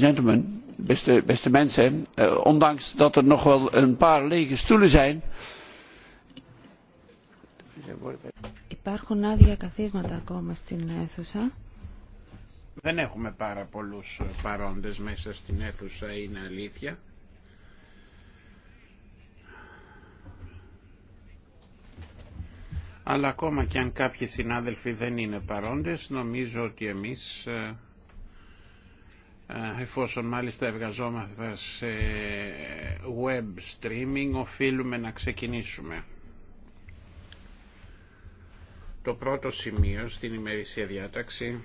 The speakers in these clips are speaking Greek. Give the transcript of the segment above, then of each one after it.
gentlemen, Υπάρχουν άδεια καθίσματα ακόμα στην αίθουσα. Δεν έχουμε πάρα πολλούς ε, παρόντες μέσα στην αίθουσα, είναι αλήθεια. αλλά ακόμα και αν κάποιοι συνάδελφοι δεν είναι παρόντες, νομίζω ότι εμείς, ε, ε, εφόσον μάλιστα εργαζόμαστε σε web streaming, οφείλουμε να ξεκινήσουμε. Το πρώτο σημείο στην ημερησία διάταξη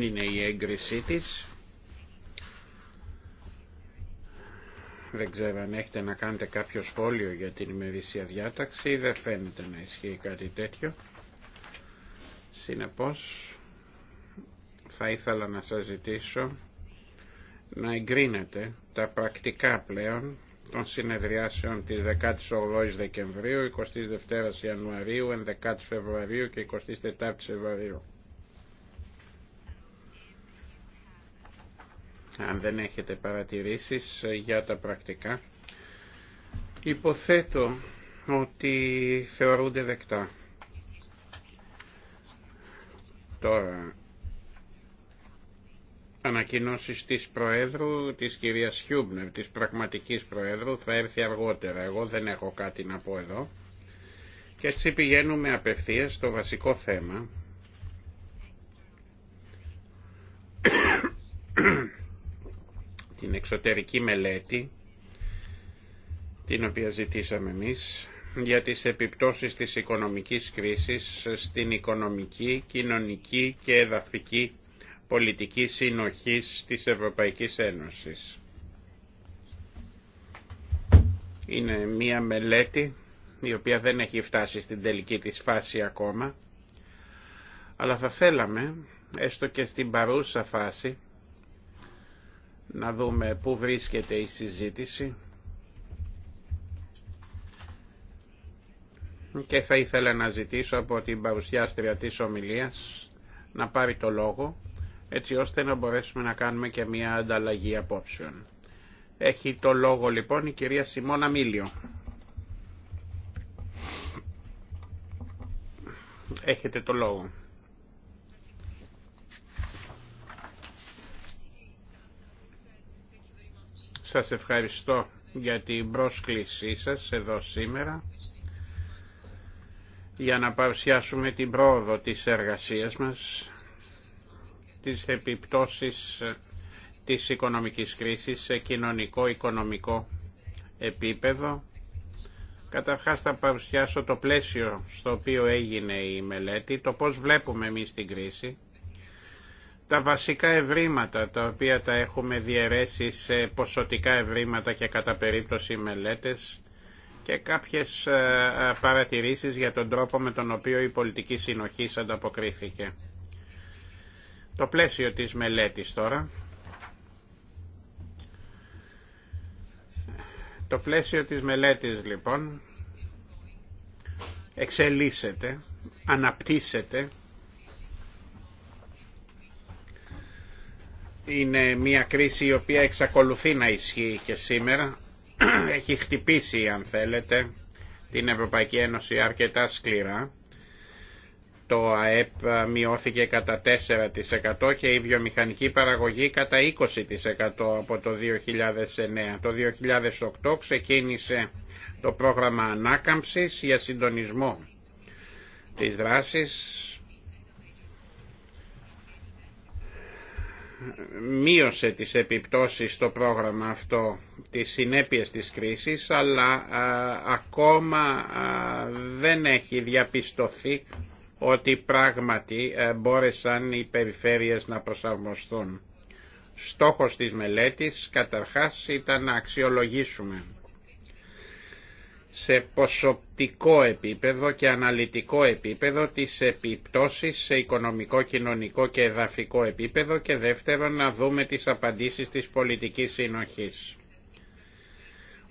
είναι η έγκρισή της. Δεν ξέρω αν έχετε να κάνετε κάποιο σχόλιο για την ημερήσια διάταξη. ή Δεν φαίνεται να ισχύει κάτι τέτοιο. Συνεπώς θα ήθελα να σας ζητήσω να εγκρίνετε τα πρακτικά πλέον των συνεδριάσεων της 18ης Δεκεμβρίου, 22ης Ιανουαρίου, 11ης Φεβρουαρίου και 24ης Φεβρουαρίου. αν δεν έχετε παρατηρήσεις ε, για τα πρακτικά. Υποθέτω ότι θεωρούνται δεκτά. Τώρα, ανακοινώσει της Προέδρου, της κυρίας Χιούμπνερ, της πραγματικής Προέδρου, θα έρθει αργότερα. Εγώ δεν έχω κάτι να πω εδώ. Και έτσι πηγαίνουμε απευθείας στο βασικό θέμα την εξωτερική μελέτη την οποία ζητήσαμε εμείς για τις επιπτώσεις της οικονομικής κρίσης στην οικονομική, κοινωνική και εδαφική πολιτική συνοχής της Ευρωπαϊκής Ένωσης. Είναι μία μελέτη η οποία δεν έχει φτάσει στην τελική της φάση ακόμα, αλλά θα θέλαμε, έστω και στην παρούσα φάση, να δούμε πού βρίσκεται η συζήτηση. Και θα ήθελα να ζητήσω από την παρουσιάστρια της ομιλίας να πάρει το λόγο, έτσι ώστε να μπορέσουμε να κάνουμε και μια ανταλλαγή απόψεων. Έχει το λόγο λοιπόν η κυρία Σιμώνα Μίλιο. Έχετε το λόγο. Σας ευχαριστώ για την πρόσκλησή σας εδώ σήμερα για να παρουσιάσουμε την πρόοδο της εργασίας μας, τις επιπτώσεις της οικονομικής κρίσης σε κοινωνικό-οικονομικό επίπεδο. Καταρχάς θα παρουσιάσω το πλαίσιο στο οποίο έγινε η μελέτη, το πώς βλέπουμε εμείς την κρίση, τα βασικά ευρήματα τα οποία τα έχουμε διαιρέσει σε ποσοτικά ευρήματα και κατά περίπτωση μελέτες και κάποιες ε, ε, παρατηρήσεις για τον τρόπο με τον οποίο η πολιτική συνοχή ανταποκρίθηκε. Το πλαίσιο της μελέτης τώρα. Το πλαίσιο της μελέτης λοιπόν εξελίσσεται, αναπτύσσεται είναι μια κρίση η οποία εξακολουθεί να ισχύει και σήμερα. Έχει χτυπήσει, αν θέλετε, την Ευρωπαϊκή Ένωση αρκετά σκληρά. Το ΑΕΠ μειώθηκε κατά 4% και η βιομηχανική παραγωγή κατά 20% από το 2009. Το 2008 ξεκίνησε το πρόγραμμα ανάκαμψης για συντονισμό της δράσης μείωσε τις επιπτώσεις στο πρόγραμμα αυτό τις συνέπειες της κρίσης αλλά ακόμα δεν έχει διαπιστωθεί ότι πράγματι ε, μπόρεσαν οι περιφέρειες να προσαρμοστούν. Στόχος της μελέτης καταρχάς ήταν να αξιολογήσουμε σε ποσοπτικό επίπεδο και αναλυτικό επίπεδο τις επιπτώσεις σε οικονομικό, κοινωνικό και εδαφικό επίπεδο και δεύτερον να δούμε τις απαντήσεις της πολιτικής συνοχής.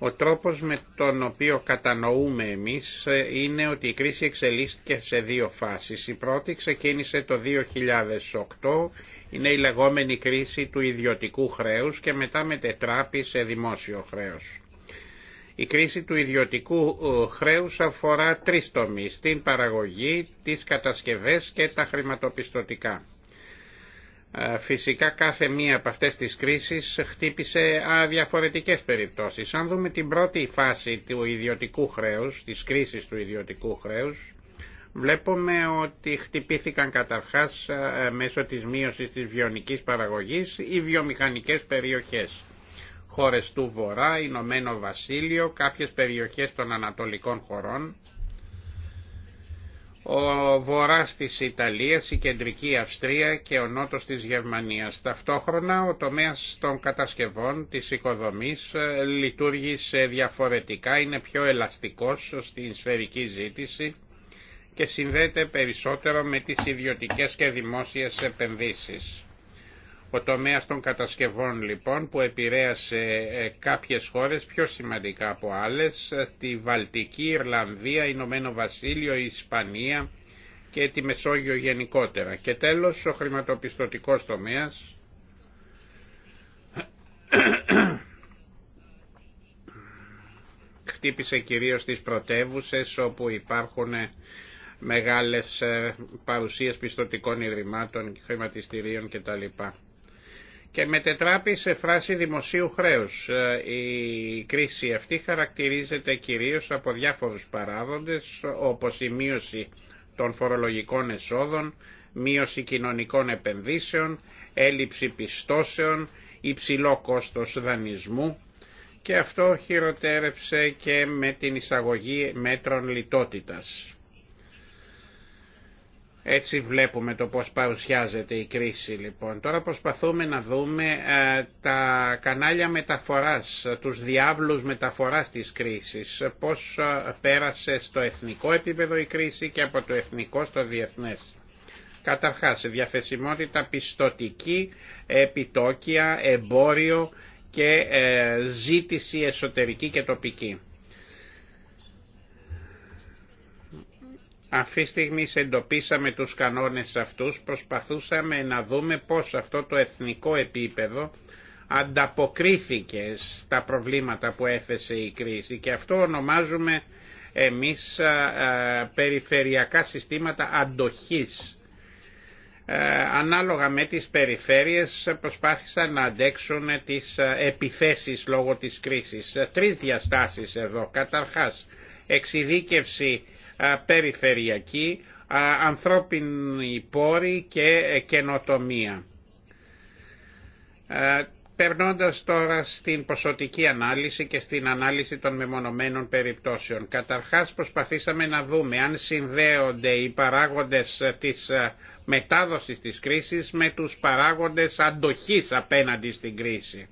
Ο τρόπος με τον οποίο κατανοούμε εμείς είναι ότι η κρίση εξελίσθηκε σε δύο φάσεις. Η πρώτη ξεκίνησε το 2008, είναι η λεγόμενη κρίση του ιδιωτικού χρέους και μετά μετετράπη σε δημόσιο χρέος. Η κρίση του ιδιωτικού ε, χρέους αφορά τρεις τομείς, την παραγωγή, τις κατασκευές και τα χρηματοπιστωτικά. Ε, φυσικά κάθε μία από αυτές τις κρίσεις χτύπησε διαφορετικές περιπτώσεις. Αν δούμε την πρώτη φάση του ιδιωτικού χρέους, της κρίσης του ιδιωτικού χρέους, βλέπουμε ότι χτυπήθηκαν καταρχάς ε, μέσω της μείωσης της βιονικής παραγωγής οι βιομηχανικές περιοχές χώρες του Βορρά, Ηνωμένο Βασίλειο, κάποιες περιοχές των ανατολικών χωρών, ο βορράς της Ιταλίας, η κεντρική Αυστρία και ο νότος της Γερμανίας. Ταυτόχρονα ο τομέας των κατασκευών της οικοδομής ε, λειτουργήσε διαφορετικά, είναι πιο ελαστικός στην σφαιρική ζήτηση και συνδέεται περισσότερο με τις ιδιωτικές και δημόσιες επενδύσεις. Ο τομέας των κατασκευών λοιπόν που επηρέασε ε, κάποιες χώρες πιο σημαντικά από άλλες, ε, τη Βαλτική, Ιρλανδία, Ηνωμένο Βασίλειο, Ισπανία και τη Μεσόγειο γενικότερα. Και τέλος ο χρηματοπιστωτικός τομέας χτύπησε κυρίως τις πρωτεύουσες όπου υπάρχουν ε, μεγάλες παρουσίες πιστοτικών ιδρυμάτων, χρηματιστηρίων κτλ και μετετράπη σε φράση δημοσίου χρέους. Ε, η κρίση αυτή χαρακτηρίζεται κυρίως από διάφορους παράδοντες όπως η μείωση των φορολογικών εσόδων, μείωση κοινωνικών επενδύσεων, έλλειψη πιστώσεων, υψηλό κόστος δανεισμού και αυτό χειροτέρευσε και με την εισαγωγή μέτρων λιτότητας. Έτσι βλέπουμε το πώς παρουσιάζεται η κρίση λοιπόν. Τώρα προσπαθούμε να δούμε ε, τα κανάλια μεταφοράς, τους διάβλους μεταφοράς της κρίσης, πώς ε, πέρασε στο εθνικό επίπεδο η κρίση και από το εθνικό στο διεθνές. Καταρχάς, διαθεσιμότητα πιστοτική, επιτόκια, εμπόριο και ε, ζήτηση εσωτερική και τοπική. Αυτή τη στιγμή εντοπίσαμε τους κανόνες αυτούς, προσπαθούσαμε να δούμε πώς αυτό το εθνικό επίπεδο ανταποκρίθηκε στα προβλήματα που έθεσε η κρίση και αυτό ονομάζουμε εμείς περιφερειακά συστήματα αντοχής. Ε, ανάλογα με τις περιφέρειες προσπάθησαν να αντέξουν τις επιθέσεις λόγω της κρίσης. Τρεις διαστάσεις εδώ. Καταρχάς, εξειδίκευση περιφερειακή, ανθρώπινη πόρη και ε, καινοτομία. Περνώντας τώρα στην ποσοτική ανάλυση και στην ανάλυση των μεμονωμένων περιπτώσεων. Καταρχάς προσπαθήσαμε να δούμε αν συνδέονται οι παράγοντες ε, της ε, μετάδοσης της κρίσης με τους παράγοντες αντοχής απέναντι στην κρίση.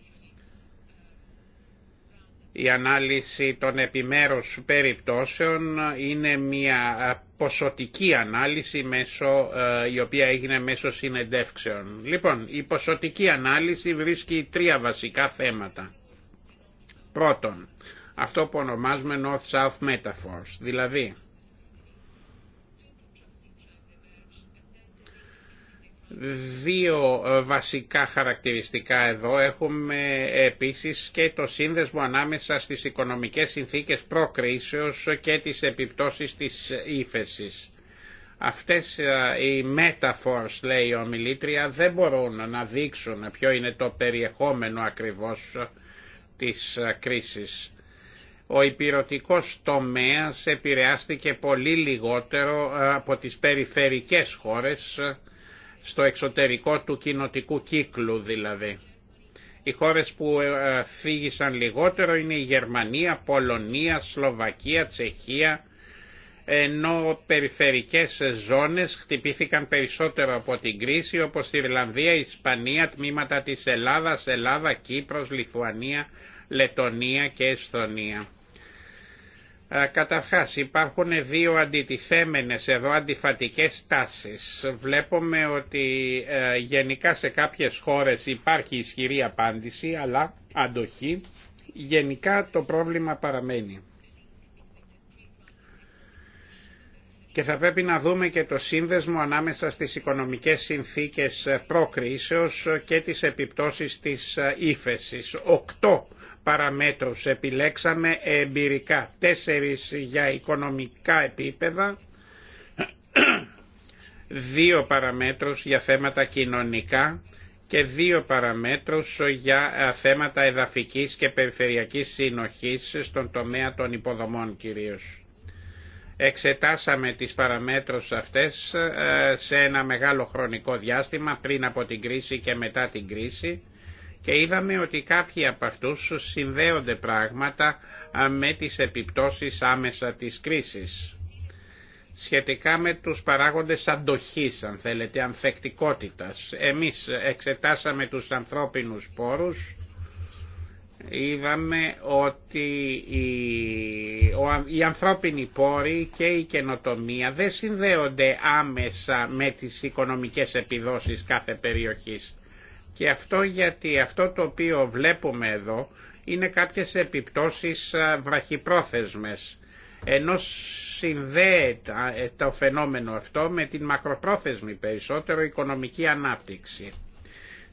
Η ανάλυση των επιμέρους περιπτώσεων είναι μια ε, ποσοτική ανάλυση μέσω, ε, η οποία έγινε μέσω συνεντεύξεων. Λοιπόν, η ποσοτική ανάλυση βρίσκει τρία βασικά θέματα. Πρώτον, αυτό που ονομάζουμε North-South Metaphors, δηλαδή Δύο ε, βασικά χαρακτηριστικά εδώ έχουμε ε, επίσης και το σύνδεσμο ανάμεσα στις οικονομικές συνθήκες προκρίσεως και τις επιπτώσεις της ύφεσης. Αυτές ε, οι metaphors, λέει ο Μιλήτρια, δεν μπορούν να δείξουν ποιο είναι το περιεχόμενο ακριβώς της κρίσης. Ο υπηρετικός τομέας επηρεάστηκε πολύ λιγότερο από τις περιφερικές χώρες στο εξωτερικό του κοινοτικού κύκλου δηλαδή. Οι χώρες που ε, φύγησαν λιγότερο είναι η Γερμανία, Πολωνία, Σλοβακία, Τσεχία, ενώ περιφερικές ζώνες χτυπήθηκαν περισσότερο από την κρίση όπως η Ιρλανδία, η Ισπανία, τμήματα της Ελλάδας, Ελλάδα, Κύπρος, Λιθουανία, Λετωνία και Εσθονία. Καταρχάς υπάρχουν δύο αντιτιθέμενες εδώ αντιφατικές τάσεις. Βλέπουμε ότι ε, γενικά σε κάποιες χώρες υπάρχει ισχυρή απάντηση αλλά αντοχή. Γενικά το πρόβλημα παραμένει. και θα πρέπει να δούμε και το σύνδεσμο ανάμεσα στις οικονομικές συνθήκες ε, προκρίσεως και τις επιπτώσεις της ε, ύφεσης. Οκτώ παραμέτρους επιλέξαμε εμπειρικά. Τέσσερις για οικονομικά επίπεδα, δύο παραμέτρους για θέματα κοινωνικά και δύο παραμέτρους για ε, θέματα εδαφικής και περιφερειακής συνοχής στον τομέα των υποδομών κυρίως. Εξετάσαμε τις παραμέτρους αυτές ε, σε ένα μεγάλο χρονικό διάστημα πριν από την κρίση και μετά την κρίση και είδαμε ότι κάποιοι από αυτούς συνδέονται πράγματα με τις επιπτώσεις άμεσα της κρίσης. Σχετικά με τους παράγοντες αντοχής, αν θέλετε, ανθεκτικότητας. Εμείς εξετάσαμε τους ανθρώπινους πόρους, είδαμε ότι οι, ο, ανθρώπινοι πόροι και η καινοτομία δεν συνδέονται άμεσα με τις οικονομικές επιδόσεις κάθε περιοχής. Και αυτό γιατί αυτό το οποίο βλέπουμε εδώ είναι κάποιες επιπτώσεις βραχυπρόθεσμες ενώ συνδέεται ε, το φαινόμενο αυτό με την μακροπρόθεσμη περισσότερο οικονομική ανάπτυξη.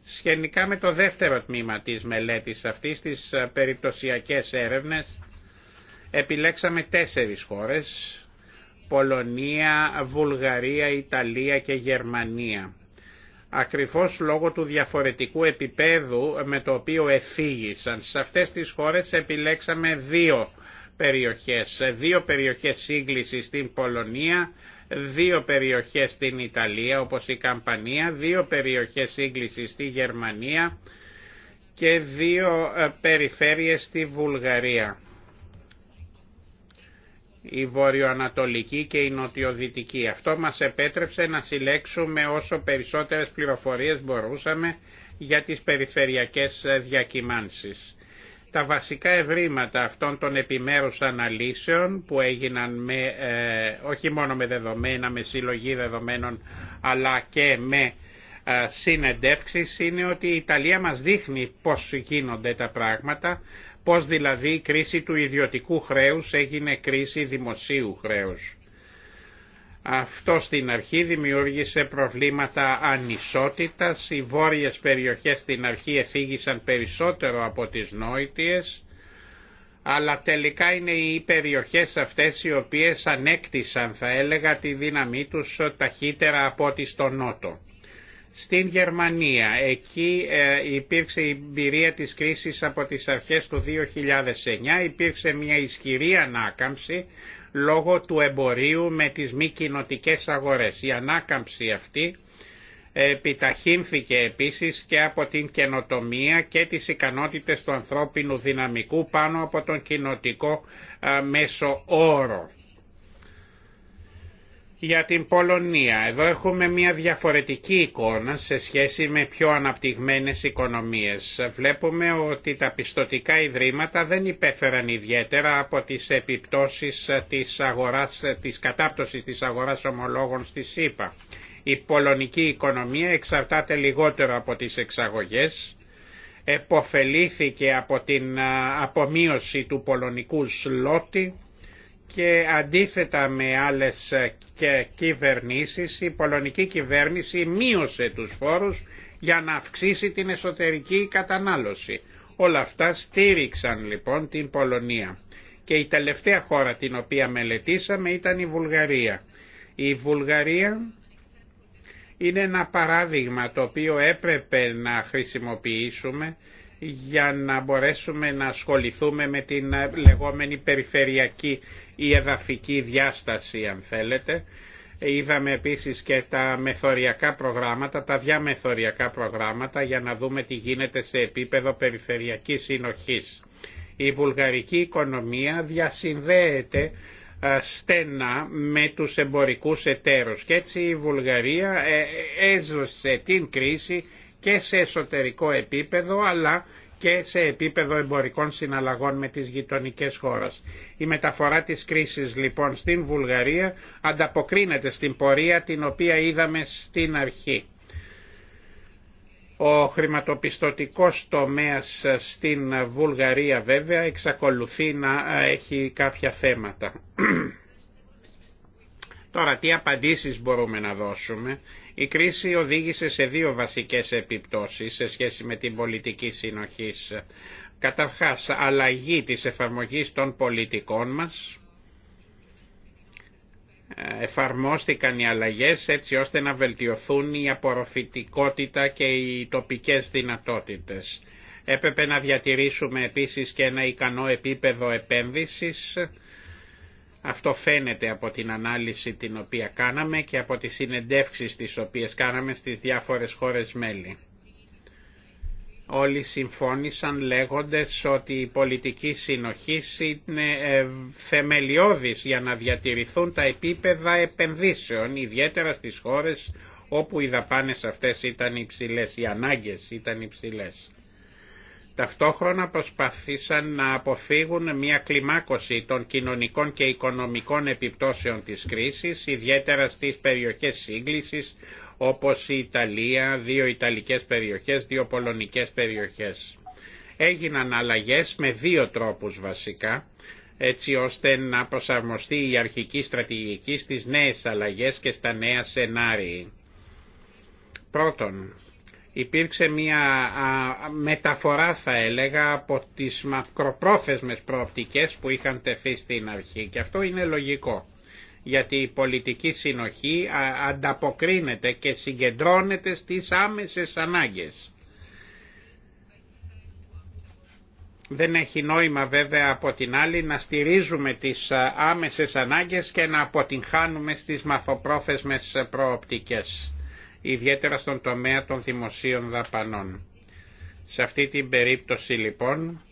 Σχετικά με το δεύτερο τμήμα της μελέτης αυτής, τις περιπτωσιακές έρευνες, επιλέξαμε τέσσερις χώρες, Πολωνία, Βουλγαρία, Ιταλία και Γερμανία ακριβώς λόγω του διαφορετικού επίπεδου με το οποίο εφήγησαν. Σε αυτές τις χώρες επιλέξαμε δύο περιοχές, δύο περιοχές σύγκληση στην Πολωνία, δύο περιοχές στην Ιταλία όπως η Καμπανία, δύο περιοχές σύγκληση στη Γερμανία και δύο ε, περιφέρειες στη Βουλγαρία η βορειοανατολική και η νοτιοδυτική. Αυτό μας επέτρεψε να συλλέξουμε όσο περισσότερες πληροφορίες μπορούσαμε για τις περιφερειακές διακυμάνσεις. Τα βασικά ευρήματα αυτών των επιμέρους αναλύσεων που έγιναν με, ε, όχι μόνο με δεδομένα, με συλλογή δεδομένων αλλά και με ε, συνεντεύξεις είναι ότι η Ιταλία μας δείχνει πώς γίνονται τα πράγματα Πώς δηλαδή η κρίση του ιδιωτικού χρέους έγινε κρίση δημοσίου χρέους. Αυτό στην αρχή δημιούργησε προβλήματα ανισότητας, οι βόρειες περιοχές στην αρχή εφήγησαν περισσότερο από τις νόητιες, αλλά τελικά είναι οι περιοχές αυτές οι οποίες ανέκτησαν θα έλεγα τη δύναμή τους ταχύτερα από ό,τι στο νότο. Στην Γερμανία, εκεί ε, υπήρξε η εμπειρία της κρίσης από τις αρχές του 2009, υπήρξε μια ισχυρή ανάκαμψη λόγω του εμπορίου με τις μη κοινοτικέ αγορές. Η ανάκαμψη αυτή ε, επιταχύνθηκε επίσης και από την καινοτομία και τις ικανότητες του ανθρώπινου δυναμικού πάνω από τον κοινοτικό ε, μέσο όρο για την Πολωνία. Εδώ έχουμε μια διαφορετική εικόνα σε σχέση με πιο αναπτυγμένες οικονομίες. Βλέπουμε ότι τα πιστοτικά ιδρύματα δεν υπέφεραν ιδιαίτερα από τις επιπτώσεις της, αγοράς, της κατάπτωσης της αγοράς ομολόγων στη ΣΥΠΑ. Η πολωνική οικονομία εξαρτάται λιγότερο από τις εξαγωγές, εποφελήθηκε από την απομείωση του πολωνικού σλότη, και αντίθετα με άλλες και κυβερνήσεις η πολωνική κυβέρνηση μείωσε τους φόρους για να αυξήσει την εσωτερική κατανάλωση. Όλα αυτά στήριξαν λοιπόν την Πολωνία. Και η τελευταία χώρα την οποία μελετήσαμε ήταν η Βουλγαρία. Η Βουλγαρία είναι ένα παράδειγμα το οποίο έπρεπε να χρησιμοποιήσουμε για να μπορέσουμε να ασχοληθούμε με την λεγόμενη περιφερειακή η εδαφική διάσταση αν θέλετε. Είδαμε επίσης και τα μεθοριακά προγράμματα, τα διαμεθοριακά προγράμματα για να δούμε τι γίνεται σε επίπεδο περιφερειακής συνοχής. Η βουλγαρική οικονομία διασυνδέεται στένα με τους εμπορικούς εταίρους και έτσι η Βουλγαρία ε, ε, έζωσε την κρίση και σε εσωτερικό επίπεδο αλλά και σε επίπεδο εμπορικών συναλλαγών με τις γειτονικές χώρες. Η μεταφορά της κρίσης λοιπόν στην Βουλγαρία ανταποκρίνεται στην πορεία την οποία είδαμε στην αρχή. Ο χρηματοπιστωτικός τομέας στην Βουλγαρία βέβαια εξακολουθεί να έχει κάποια θέματα. Τώρα τι απαντήσεις μπορούμε να δώσουμε η κρίση οδήγησε σε δύο βασικές επιπτώσεις σε σχέση με την πολιτική συνοχής. Καταρχάς αλλαγή της εφαρμογής των πολιτικών μας, εφαρμόστηκαν οι αλλαγές έτσι ώστε να βελτιωθούν η απορροφητικότητα και οι τοπικές δυνατότητες. Έπρεπε να διατηρήσουμε επίσης και ένα ικανό επίπεδο επένδυσης αυτό φαίνεται από την ανάλυση την οποία κάναμε και από τις συνεντεύξεις τις οποίες κάναμε στις διάφορες χώρες μέλη. Όλοι συμφώνησαν λέγοντας ότι η πολιτική συνοχή είναι ε, θεμελιώδης για να διατηρηθούν τα επίπεδα επενδύσεων, ιδιαίτερα στις χώρες όπου οι δαπάνες αυτές ήταν υψηλές, οι ανάγκες ήταν υψηλές. Ταυτόχρονα προσπαθήσαν να αποφύγουν μια κλιμάκωση των κοινωνικών και οικονομικών επιπτώσεων της κρίσης, ιδιαίτερα στις περιοχές σύγκλησης όπως η Ιταλία, δύο Ιταλικές περιοχές, δύο Πολωνικές περιοχές. Έγιναν αλλαγές με δύο τρόπους βασικά, έτσι ώστε να προσαρμοστεί η αρχική στρατηγική στις νέες αλλαγές και στα νέα σενάρια. Πρώτον, υπήρξε μια μεταφορά θα έλεγα από τις μακροπρόθεσμες προοπτικές που είχαν τεθεί στην αρχή και αυτό είναι λογικό γιατί η πολιτική συνοχή ανταποκρίνεται και συγκεντρώνεται στις άμεσες ανάγκες. Δεν έχει νόημα βέβαια από την άλλη να στηρίζουμε τις άμεσες ανάγκες και να αποτυγχάνουμε στις μαθοπρόθεσμες προοπτικές ιδιαίτερα στον τομέα των δημοσίων δαπανών. Σε αυτή την περίπτωση λοιπόν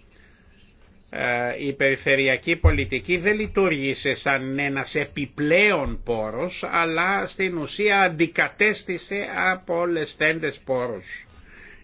ε, η περιφερειακή πολιτική δεν λειτουργήσε σαν ένας επιπλέον πόρος αλλά στην ουσία αντικατέστησε από όλες τέντες πόρους.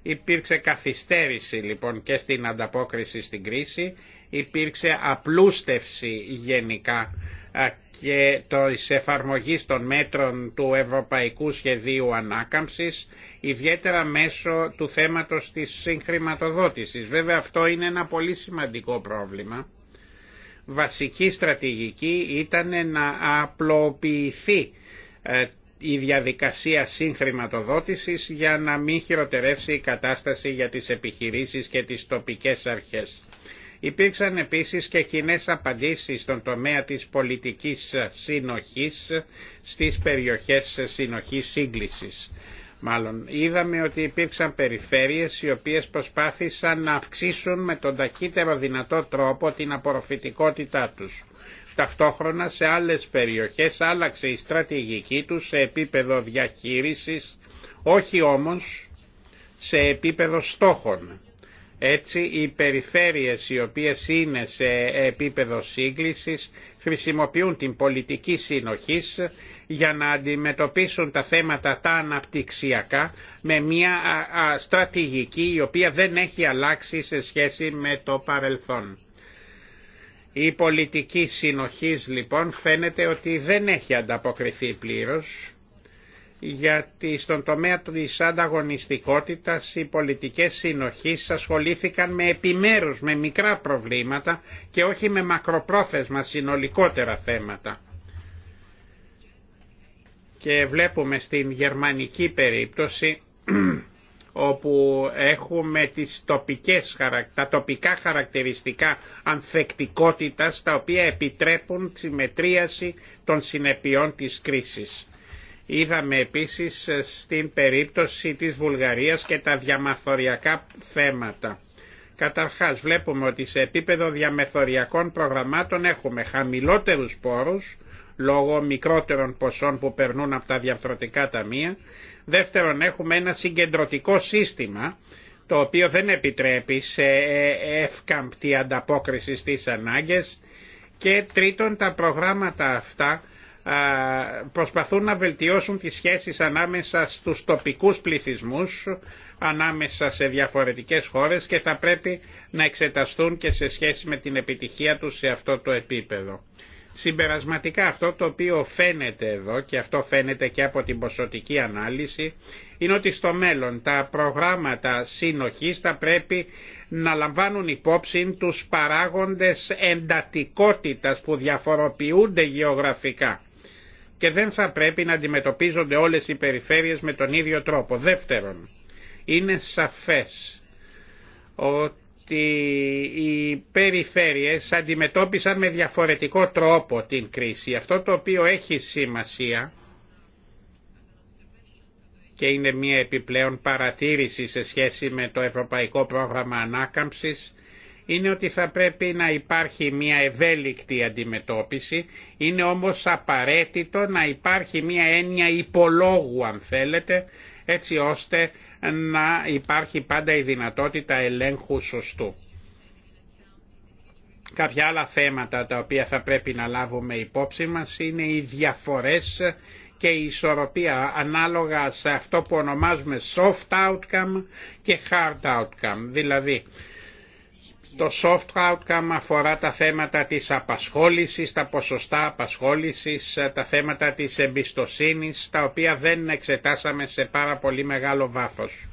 Υπήρξε καθυστέρηση λοιπόν και στην ανταπόκριση στην κρίση, υπήρξε απλούστευση γενικά ε, και της εφαρμογή των μέτρων του Ευρωπαϊκού Σχεδίου Ανάκαμψης, ιδιαίτερα μέσω του θέματος της συγχρηματοδότησης. Βέβαια αυτό είναι ένα πολύ σημαντικό πρόβλημα. Βασική στρατηγική ήταν να απλοποιηθεί ε, η διαδικασία συγχρηματοδότησης για να μην χειροτερεύσει η κατάσταση για τις επιχειρήσεις και τις τοπικές αρχές. Υπήρξαν επίσης και κοινέ απαντήσεις στον τομέα της πολιτικής συνοχής στις περιοχές συνοχής σύγκλησης. Μάλλον είδαμε ότι υπήρξαν περιφέρειες οι οποίες προσπάθησαν να αυξήσουν με τον ταχύτερο δυνατό τρόπο την απορροφητικότητά τους. Ταυτόχρονα σε άλλες περιοχές άλλαξε η στρατηγική τους σε επίπεδο διαχείρισης, όχι όμως σε επίπεδο στόχων. Έτσι οι περιφέρειες οι οποίες είναι σε επίπεδο σύγκλησης χρησιμοποιούν την πολιτική συνοχής για να αντιμετωπίσουν τα θέματα τα αναπτυξιακά με μια στρατηγική η οποία δεν έχει αλλάξει σε σχέση με το παρελθόν. Η πολιτική συνοχής λοιπόν φαίνεται ότι δεν έχει ανταποκριθεί πλήρως γιατί στον τομέα της ανταγωνιστικότητας οι πολιτικές συνοχής ασχολήθηκαν με επιμέρους, με μικρά προβλήματα και όχι με μακροπρόθεσμα συνολικότερα θέματα. Και βλέπουμε στην γερμανική περίπτωση όπου έχουμε τις τοπικές, τα τοπικά χαρακτηριστικά ανθεκτικότητας τα οποία επιτρέπουν τη μετρίαση των συνεπειών της κρίσης. Είδαμε επίσης στην περίπτωση της Βουλγαρίας και τα διαμαθοριακά θέματα. Καταρχάς βλέπουμε ότι σε επίπεδο διαμεθοριακών προγραμμάτων έχουμε χαμηλότερους πόρους λόγω μικρότερων ποσών που περνούν από τα διαφθορτικά ταμεία. Δεύτερον έχουμε ένα συγκεντρωτικό σύστημα το οποίο δεν επιτρέπει σε εύκαμπτη ανταπόκριση στις ανάγκες και τρίτον τα προγράμματα αυτά προσπαθούν να βελτιώσουν τις σχέσεις ανάμεσα στους τοπικούς πληθυσμούς, ανάμεσα σε διαφορετικές χώρες και θα πρέπει να εξεταστούν και σε σχέση με την επιτυχία τους σε αυτό το επίπεδο. Συμπερασματικά αυτό το οποίο φαίνεται εδώ και αυτό φαίνεται και από την ποσοτική ανάλυση είναι ότι στο μέλλον τα προγράμματα συνοχής θα πρέπει να λαμβάνουν υπόψη τους παράγοντες εντατικότητας που διαφοροποιούνται γεωγραφικά και δεν θα πρέπει να αντιμετωπίζονται όλες οι περιφέρειες με τον ίδιο τρόπο. Δεύτερον, είναι σαφές ότι οι περιφέρειες αντιμετώπισαν με διαφορετικό τρόπο την κρίση. Αυτό το οποίο έχει σημασία και είναι μια επιπλέον παρατήρηση σε σχέση με το Ευρωπαϊκό Πρόγραμμα Ανάκαμψης είναι ότι θα πρέπει να υπάρχει μια ευέλικτη αντιμετώπιση, είναι όμως απαραίτητο να υπάρχει μια έννοια υπολόγου αν θέλετε, έτσι ώστε να υπάρχει πάντα η δυνατότητα ελέγχου σωστού. Κάποια άλλα θέματα τα οποία θα πρέπει να λάβουμε υπόψη μας είναι οι διαφορές και η ισορροπία ανάλογα σε αυτό που ονομάζουμε soft outcome και hard outcome. Δηλαδή το soft outcome αφορά τα θέματα της απασχόλησης, τα ποσοστά απασχόλησης, τα θέματα της εμπιστοσύνης, τα οποία δεν εξετάσαμε σε πάρα πολύ μεγάλο βάθος.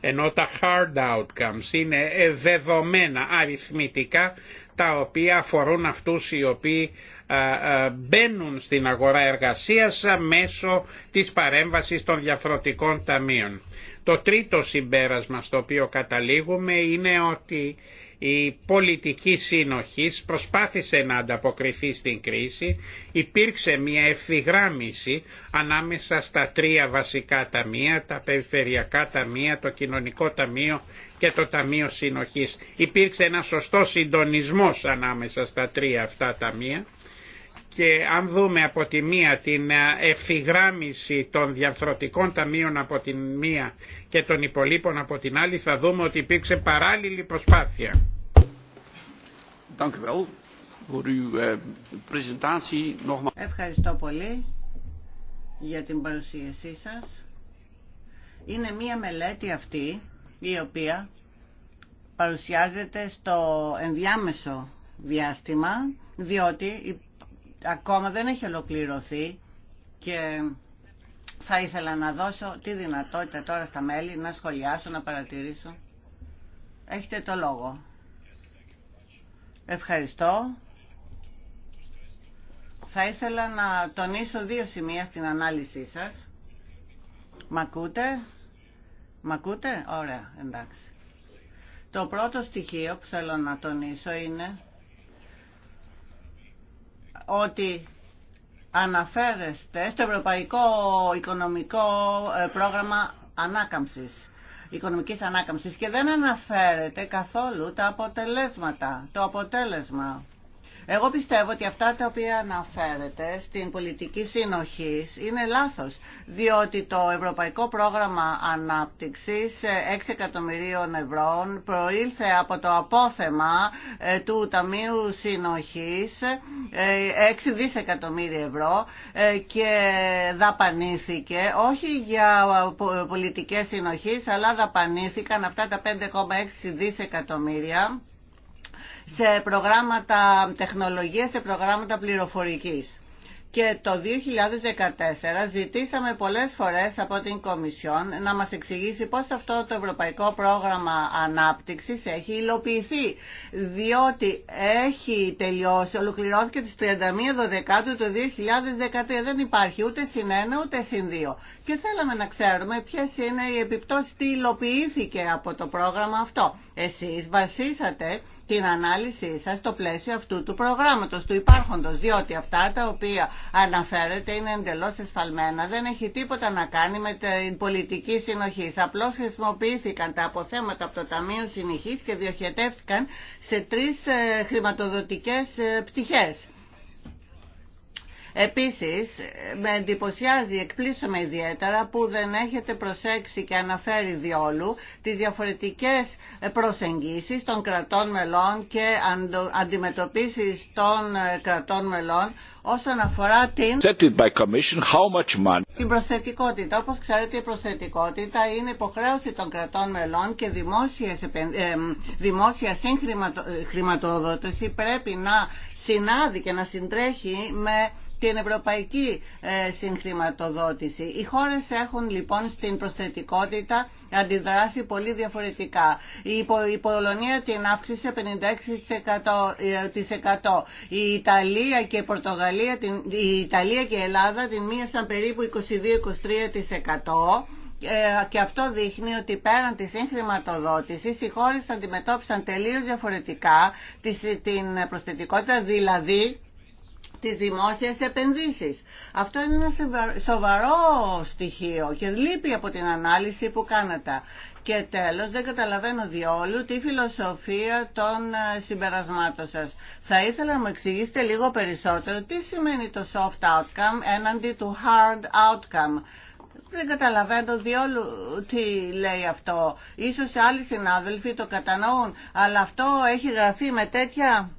Ενώ τα hard outcomes είναι δεδομένα αριθμητικά τα οποία αφορούν αυτούς οι οποίοι μπαίνουν στην αγορά εργασίας μέσω της παρέμβασης των διαφορετικών ταμείων. Το τρίτο συμπέρασμα στο οποίο καταλήγουμε είναι ότι η πολιτική σύνοχης προσπάθησε να ανταποκριθεί στην κρίση, υπήρξε μια ευθυγράμμιση ανάμεσα στα τρία βασικά ταμεία, τα περιφερειακά ταμεία, το κοινωνικό ταμείο και το ταμείο συνοχής. Υπήρξε ένα σωστό συντονισμός ανάμεσα στα τρία αυτά ταμεία και αν δούμε από τη μία την ε, ευθυγράμμιση των διαρθρωτικών ταμείων από τη μία και των υπολείπων από την άλλη θα δούμε ότι υπήρξε παράλληλη προσπάθεια. Ε, Ευχαριστώ πολύ για την παρουσίασή σας. Είναι μία μελέτη αυτή η οποία παρουσιάζεται στο ενδιάμεσο διάστημα διότι ακόμα δεν έχει ολοκληρωθεί και θα ήθελα να δώσω τη δυνατότητα τώρα στα μέλη να σχολιάσω, να παρατηρήσω. Έχετε το λόγο. Ευχαριστώ. Θα ήθελα να τονίσω δύο σημεία στην ανάλυση σας. Μ' ακούτε? Μ' ακούτε? Ωραία, εντάξει. Το πρώτο στοιχείο που θέλω να τονίσω είναι ότι αναφέρεστε στο Ευρωπαϊκό Οικονομικό ε, Πρόγραμμα Ανάκαμψης οικονομικής ανάκαμψης και δεν αναφέρεται καθόλου τα αποτελέσματα, το αποτέλεσμα εγώ πιστεύω ότι αυτά τα οποία αναφέρεται στην πολιτική συνοχή είναι λάθος, διότι το Ευρωπαϊκό Πρόγραμμα Ανάπτυξης 6 ε, εκατομμυρίων ευρώ προήλθε από το απόθεμα ε, του Ταμείου συνοχή 6 ε, δισεκατομμύρια ευρώ και δαπανήθηκε όχι για πολιτικέ συνοχή, αλλά δαπανήθηκαν αυτά τα 5,6 δισεκατομμύρια σε προγράμματα τεχνολογίας, σε προγράμματα πληροφορικής και το 2014 ζητήσαμε πολλές φορές από την Κομισιόν να μας εξηγήσει πώς αυτό το Ευρωπαϊκό Πρόγραμμα Ανάπτυξης έχει υλοποιηθεί, διότι έχει τελειώσει, ολοκληρώθηκε τις 31 Δεκάτου του 2013, δεν υπάρχει ούτε συν ένα ούτε συν δύο. Και θέλαμε να ξέρουμε ποιες είναι οι επιπτώσεις, τι υλοποιήθηκε από το πρόγραμμα αυτό. Εσείς βασίσατε την ανάλυση σας στο πλαίσιο αυτού του προγράμματος, του υπάρχοντος, διότι αυτά τα οποία αναφέρεται είναι εντελώς εσφαλμένα. Δεν έχει τίποτα να κάνει με την πολιτική συνοχή. Απλώς χρησιμοποιήθηκαν τα αποθέματα από το Ταμείο Συνοχής και διοχετεύτηκαν σε τρεις ε, χρηματοδοτικές ε, πτυχές. Επίσης, με εντυπωσιάζει, εκπλήσωμε ιδιαίτερα που δεν έχετε προσέξει και αναφέρει διόλου τις διαφορετικές ε, προσεγγίσεις των κρατών μελών και αντιμετωπίσεις των κρατών μελών όσον αφορά την, την προσθετικότητα. Όπως ξέρετε η προσθετικότητα είναι υποχρέωση των κρατών μελών και ε, δημόσια, δημόσια συγχρηματοδότηση ε, πρέπει να συνάδει και να συντρέχει με την ευρωπαϊκή ε, συγχρηματοδότηση. Οι χώρες έχουν λοιπόν στην προσθετικότητα αντιδράσει πολύ διαφορετικά. Η Πολωνία την αύξησε 56%. Ε, η Ιταλία και η Πορτογαλία, η Ιταλία και η Ελλάδα την μείωσαν περίπου 22-23% ε, και αυτό δείχνει ότι πέραν της συγχρηματοδότησης οι χώρες αντιμετώπισαν τελείως διαφορετικά την προσθετικότητα, δηλαδή τις δημόσιες επενδύσεις. Αυτό είναι ένα σοβαρό στοιχείο και λείπει από την ανάλυση που κάνατε. Και τέλος, δεν καταλαβαίνω διόλου τη φιλοσοφία των ε, συμπερασμάτων σας. Θα ήθελα να μου εξηγήσετε λίγο περισσότερο τι σημαίνει το soft outcome έναντι του hard outcome. Δεν καταλαβαίνω διόλου τι λέει αυτό. Ίσως άλλοι συνάδελφοι το κατανοούν, αλλά αυτό έχει γραφεί με τέτοια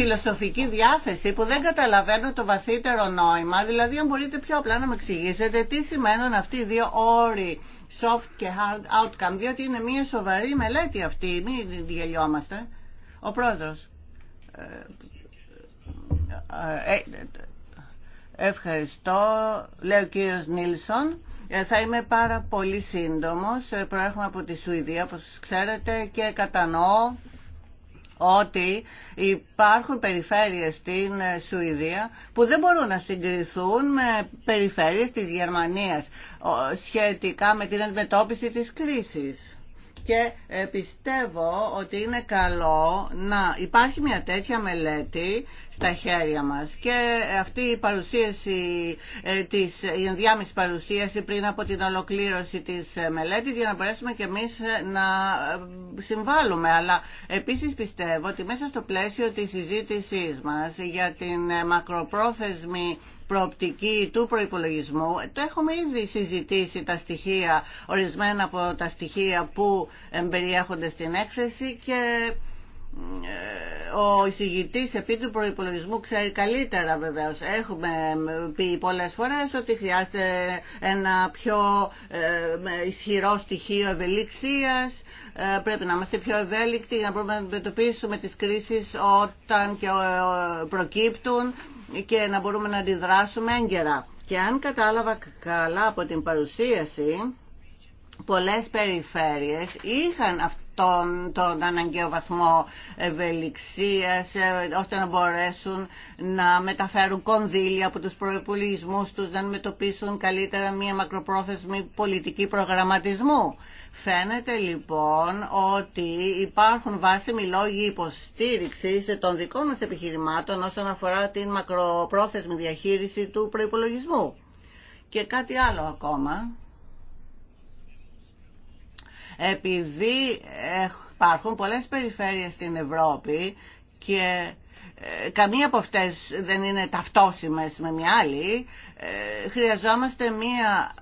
φιλοσοφική διάθεση που δεν καταλαβαίνω το βαθύτερο νόημα. Δηλαδή, αν μπορείτε πιο απλά να με εξηγήσετε τι σημαίνουν αυτοί οι δύο όροι, soft και hard outcome, διότι είναι μια σοβαρή μελέτη αυτή, μην γελιόμαστε. Ο πρόεδρος. Ε, ε, ε, ευχαριστώ, λέει ο κύριος Νίλσον. Θα είμαι πάρα πολύ σύντομος, προέρχομαι από τη Σουηδία όπως ξέρετε και κατανοώ ότι υπάρχουν περιφέρειες στην Σουηδία που δεν μπορούν να συγκριθούν με περιφέρειες της Γερμανίας σχετικά με την αντιμετώπιση της κρίσης. Και ε, πιστεύω ότι είναι καλό να υπάρχει μια τέτοια μελέτη στα χέρια μας. Και αυτή η παρουσίαση, ε, της, η ενδιάμεση παρουσίαση πριν από την ολοκλήρωση της ε, μελέτης για να μπορέσουμε και εμείς ε, να συμβάλλουμε. Αλλά επίσης πιστεύω ότι μέσα στο πλαίσιο της συζήτησής μας για την μακροπρόθεσμη προοπτική του προϋπολογισμού. Το έχουμε ήδη συζητήσει τα στοιχεία, ορισμένα από τα στοιχεία που περιέχονται στην έκθεση και ο εισηγητής επί του προϋπολογισμού ξέρει καλύτερα βεβαίως. Έχουμε πει πολλές φορές ότι χρειάζεται ένα πιο ε, ισχυρό στοιχείο ευελιξίας, ε, πρέπει να είμαστε πιο ευέλικτοι για να μπορούμε να αντιμετωπίσουμε τις κρίσεις όταν και ε, προκύπτουν και να μπορούμε να αντιδράσουμε έγκαιρα. Και αν κατάλαβα καλά από την παρουσίαση, πολλές περιφέρειες είχαν αυτή τον, τον αναγκαίο βαθμό ευελιξίας ε, ώστε να μπορέσουν να μεταφέρουν κονδύλια από τους προϋπολογισμούς τους να αντιμετωπίσουν καλύτερα μια μακροπρόθεσμη πολιτική προγραμματισμού. Φαίνεται λοιπόν ότι υπάρχουν βάσιμοι λόγοι υποστήριξης των δικών μας επιχειρημάτων όσον αφορά την μακροπρόθεσμη διαχείριση του προϋπολογισμού. Και κάτι άλλο ακόμα επειδή ε, υπάρχουν πολλές περιφέρειες στην Ευρώπη και ε, καμία από αυτές δεν είναι ταυτόσιμες με μια άλλη, ε, χρειαζόμαστε μια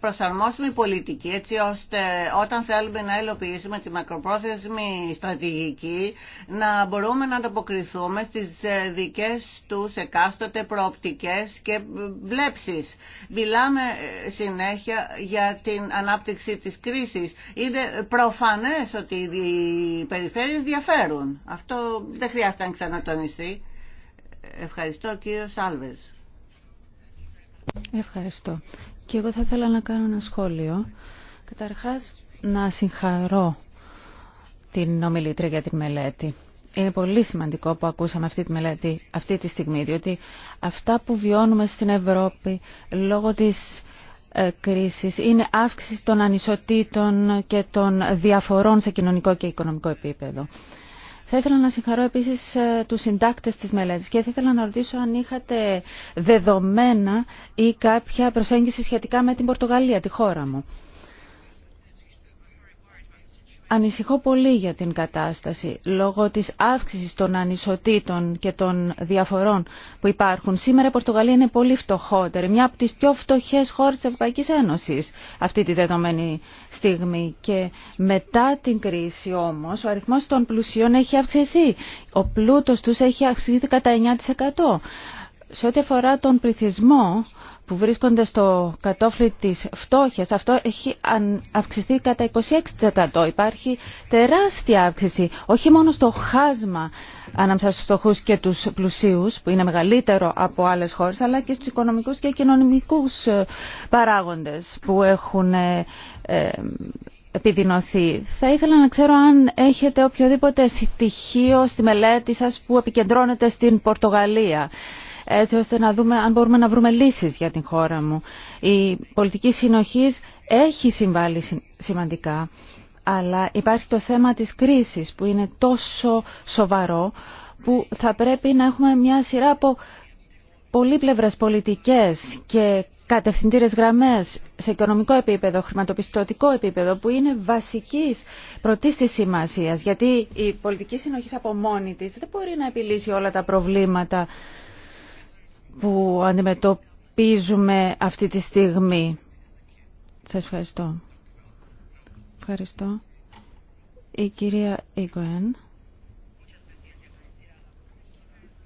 προσαρμόσουμε πολιτική έτσι ώστε όταν θέλουμε να υλοποιήσουμε τη μακροπρόθεσμη στρατηγική να μπορούμε να ανταποκριθούμε στις ε, δικές τους εκάστοτε προοπτικές και βλέψεις. Μιλάμε ε, συνέχεια για την ανάπτυξη της κρίσης. Είναι προφανές ότι οι περιφέρειες διαφέρουν. Αυτό δεν χρειάζεται να ξανατονιστεί. Ευχαριστώ κύριο Σάλβες. Ευχαριστώ. Και εγώ θα ήθελα να κάνω ένα σχόλιο. Καταρχάς, να συγχαρώ την ομιλήτρια για τη μελέτη. Είναι πολύ σημαντικό που ακούσαμε αυτή τη μελέτη αυτή τη στιγμή, διότι αυτά που βιώνουμε στην Ευρώπη λόγω της ε, κρίσης είναι αύξηση των ανισοτήτων και των διαφορών σε κοινωνικό και οικονομικό επίπεδο. Θα ήθελα να συγχαρώ επίσης ε, τους συντάκτες της μελέτης και θα ήθελα να ρωτήσω αν είχατε δεδομένα ή κάποια προσέγγιση σχετικά με την Πορτογαλία, τη χώρα μου. Ανησυχώ πολύ για την κατάσταση λόγω της αύξησης των ανισοτήτων και των διαφορών που υπάρχουν. Σήμερα η Πορτογαλία είναι πολύ φτωχότερη, μια από τις πιο φτωχές χώρες της Ευρωπαϊκής Ένωσης αυτή τη δεδομένη στιγμή. Και μετά την κρίση όμως ο αριθμός των πλουσιών έχει αυξηθεί. Ο πλούτος τους έχει αυξηθεί κατά 9%. Σε ό,τι αφορά τον πληθυσμό, που βρίσκονται στο κατόφλι της φτώχειας, αυτό έχει αυξηθεί κατά 26%. Υπάρχει τεράστια αύξηση, όχι μόνο στο χάσμα ανάμεσα στους φτωχούς και τους πλουσίους, που είναι μεγαλύτερο από άλλες χώρες, αλλά και στους οικονομικούς και κοινωνικούς ε, παράγοντες που έχουν ε, ε, επιδεινωθεί. Θα ήθελα να ξέρω αν έχετε οποιοδήποτε στοιχείο στη μελέτη σας που επικεντρώνεται στην Πορτογαλία έτσι ώστε να δούμε αν μπορούμε να βρούμε λύσεις για την χώρα μου. Η πολιτική συνοχής έχει συμβάλει σημαντικά, αλλά υπάρχει το θέμα της κρίσης που είναι τόσο σοβαρό που θα πρέπει να έχουμε μια σειρά από πολύπλευρες πολιτικές και κατευθυντήρες γραμμές σε οικονομικό επίπεδο, χρηματοπιστωτικό επίπεδο που είναι βασικής πρωτής σημασίας γιατί η πολιτική συνοχή από μόνη της δεν μπορεί να επιλύσει όλα τα προβλήματα που αντιμετωπίζουμε αυτή τη στιγμή. Σας ευχαριστώ. Ευχαριστώ. Η κυρία Ιγκοέν.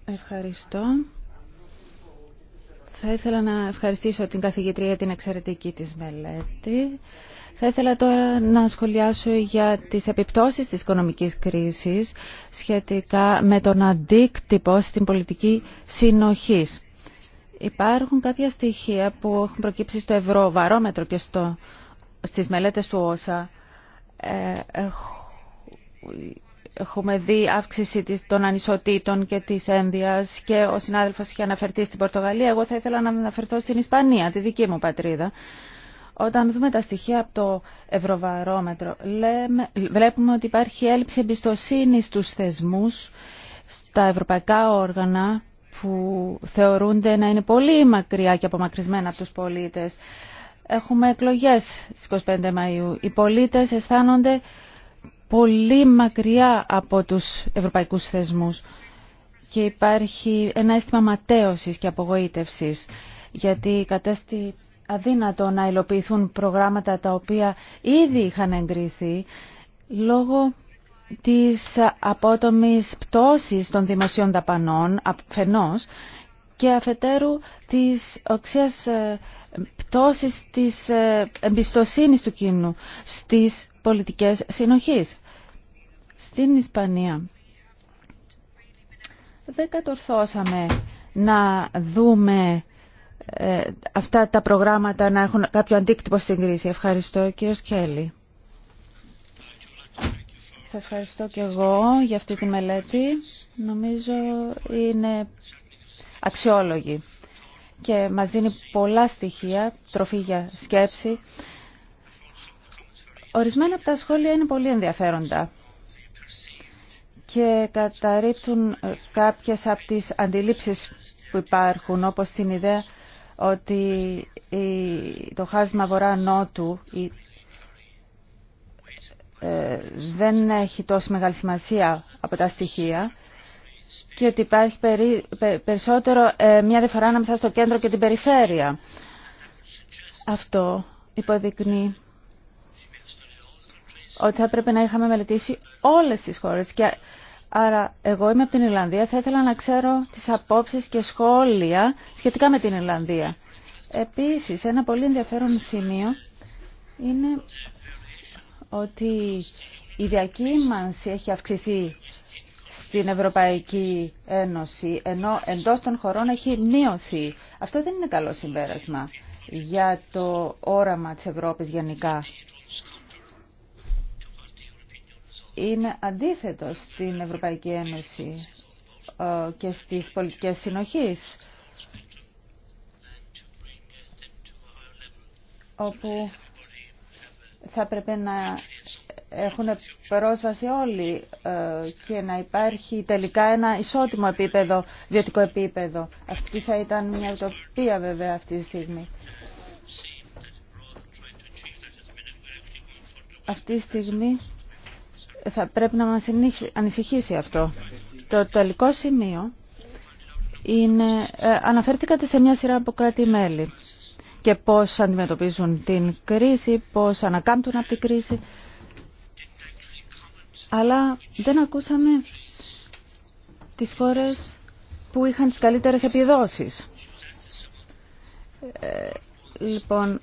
Ευχαριστώ. Θα ήθελα να ευχαριστήσω την καθηγητρία την εξαιρετική της μελέτη. Θα ήθελα τώρα να σχολιάσω για τις επιπτώσεις της οικονομικής κρίσης σχετικά με τον αντίκτυπο στην πολιτική συνοχής. Υπάρχουν κάποια στοιχεία που έχουν προκύψει στο ευρωβαρόμετρο και στο, στις μελέτες του ΩΣΑ. Ε, έχουμε δει αύξηση των ανισοτήτων και της ένδυας και ο συνάδελφος είχε αναφερθεί στην Πορτογαλία. Εγώ θα ήθελα να αναφερθώ στην Ισπανία, τη δική μου πατρίδα. Όταν δούμε τα στοιχεία από το Ευρωβαρόμετρο, βλέπουμε ότι υπάρχει έλλειψη εμπιστοσύνη στους θεσμούς, στα ευρωπαϊκά όργανα, που θεωρούνται να είναι πολύ μακριά και απομακρυσμένα από τους πολίτες. Έχουμε εκλογές στις 25 Μαΐου. Οι πολίτες αισθάνονται πολύ μακριά από τους ευρωπαϊκούς θεσμούς και υπάρχει ένα αίσθημα ματέωσης και απογοήτευσης γιατί κατέστη αδύνατο να υλοποιηθούν προγράμματα τα οποία ήδη είχαν εγκριθεί λόγω της απότομης πτώσης των δημοσίων δαπανών αφενός και αφετέρου της οξίας ε, πτώσης της ε, εμπιστοσύνης του κοινού στις πολιτικές συνοχής. Στην Ισπανία δεν κατορθώσαμε να δούμε ε, αυτά τα προγράμματα να έχουν κάποιο αντίκτυπο στην κρίση. Ευχαριστώ κύριο Σκέλη. Σας ευχαριστώ και εγώ για αυτή τη μελέτη. Νομίζω είναι αξιόλογη και μας δίνει πολλά στοιχεία, τροφή για σκέψη. Ορισμένα από τα σχόλια είναι πολύ ενδιαφέροντα και καταρρίπτουν κάποιες από τις αντιλήψεις που υπάρχουν, όπως την ιδέα ότι το χάσμα βορρά-νότου, ε, δεν έχει τόση μεγάλη σημασία από τα στοιχεία και ότι υπάρχει περι, περισσότερο ε, μια διαφορά ανάμεσα στο κέντρο και την περιφέρεια. Αυτό υποδεικνύει ότι θα πρέπει να είχαμε μελετήσει όλες τις χώρες. Και, άρα εγώ είμαι από την Ιρλανδία, θα ήθελα να ξέρω τις απόψεις και σχόλια σχετικά με την Ιρλανδία. Επίσης, ένα πολύ ενδιαφέρον σημείο είναι ότι η διακύμανση έχει αυξηθεί στην Ευρωπαϊκή Ένωση, ενώ εντός των χωρών έχει μείωθεί. Αυτό δεν είναι καλό συμπέρασμα για το όραμα της Ευρώπης γενικά. Είναι αντίθετο στην Ευρωπαϊκή Ένωση ε, και στις πολιτικές συνοχής, όπου θα πρέπει να έχουν πρόσβαση όλοι ε, και να υπάρχει τελικά ένα ισότιμο επίπεδο, επίπεδο. Αυτή θα ήταν μια ουτοπία βέβαια αυτή τη στιγμή. Αυτή τη στιγμή θα πρέπει να μας ανησυχήσει αυτό. Το τελικό σημείο είναι, ε, αναφέρθηκατε σε μια σειρά από κράτη-μέλη και πώς αντιμετωπίζουν την κρίση, πώς ανακάμπτουν από την κρίση. Αλλά δεν ακούσαμε τις χώρες που είχαν τις καλύτερες επιδόσεις. Ε, λοιπόν,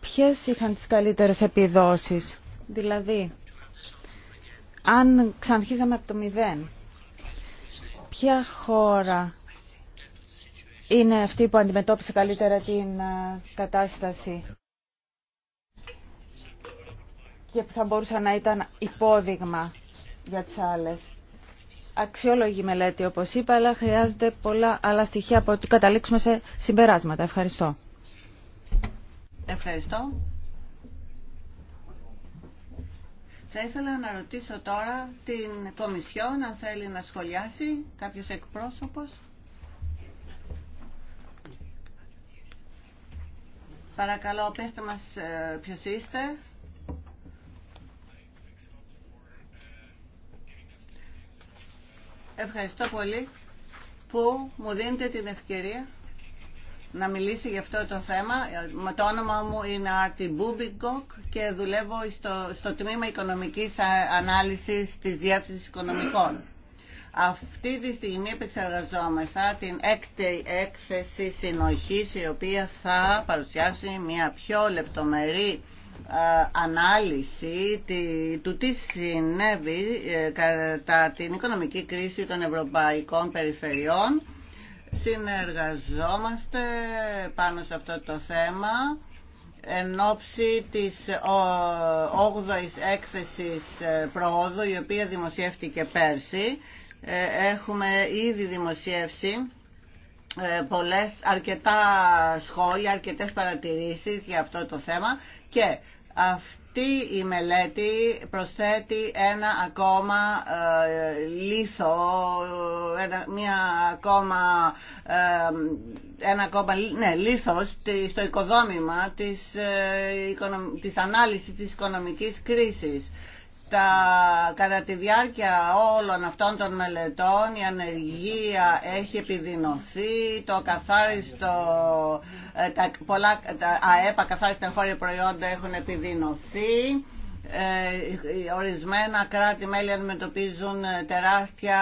ποιες είχαν τις καλύτερες επιδόσεις. Δηλαδή, αν ξαναρχίζαμε από το μηδέν, ποια χώρα είναι αυτή που αντιμετώπισε καλύτερα την κατάσταση και που θα μπορούσε να ήταν υπόδειγμα για τις άλλες. Αξιόλογη μελέτη, όπως είπα, αλλά χρειάζεται πολλά άλλα στοιχεία από ότι καταλήξουμε σε συμπεράσματα. Ευχαριστώ. Ευχαριστώ. Θα ήθελα να ρωτήσω τώρα την Κομισιόν αν θέλει να σχολιάσει κάποιος εκπρόσωπος. Παρακαλώ, πέστε μας ε, ποιος είστε. Ευχαριστώ πολύ που μου δίνετε την ευκαιρία να μιλήσει για αυτό το θέμα. Ε, το όνομα μου είναι Άρτη Μπούμπιγκοκ και δουλεύω στο, στο Τμήμα Οικονομικής Ανάλυσης της Διεύθυνσης Οικονομικών. Αυτή τη στιγμή επεξεργαζόμαστε την έκτη έκθεση συνοχής η οποία θα παρουσιάσει μια πιο λεπτομερή ε, ανάλυση του τι συνέβη ε, κατά την οικονομική κρίση των ευρωπαϊκών περιφερειών. Συνεργαζόμαστε πάνω σε αυτό το θέμα εν ώψη της 8ης έκθεσης ε, προόδου η οποία δημοσιεύτηκε πέρσι ε, έχουμε ήδη δημοσιεύσει ε, πολλές, αρκετά σχόλια, αρκετές παρατηρήσεις για αυτό το θέμα και αυτή η μελέτη προσθέτει ένα ακόμα ε, μια ακόμα, ε, ένα ακόμα ναι, λίθος στο οικοδόμημα της, ε, της ανάλυσης της οικονομικής κρίσης τα κατά τη διάρκεια όλων αυτών των μελετών η ανεργία έχει επιδεινωθεί, το καθάριστο, ε, τα, πολλά, τα ΑΕΠΑ καθάριστα χώρια προϊόντα έχουν επιδεινωθεί. Ε, ορισμένα κράτη-μέλη αντιμετωπίζουν ε, τεράστια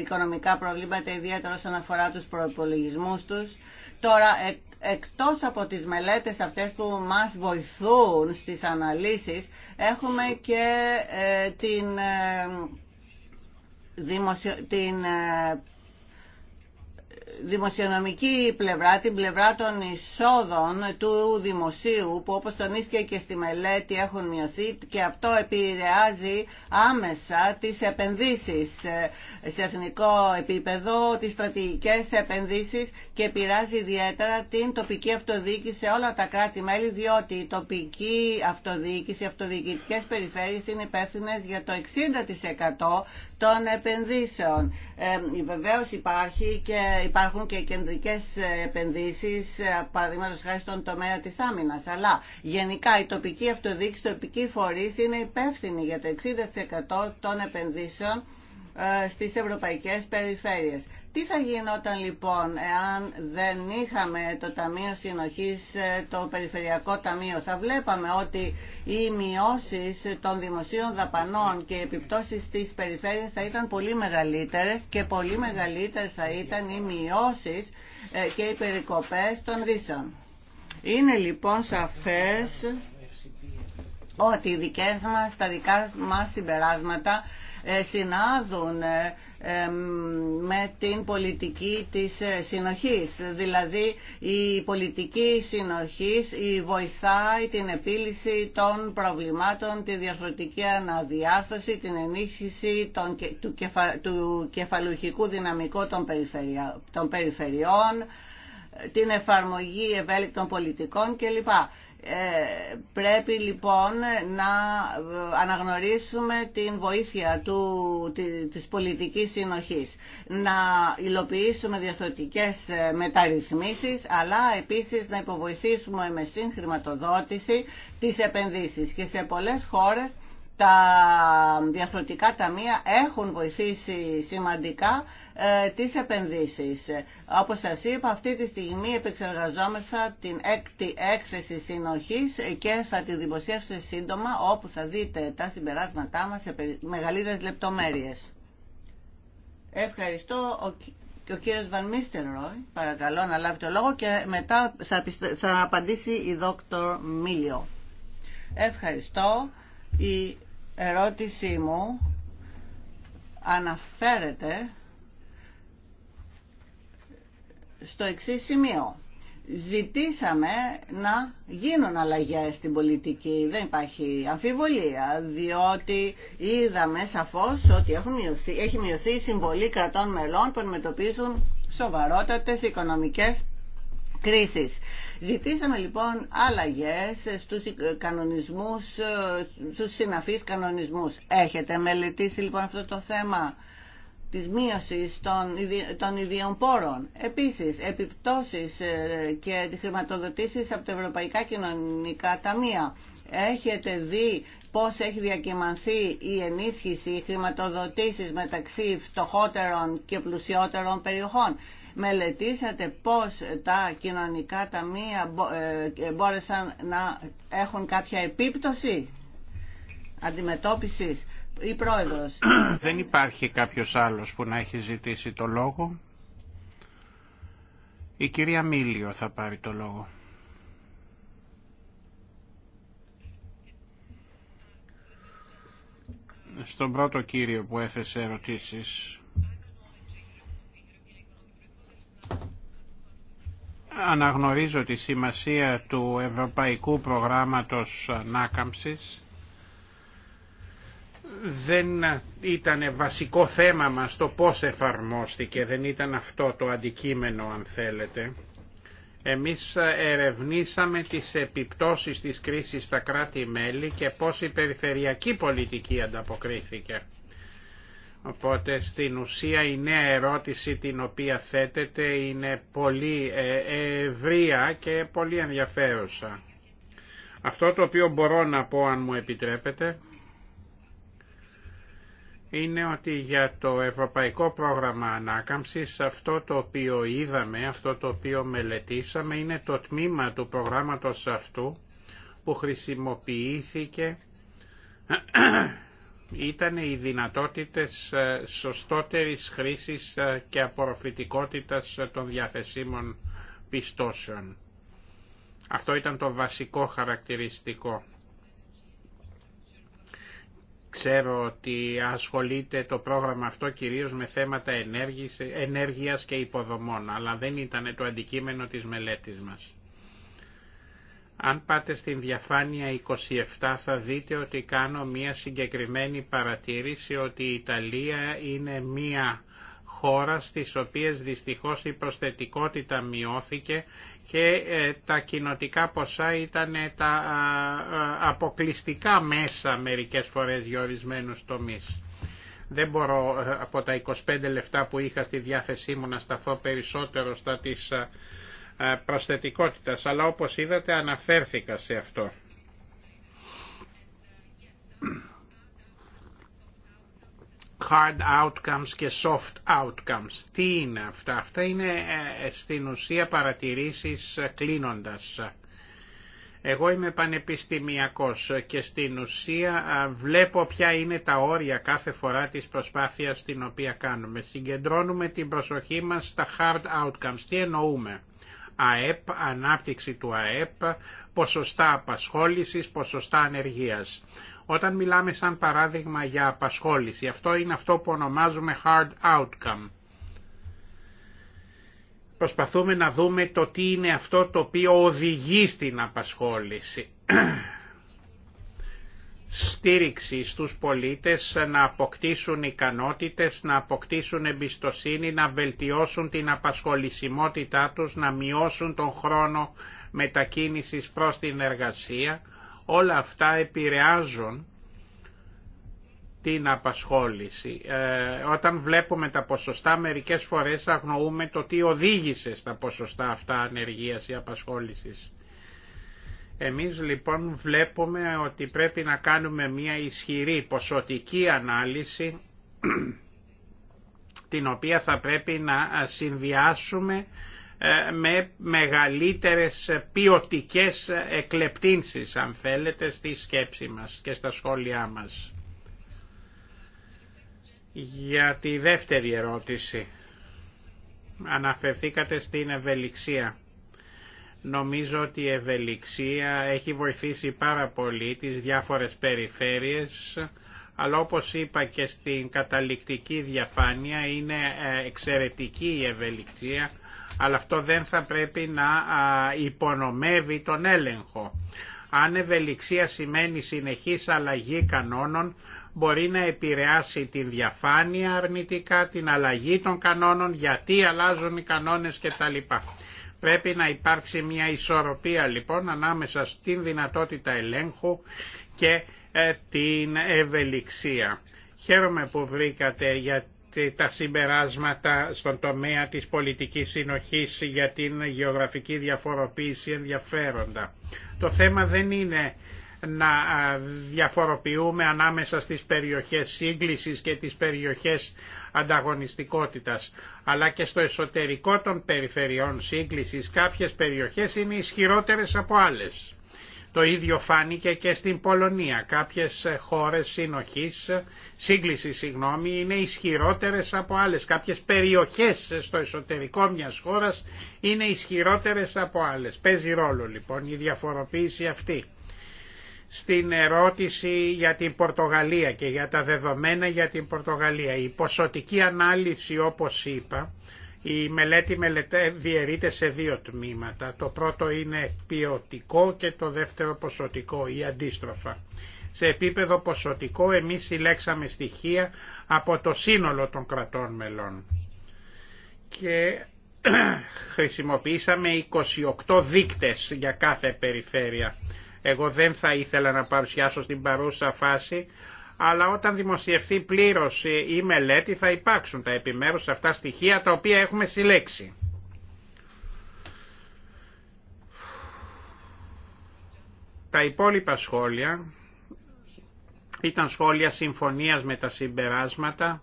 οικονομικά προβλήματα, ιδιαίτερα όσον αφορά τους προπολογισμού τους. Τώρα εκτός από τις μελέτες αυτές που μας βοηθούν στις αναλύσεις, έχουμε και ε, την, ε, δημοσιο... την ε, δημοσιονομική πλευρά, την πλευρά των εισόδων του δημοσίου που όπως τονίστηκε και στη μελέτη έχουν μειωθεί και αυτό επηρεάζει άμεσα τις επενδύσεις ε, σε εθνικό επίπεδο, τις στρατηγικές επενδύσεις και επηρεάζει ιδιαίτερα την τοπική αυτοδιοίκηση σε όλα τα κράτη-μέλη διότι η τοπική αυτοδιοίκηση, οι αυτοδιοικητικές περιφέρειες είναι υπεύθυνε για το 60% των επενδύσεων. Ε, υπάρχει και υπάρχουν υπάρχουν και κεντρικέ επενδύσει, παραδείγματο χάρη στον τομέα της Άμυνα. Αλλά γενικά η τοπική αυτοδίκηση, η τοπική φορή είναι υπεύθυνη για το 60% των επενδύσεων ε, στις ευρωπαϊκές περιφέρειες. Τι θα γινόταν λοιπόν εάν δεν είχαμε το Ταμείο Συνοχής, ε, το Περιφερειακό Ταμείο. Θα βλέπαμε ότι οι μειώσει των δημοσίων δαπανών και οι επιπτώσεις στις περιφέρειες θα ήταν πολύ μεγαλύτερες και πολύ μεγαλύτερες θα ήταν οι μειώσεις ε, και οι περικοπές των δίσεων. Είναι λοιπόν σαφές ότι οι δικές μας, τα δικά μας συμπεράσματα ε, συνάδουν με την πολιτική της ε, συνοχής. Δηλαδή η πολιτική συνοχής η βοηθάει την επίλυση των προβλημάτων, τη διαφορετική αναδιάρθρωση, την ενίσχυση του, κεφα, του κεφαλουχικού δυναμικού των, των περιφερειών, την εφαρμογή ευέλικτων πολιτικών κλπ. Ε, πρέπει λοιπόν να ε, αναγνωρίσουμε την βοήθεια του, της πολιτικής συνοχής, να υλοποιήσουμε διορθωτικές ε, μεταρρυθμίσεις, αλλά επίσης να υποβοηθήσουμε με συγχρηματοδότηση τις επενδύσεις. Και σε πολλές χώρες τα διαφορετικά ταμεία έχουν βοηθήσει σημαντικά ε, τις επενδύσεις. Όπως σας είπα, αυτή τη στιγμή επεξεργαζόμεσα την έκτη έκθεση συνοχής και θα τη δημοσιεύσω σύντομα όπου θα δείτε τα συμπεράσματά μας σε μεγαλύτερες λεπτομέρειες. Ευχαριστώ. Ο κύριος Βαν Ρόι, παρακαλώ να λάβει το λόγο και μετά θα απαντήσει η δόκτωρ Μίλιο. Ευχαριστώ. Η ερώτησή μου αναφέρεται στο εξή σημείο. Ζητήσαμε να γίνουν αλλαγές στην πολιτική, δεν υπάρχει αμφιβολία, διότι είδαμε σαφώς ότι έχουν μειωθεί, έχει μειωθεί η συμβολή κρατών μελών που αντιμετωπίζουν σοβαρότατες οικονομικές κρίσεις. Ζητήσαμε λοιπόν αλλαγές στους κανονισμούς, στους συναφείς κανονισμούς. Έχετε μελετήσει λοιπόν αυτό το θέμα της μείωσης των, των ιδίων πόρων. Επίσης, επιπτώσεις ε, και χρηματοδοτήσεις από τα Ευρωπαϊκά Κοινωνικά Ταμεία. Έχετε δει πώς έχει διακυμανθεί η ενίσχυση, οι χρηματοδοτήσεις μεταξύ φτωχότερων και πλουσιότερων περιοχών μελετήσατε πώς τα κοινωνικά ταμεία ε, μπόρεσαν να έχουν κάποια επίπτωση αντιμετώπισης ή πρόεδρος. Δεν υπάρχει κάποιος άλλος που να έχει ζητήσει το λόγο. Η κυρία Μίλιο θα πάρει το λόγο. Στον πρώτο κύριο που έθεσε ερωτήσεις αναγνωρίζω τη σημασία του Ευρωπαϊκού Προγράμματος Ανάκαμψης. Δεν ήταν βασικό θέμα μας το πώς εφαρμόστηκε, δεν ήταν αυτό το αντικείμενο αν θέλετε. Εμείς ερευνήσαμε τις επιπτώσεις της κρίσης στα κράτη-μέλη και πώς η περιφερειακή πολιτική ανταποκρίθηκε. Οπότε στην ουσία η νέα ερώτηση την οποία θέτεται είναι πολύ ε, ευρία και πολύ ενδιαφέρουσα. Αυτό το οποίο μπορώ να πω αν μου επιτρέπετε είναι ότι για το Ευρωπαϊκό Πρόγραμμα Ανάκαμψης αυτό το οποίο είδαμε, αυτό το οποίο μελετήσαμε είναι το τμήμα του προγράμματος αυτού που χρησιμοποιήθηκε ήταν οι δυνατότητες ε, σωστότερης χρήσης ε, και απορροφητικότητας ε, των διαθεσίμων πιστώσεων. Αυτό ήταν το βασικό χαρακτηριστικό. Ξέρω ότι ασχολείται το πρόγραμμα αυτό κυρίως με θέματα ενέργειας και υποδομών, αλλά δεν ήταν το αντικείμενο της μελέτης μας. Αν πάτε στην διαφάνεια 27 θα δείτε ότι κάνω μία συγκεκριμένη παρατήρηση ότι η Ιταλία είναι μία χώρα στις οποίες δυστυχώς η προσθετικότητα μειώθηκε και ε, τα κοινοτικά ποσά ήταν ε, τα αποκλειστικά μέσα μερικές φορές για ορισμένου τομείς. Δεν μπορώ ε, από τα 25 λεφτά που είχα στη διάθεσή μου να σταθώ περισσότερο στα της ε, προσθετικότητας, αλλά όπως είδατε αναφέρθηκα σε αυτό. hard outcomes και soft outcomes. Τι είναι αυτά. Αυτά είναι ε, στην ουσία παρατηρήσεις κλείνοντας. Εγώ είμαι πανεπιστημιακός και στην ουσία ε, βλέπω ποια είναι τα όρια κάθε φορά της προσπάθειας την οποία κάνουμε. Συγκεντρώνουμε την προσοχή μας στα hard outcomes. Τι εννοούμε. ΑΕΠ, ανάπτυξη του ΑΕΠ, ποσοστά απασχόλησης, ποσοστά ανεργίας. Όταν μιλάμε σαν παράδειγμα για απασχόληση, αυτό είναι αυτό που ονομάζουμε hard outcome. Προσπαθούμε να δούμε το τι είναι αυτό το οποίο οδηγεί στην απασχόληση στήριξη στους πολίτες να αποκτήσουν ικανότητες, να αποκτήσουν εμπιστοσύνη, να βελτιώσουν την απασχολησιμότητά τους, να μειώσουν τον χρόνο μετακίνησης προς την εργασία. Όλα αυτά επηρεάζουν την απασχόληση. Ε, όταν βλέπουμε τα ποσοστά μερικές φορές αγνοούμε το τι οδήγησε στα ποσοστά αυτά ανεργίας ή απασχόλησης. Εμείς λοιπόν βλέπουμε ότι πρέπει να κάνουμε μια ισχυρή ποσοτική ανάλυση την οποία θα πρέπει να συνδυάσουμε ε, με μεγαλύτερες ποιοτικές εκλεπτύνσεις αν θέλετε στη σκέψη μας και στα σχόλιά μας. Για τη δεύτερη ερώτηση αναφερθήκατε στην ευελιξία. Νομίζω ότι η ευελιξία έχει βοηθήσει πάρα πολύ τις διάφορες περιφέρειες, αλλά όπως είπα και στην καταληκτική διαφάνεια είναι ε, εξαιρετική η ευελιξία, αλλά αυτό δεν θα πρέπει να υπονομεύει τον έλεγχο. Αν ευελιξία σημαίνει συνεχής αλλαγή κανόνων, μπορεί να επηρεάσει την διαφάνεια αρνητικά, την αλλαγή των κανόνων, γιατί αλλάζουν οι κανόνες κτλ. Πρέπει να υπάρξει μια ισορροπία λοιπόν ανάμεσα στην δυνατότητα ελέγχου και ε, την ευελιξία. Χαίρομαι που βρήκατε για τα συμπεράσματα στον τομέα της πολιτικής συνοχής για την γεωγραφική διαφοροποίηση ενδιαφέροντα. Το θέμα δεν είναι να διαφοροποιούμε ανάμεσα στις περιοχές σύγκλησης και τις περιοχές ανταγωνιστικότητας. Αλλά και στο εσωτερικό των περιφερειών σύγκλησης κάποιες περιοχές είναι ισχυρότερες από άλλες. Το ίδιο φάνηκε και στην Πολωνία. Κάποιες χώρες συνοχής, συγκλήσης, συγγνώμη, είναι ισχυρότερες από άλλες. Κάποιες περιοχές στο εσωτερικό μιας χώρας είναι ισχυρότερες από άλλες. Παίζει ρόλο λοιπόν η διαφοροποίηση αυτή στην ερώτηση για την Πορτογαλία και για τα δεδομένα για την Πορτογαλία. Η ποσοτική ανάλυση όπως είπα, η μελέτη διαιρείται σε δύο τμήματα. Το πρώτο είναι ποιοτικό και το δεύτερο ποσοτικό ή αντίστροφα. Σε επίπεδο ποσοτικό εμείς συλλέξαμε στοιχεία από το σύνολο των κρατών μελών και χρησιμοποιήσαμε 28 δίκτες για κάθε περιφέρεια. Εγώ δεν θα ήθελα να παρουσιάσω στην παρούσα φάση, αλλά όταν δημοσιευθεί πλήρως η μελέτη θα υπάρξουν τα επιμέρους αυτά στοιχεία τα οποία έχουμε συλλέξει. Τα υπόλοιπα σχόλια ήταν σχόλια συμφωνίας με τα συμπεράσματα.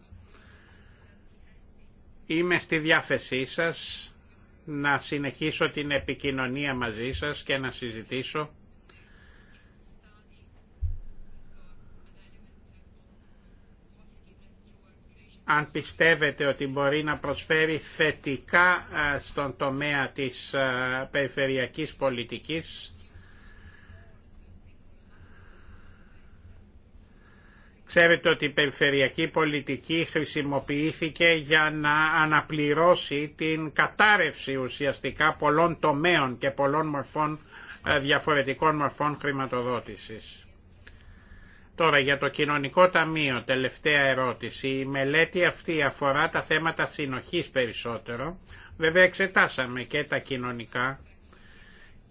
Είμαι στη διάθεσή σας να συνεχίσω την επικοινωνία μαζί σας και να συζητήσω αν πιστεύετε ότι μπορεί να προσφέρει θετικά στον τομέα της περιφερειακής πολιτικής. Ξέρετε ότι η περιφερειακή πολιτική χρησιμοποιήθηκε για να αναπληρώσει την κατάρρευση ουσιαστικά πολλών τομέων και πολλών μορφών, διαφορετικών μορφών χρηματοδότησης. Τώρα για το κοινωνικό ταμείο, τελευταία ερώτηση. Η μελέτη αυτή αφορά τα θέματα συνοχής περισσότερο. Βέβαια εξετάσαμε και τα κοινωνικά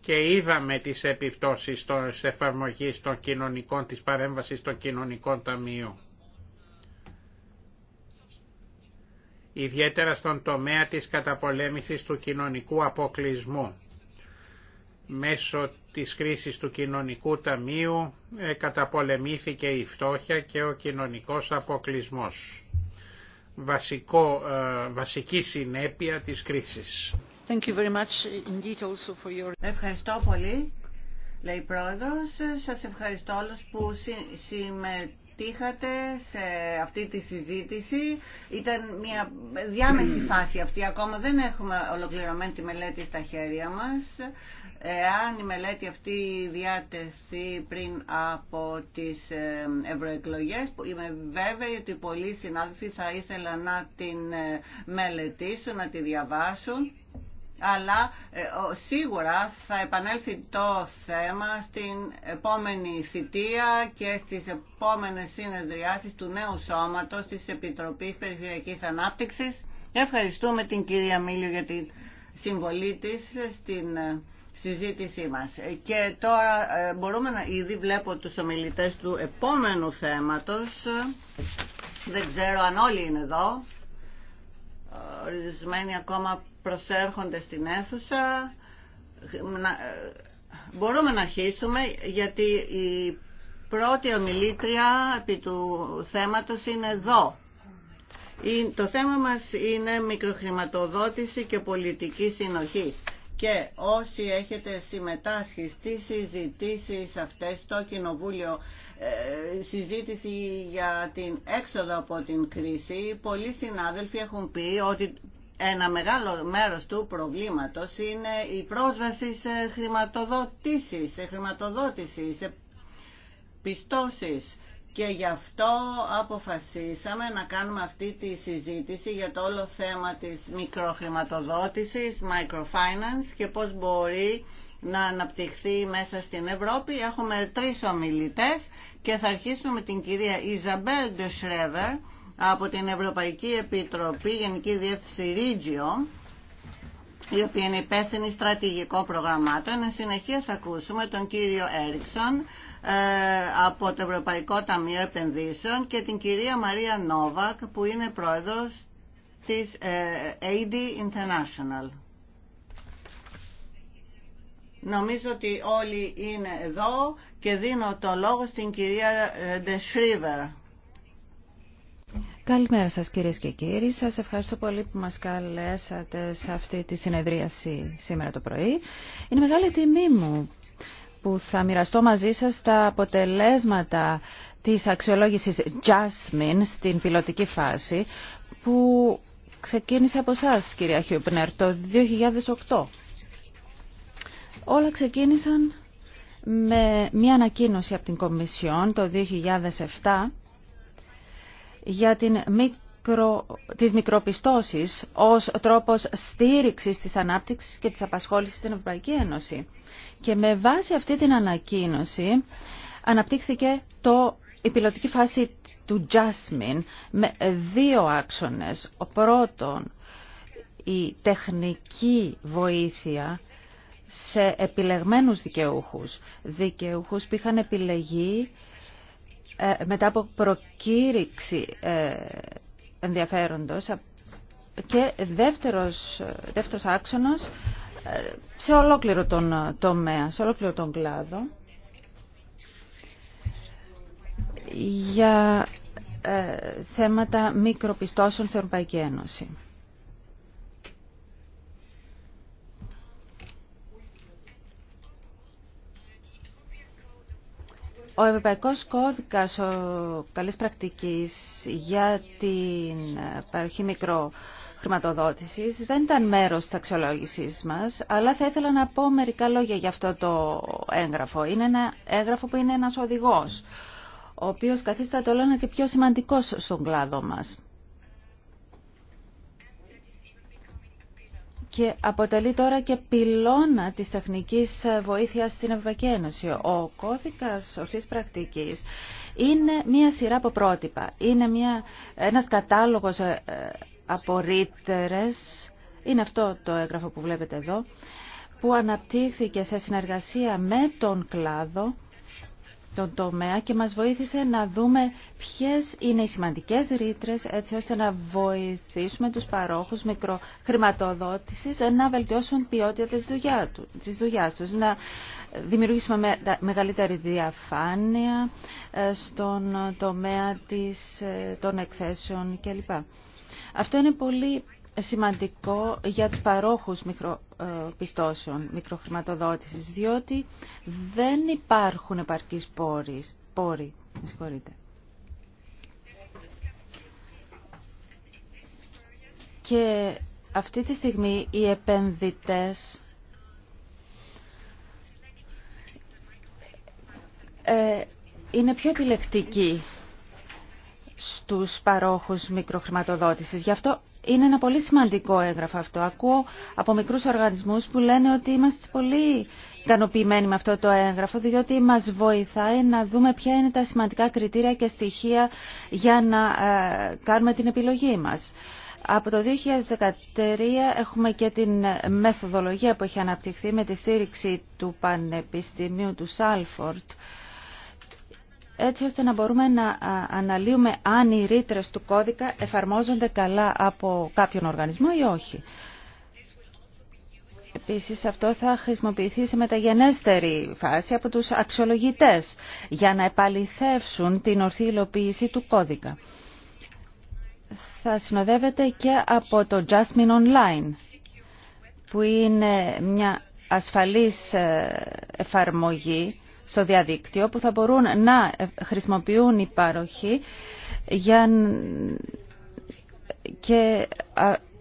και είδαμε τις επιπτώσεις της εφαρμογής των κοινωνικών, της παρέμβασης των κοινωνικών ταμείων. Ιδιαίτερα στον τομέα της καταπολέμησης του κοινωνικού αποκλεισμού μέσω της κρίσης του κοινωνικού ταμείου ε, καταπολεμήθηκε η φτώχεια και ο κοινωνικός αποκλεισμός. Βασικό, ε, βασική συνέπεια της κρίσης. Thank you very much also for your... Ευχαριστώ πολύ, λέει πρόεδρος. Σας ευχαριστώ όλους που συμμετείχατε σε αυτή τη συζήτηση. Ήταν μια διάμεση φάση αυτή. Ακόμα δεν έχουμε ολοκληρωμένη τη μελέτη στα χέρια μας. Εάν η μελέτη αυτή διάτεθεί πριν από τις ε, ευρωεκλογέ, είμαι βέβαιη ότι πολλοί συνάδελφοι θα ήθελαν να την ε, μελετήσουν, να τη διαβάσουν, αλλά ε, σίγουρα θα επανέλθει το θέμα στην επόμενη θητεία και στις επόμενες συνεδριάσεις του νέου σώματος της Επιτροπής Περιφερειακής Ανάπτυξης. Ευχαριστούμε την κυρία Μίλιο για την συμβολή της στην συζήτησή μας. Ε, και τώρα ε, μπορούμε να ήδη βλέπω τους ομιλητές του επόμενου θέματος. Δεν ξέρω αν όλοι είναι εδώ. Ε, ορισμένοι ακόμα προσέρχονται στην αίθουσα. Μπορούμε να αρχίσουμε γιατί η πρώτη ομιλήτρια επί του θέματος είναι εδώ. Το θέμα μας είναι μικροχρηματοδότηση και πολιτική συνοχής και όσοι έχετε συμμετάσχει στις συζητήσεις αυτές στο Κοινοβούλιο ε, συζήτηση για την έξοδο από την κρίση πολλοί συνάδελφοι έχουν πει ότι ένα μεγάλο μέρος του προβλήματος είναι η πρόσβαση σε χρηματοδότηση, σε χρηματοδότηση, σε πιστώσεις και γι' αυτό αποφασίσαμε να κάνουμε αυτή τη συζήτηση για το όλο θέμα της μικροχρηματοδότησης, microfinance και πώς μπορεί να αναπτυχθεί μέσα στην Ευρώπη. Έχουμε τρεις ομιλητές και θα αρχίσουμε με την κυρία Ιζαμπέλ Ντεσρέβερ από την Ευρωπαϊκή Επιτροπή Γενική Διεύθυνση Ρίτζιο η οποία είναι υπεύθυνη στρατηγικό προγραμμάτων. συνεχεία ακούσουμε τον κύριο Έριξον ε, από το Ευρωπαϊκό Ταμείο Επενδύσεων και την κυρία Μαρία Νόβακ που είναι πρόεδρος της ε, AD International. Νομίζω ότι όλοι είναι εδώ και δίνω το λόγο στην κυρία Ντεσρίβερ. Καλημέρα σας κυρίες και κύριοι. Σας ευχαριστώ πολύ που μας καλέσατε σε αυτή τη συνεδρίαση σήμερα το πρωί. Είναι μεγάλη τιμή μου που θα μοιραστώ μαζί σας τα αποτελέσματα της αξιολόγησης Jasmine στην πιλωτική φάση που ξεκίνησε από εσά, κυρία Χιούπνερ, το 2008. Όλα ξεκίνησαν με μια ανακοίνωση από την Κομισιόν το 2007 για την μη μικρο, τις μικροπιστώσεις ως τρόπος στήριξης της ανάπτυξης και της απασχόλησης στην Ευρωπαϊκή Ένωση. Και με βάση αυτή την ανακοίνωση αναπτύχθηκε το η πιλωτική φάση του Jasmine με δύο άξονες. Ο πρώτον, η τεχνική βοήθεια σε επιλεγμένους δικαιούχους. Δικαιούχους που είχαν επιλεγεί ε, μετά από προκήρυξη ε, ενδιαφέροντος και δεύτερος, δεύτερος άξονος ε, σε ολόκληρο τον ε, τομέα, σε ολόκληρο τον κλάδο για ε, θέματα μικροπιστώσεων στην Ευρωπαϊκή Ένωση. Ο Ευρωπαϊκός Κώδικας ο, Καλής Πρακτικής για την ε, παροχή μικρό χρηματοδότησης δεν ήταν μέρος της αξιολόγησής μας, αλλά θα ήθελα να πω μερικά λόγια για αυτό το έγγραφο. Είναι ένα έγγραφο που είναι ένας οδηγός, ο οποίος καθίσταται όλο ένα και πιο σημαντικός στον κλάδο μας. και αποτελεί τώρα και πυλώνα της τεχνικής βοήθειας στην Ευρωπαϊκή Ένωση. Ο κώδικας ορθής πρακτικής είναι μία σειρά από πρότυπα. Είναι μια, ένας κατάλογος ε, από ρήτερες. είναι αυτό το έγγραφο που βλέπετε εδώ, που αναπτύχθηκε σε συνεργασία με τον κλάδο τον τομέα και μας βοήθησε να δούμε ποιες είναι οι σημαντικές ρήτρε έτσι ώστε να βοηθήσουμε τους παρόχους μικροχρηματοδότησης να βελτιώσουν ποιότητα της, δουλειά τους, της δουλειάς τους, να δημιουργήσουμε μεγαλύτερη διαφάνεια ε, στον τομέα της, ε, των εκθέσεων κλπ. Αυτό είναι πολύ σημαντικό για τους παρόχους μικροπιστώσεων, μικροχρηματοδότησης, διότι δεν υπάρχουν επαρκείς πόροι. πόροι με Και αυτή τη στιγμή οι επενδυτές ε, είναι πιο επιλεκτικοί στους παρόχους μικροχρηματοδότησης. Γι' αυτό είναι ένα πολύ σημαντικό έγγραφο αυτό. Ακούω από μικρούς οργανισμούς που λένε ότι είμαστε πολύ ικανοποιημένοι με αυτό το έγγραφο, διότι μας βοηθάει να δούμε ποια είναι τα σημαντικά κριτήρια και στοιχεία για να ε, κάνουμε την επιλογή μας. Από το 2013 έχουμε και την μεθοδολογία που έχει αναπτυχθεί με τη στήριξη του Πανεπιστημίου του Σάλφορτ, έτσι ώστε να μπορούμε να αναλύουμε αν οι ρήτρε του κώδικα εφαρμόζονται καλά από κάποιον οργανισμό ή όχι. Επίσης αυτό θα χρησιμοποιηθεί σε μεταγενέστερη φάση από τους αξιολογητές για να επαληθεύσουν την ορθή υλοποίηση του κώδικα. Θα συνοδεύεται και από το Jasmine Online που είναι μια ασφαλής ε, εφαρμογή στο διαδίκτυο που θα μπορούν να χρησιμοποιούν οι πάροχοι για... και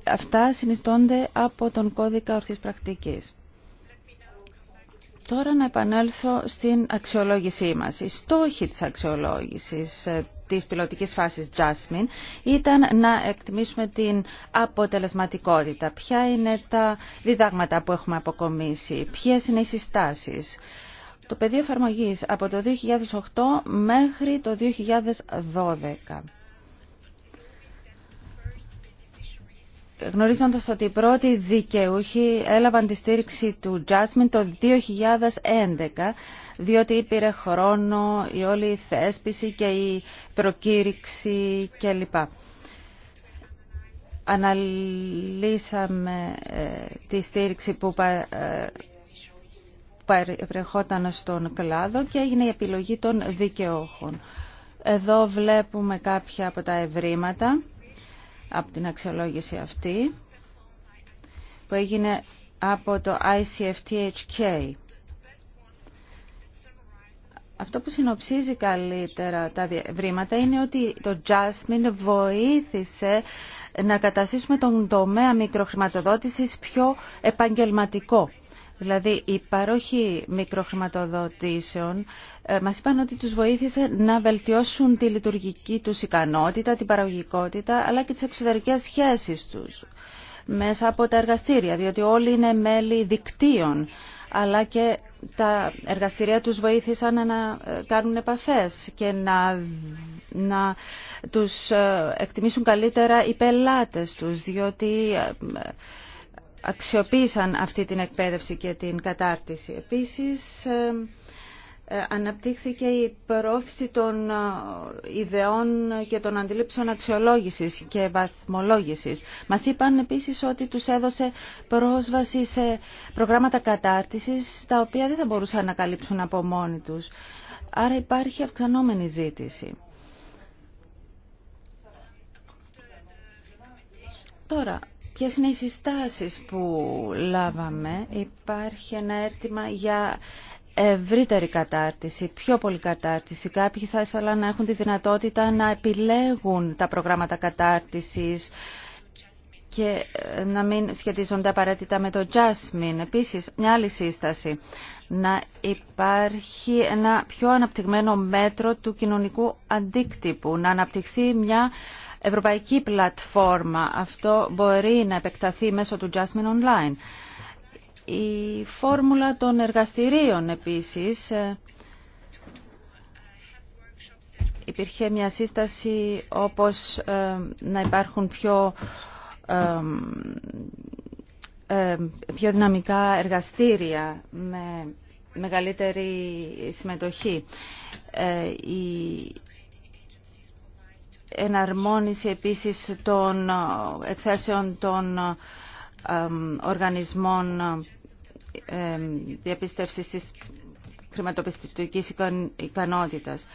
αυτά συνιστώνται από τον κώδικα ορθής πρακτικής. Τώρα να επανέλθω στην αξιολόγησή μας. Η στόχη της αξιολόγησης ε, της πιλωτικής φάσης Jasmine ήταν να εκτιμήσουμε την αποτελεσματικότητα. Ποια είναι τα διδάγματα που έχουμε αποκομίσει, ποιες είναι οι συστάσεις το πεδίο εφαρμογή από το 2008 μέχρι το 2012. Γνωρίζοντας ότι οι πρώτοι δικαιούχοι έλαβαν τη στήριξη του Jasmine το 2011, διότι πήρε χρόνο η όλη η θέσπιση και η προκήρυξη κλπ. Αναλύσαμε ε, τη στήριξη που ε, περιεχόταν στον κλάδο και έγινε η επιλογή των δικαιώχων. Εδώ βλέπουμε κάποια από τα ευρήματα από την αξιολόγηση αυτή που έγινε από το ICFTHK. Αυτό που συνοψίζει καλύτερα τα ευρήματα είναι ότι το Jasmine βοήθησε να καταστήσουμε τον τομέα μικροχρηματοδότησης πιο επαγγελματικό. Δηλαδή, η παρόχη μικροχρηματοδοτήσεων ε, μας είπαν ότι τους βοήθησε να βελτιώσουν τη λειτουργική τους ικανότητα, την παραγωγικότητα, αλλά και τις εξωτερικές σχέσεις τους μέσα από τα εργαστήρια, διότι όλοι είναι μέλη δικτύων, αλλά και τα εργαστήρια τους βοήθησαν να ε, κάνουν επαφές και να, να τους ε, εκτιμήσουν καλύτερα οι πελάτες τους, διότι αξιοποίησαν αυτή την εκπαίδευση και την κατάρτιση. Επίσης, ε, αναπτύχθηκε η προώθηση των ε, ιδεών και των αντιλήψεων αξιολόγησης και βαθμολόγησης. Μας είπαν επίσης ότι τους έδωσε πρόσβαση σε προγράμματα κατάρτισης τα οποία δεν θα μπορούσαν να καλύψουν από μόνοι τους. Άρα υπάρχει αυξανόμενη ζήτηση. Τώρα, Ποιες είναι οι συστάσεις που λάβαμε. Υπάρχει ένα αίτημα για ευρύτερη κατάρτιση, πιο πολύ κατάρτιση. Κάποιοι θα ήθελαν να έχουν τη δυνατότητα να επιλέγουν τα προγράμματα κατάρτισης και ε, να μην σχετίζονται απαραίτητα με το Jasmine. Επίσης, μια άλλη σύσταση, να υπάρχει ένα πιο αναπτυγμένο μέτρο του κοινωνικού αντίκτυπου, να αναπτυχθεί μια ευρωπαϊκή πλατφόρμα. Αυτό μπορεί να επεκταθεί μέσω του Jasmine Online. Η φόρμουλα των εργαστηρίων επίσης ε, υπήρχε μια σύσταση όπως ε, να υπάρχουν πιο, ε, πιο δυναμικά εργαστήρια με μεγαλύτερη συμμετοχή. η εναρμόνιση επίσης των ε, εκθέσεων των ε, οργανισμών ε, διαπίστευσης της χρηματοπιστωτικής ικανότητας.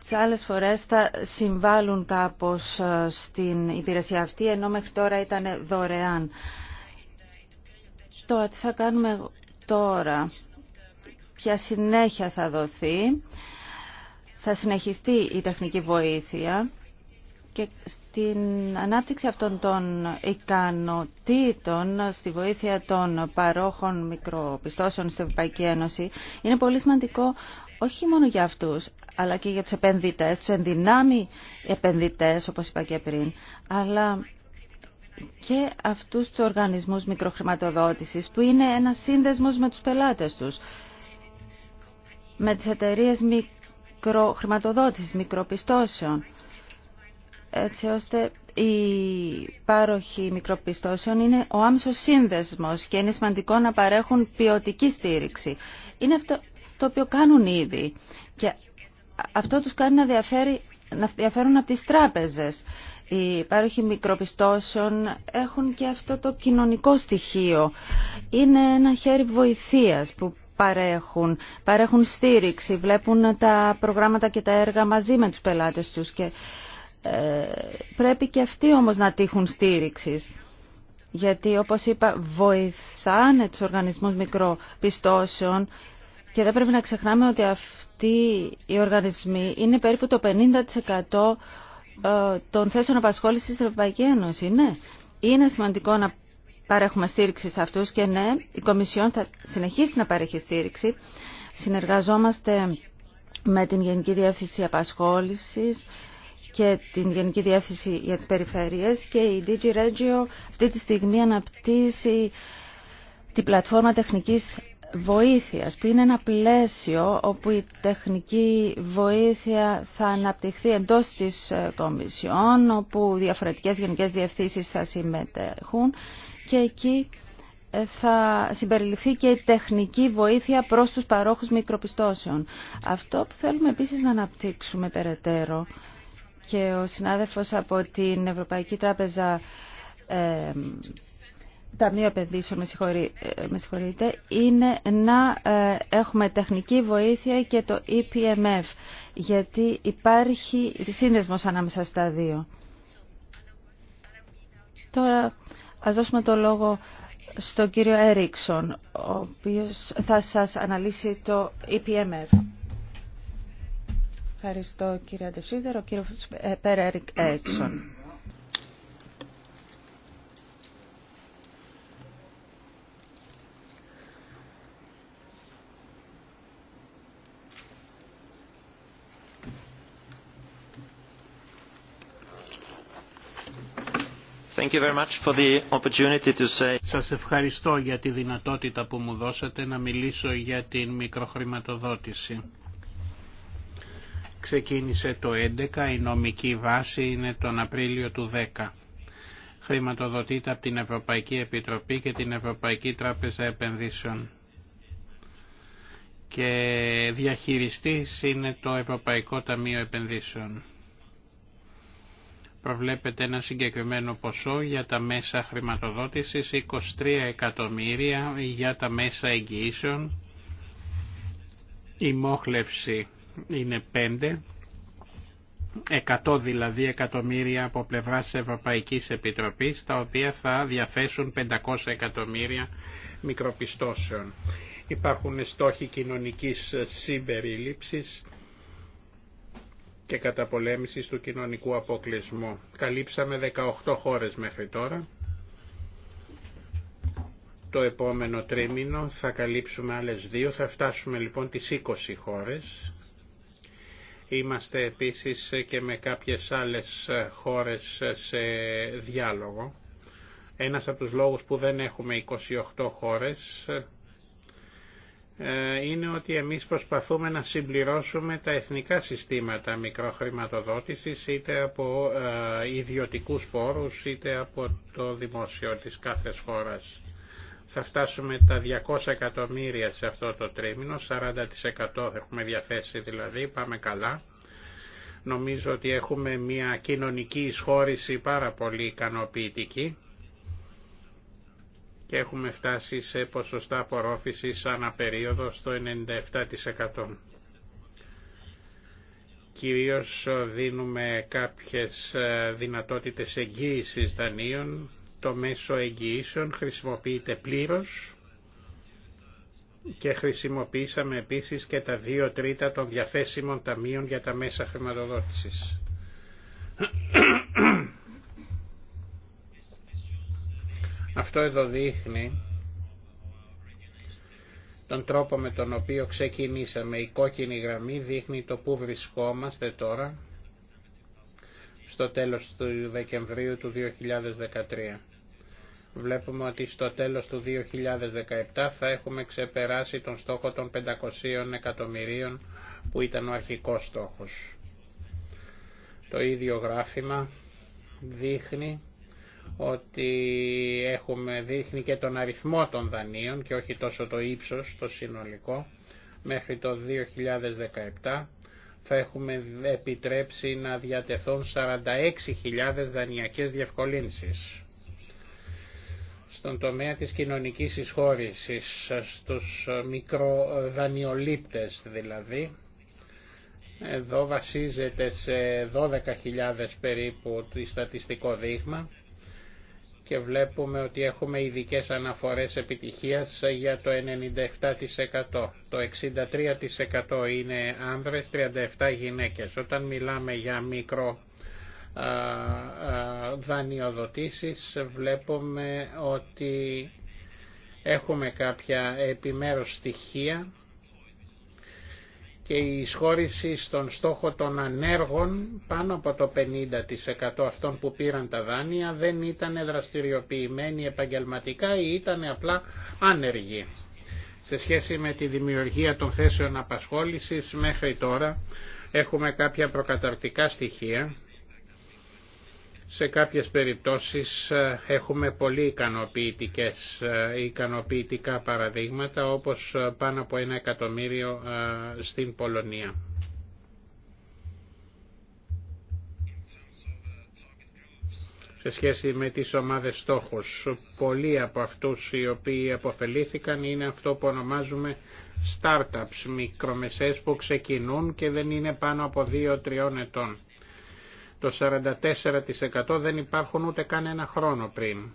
Σε άλλες φορές θα συμβάλλουν κάπως στην υπηρεσία αυτή, ενώ μέχρι τώρα ήταν δωρεάν. Το τι θα κάνουμε τώρα, ποια συνέχεια θα δοθεί θα συνεχιστεί η τεχνική βοήθεια και στην ανάπτυξη αυτών των ικανοτήτων στη βοήθεια των παρόχων μικροπιστώσεων στην Ευρωπαϊκή Ένωση είναι πολύ σημαντικό όχι μόνο για αυτούς, αλλά και για τους επενδυτές, τους ενδυνάμει επενδυτές, όπως είπα και πριν, αλλά και αυτούς τους οργανισμούς μικροχρηματοδότησης, που είναι ένα σύνδεσμος με τους πελάτες τους, με τις εταιρείες μικροχρηματοδότησης, μικροπιστώσεων, έτσι ώστε η πάροχοι μικροπιστώσεων είναι ο άμεσος σύνδεσμος και είναι σημαντικό να παρέχουν ποιοτική στήριξη. Είναι αυτό το οποίο κάνουν ήδη και αυτό τους κάνει να, διαφέρει, να διαφέρουν από τις τράπεζες. Οι πάροχοι μικροπιστώσεων έχουν και αυτό το κοινωνικό στοιχείο. Είναι ένα χέρι βοηθείας που παρέχουν. Παρέχουν στήριξη, βλέπουν τα προγράμματα και τα έργα μαζί με τους πελάτες τους και ε, πρέπει και αυτοί όμως να τύχουν στήριξης. Γιατί όπως είπα βοηθάνε τους οργανισμούς μικροπιστώσεων και δεν πρέπει να ξεχνάμε ότι αυτοί οι οργανισμοί είναι περίπου το 50% ε, των θέσεων απασχόλησης στην Ευρωπαϊκή Ένωση. Ναι, είναι σημαντικό να παρέχουμε στήριξη σε αυτούς και ναι, η Κομισιόν θα συνεχίσει να παρέχει στήριξη. Συνεργαζόμαστε με την Γενική Διεύθυνση Απασχόλησης και την Γενική Διεύθυνση για τις Περιφέρειες και η DG Regio αυτή τη στιγμή αναπτύσσει την πλατφόρμα τεχνικής βοήθειας που είναι ένα πλαίσιο όπου η τεχνική βοήθεια θα αναπτυχθεί εντός της ε, Κομισιόν όπου διαφορετικές γενικές διευθύνσεις θα συμμετέχουν και εκεί ε, θα συμπεριληφθεί και η τεχνική βοήθεια προς τους παρόχους μικροπιστώσεων. Αυτό που θέλουμε επίσης να αναπτύξουμε περαιτέρω και ο συνάδελφος από την Ευρωπαϊκή Τράπεζα ε, Ταμείο Επενδύσεων, με ε, συγχωρείτε, είναι να ε, έχουμε τεχνική βοήθεια και το EPMF, γιατί υπάρχει σύνδεσμος ανάμεσα στα δύο. Τώρα, Ας δώσουμε το λόγο στον κύριο Έριξον, ο οποίος θα σας αναλύσει το EPMF. Ευχαριστώ κύριε Αντεσίδερο, κύριο Πέρα Έριξον. Σας ευχαριστώ για τη δυνατότητα που μου δώσατε να μιλήσω για την μικροχρηματοδότηση. Ξεκίνησε το 11, η νομική βάση είναι τον Απρίλιο του 10. Χρηματοδοτείται από την Ευρωπαϊκή Επιτροπή και την Ευρωπαϊκή Τράπεζα Επενδύσεων. Και διαχειριστής είναι το Ευρωπαϊκό Ταμείο Επενδύσεων προβλέπεται ένα συγκεκριμένο ποσό για τα μέσα χρηματοδότησης, 23 εκατομμύρια για τα μέσα εγγυήσεων, η μόχλευση είναι 5, 100 δηλαδή εκατομμύρια από πλευράς Ευρωπαϊκής Επιτροπής, τα οποία θα διαθέσουν 500 εκατομμύρια μικροπιστώσεων. Υπάρχουν στόχοι κοινωνικής συμπερίληψης, και καταπολέμησης του κοινωνικού αποκλεισμού. Καλύψαμε 18 χώρες μέχρι τώρα. Το επόμενο τρίμηνο θα καλύψουμε άλλες δύο, θα φτάσουμε λοιπόν τις 20 χώρες. Είμαστε επίσης και με κάποιες άλλες χώρες σε διάλογο. Ένας από τους λόγους που δεν έχουμε 28 χώρες ε, είναι ότι εμείς προσπαθούμε να συμπληρώσουμε τα εθνικά συστήματα μικροχρηματοδότησης είτε από ε, ιδιωτικούς πόρους είτε από το δημόσιο της κάθε χώρας. Θα φτάσουμε τα 200 εκατομμύρια σε αυτό το τρίμηνο, 40% έχουμε διαθέσει δηλαδή, πάμε καλά. Νομίζω ότι έχουμε μια κοινωνική εισχώρηση πάρα πολύ ικανοποιητική και έχουμε φτάσει σε ποσοστά απορρόφησης ανά περίοδο στο 97%. Κυρίως δίνουμε κάποιες ε, δυνατότητες εγγύησης δανείων. Το μέσο εγγυήσεων χρησιμοποιείται πλήρως και χρησιμοποίησαμε επίσης και τα δύο τρίτα των διαθέσιμων ταμείων για τα μέσα χρηματοδότησης. Αυτό εδώ δείχνει τον τρόπο με τον οποίο ξεκινήσαμε. Η κόκκινη γραμμή δείχνει το πού βρισκόμαστε τώρα στο τέλος του Δεκεμβρίου του 2013. Βλέπουμε ότι στο τέλος του 2017 θα έχουμε ξεπεράσει τον στόχο των 500 εκατομμυρίων που ήταν ο αρχικός στόχος. Το ίδιο γράφημα δείχνει ότι έχουμε δείχνει και τον αριθμό των δανείων και όχι τόσο το ύψος, το συνολικό, μέχρι το 2017 θα έχουμε επιτρέψει να διατεθούν 46.000 δανειακές διευκολύνσεις. Στον τομέα της κοινωνικής εισχώρησης, στους μικροδανειολήπτες δηλαδή, εδώ βασίζεται σε 12.000 περίπου το στατιστικό δείγμα και βλέπουμε ότι έχουμε ειδικέ αναφορές επιτυχίας για το 97%. Το 63% είναι άνδρες, 37 γυναίκες. Όταν μιλάμε για μικρό δανειοδοτήσεις βλέπουμε ότι έχουμε κάποια επιμέρους στοιχεία και η εισχώρηση στον στόχο των ανέργων πάνω από το 50% αυτών που πήραν τα δάνεια δεν ήταν δραστηριοποιημένοι επαγγελματικά ή ήταν απλά άνεργοι. Σε σχέση με τη δημιουργία των θέσεων απασχόλησης μέχρι τώρα έχουμε κάποια προκαταρκτικά στοιχεία σε κάποιες περιπτώσεις ε, έχουμε πολύ ικανοποιητικές, ε, ικανοποιητικά παραδείγματα όπως ε, πάνω από ένα εκατομμύριο στην Πολωνία. σε σχέση με τις ομάδες στόχους. Πολλοί από αυτούς οι οποίοι αποφελήθηκαν είναι αυτό που ονομάζουμε startups, μικρομεσαίες που ξεκινούν και δεν είναι πάνω από 2-3 ετών το 44% δεν υπάρχουν ούτε καν ένα χρόνο πριν.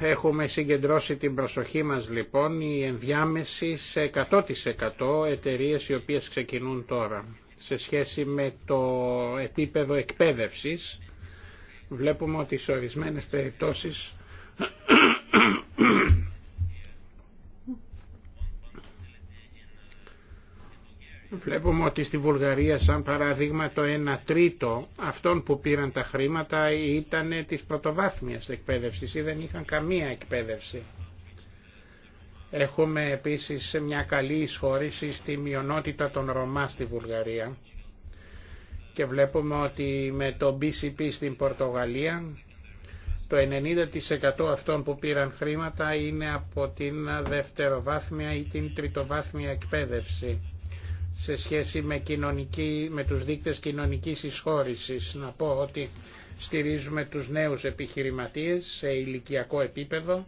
Έχουμε συγκεντρώσει την προσοχή μας λοιπόν η ενδιάμεση σε 100% εταιρείες οι οποίες ξεκινούν τώρα. Σε σχέση με το επίπεδο εκπαίδευσης βλέπουμε ότι σε ορισμένες περιπτώσεις Βλέπουμε ότι στη Βουλγαρία σαν παραδείγμα το 1 τρίτο αυτών που πήραν τα χρήματα ήταν της πρωτοβάθμιας εκπαίδευσης ή δεν είχαν καμία εκπαίδευση. Έχουμε επίσης μια καλή εισχώρηση στη μειονότητα των Ρωμά στη Βουλγαρία και βλέπουμε ότι με το BCP στην Πορτογαλία το 90% αυτών που πήραν χρήματα είναι από την δευτεροβάθμια ή την τριτοβάθμια εκπαίδευση σε σχέση με, κοινωνική, με τους δείκτες κοινωνικής εισχώρησης. Να πω ότι στηρίζουμε τους νέους επιχειρηματίες σε ηλικιακό επίπεδο.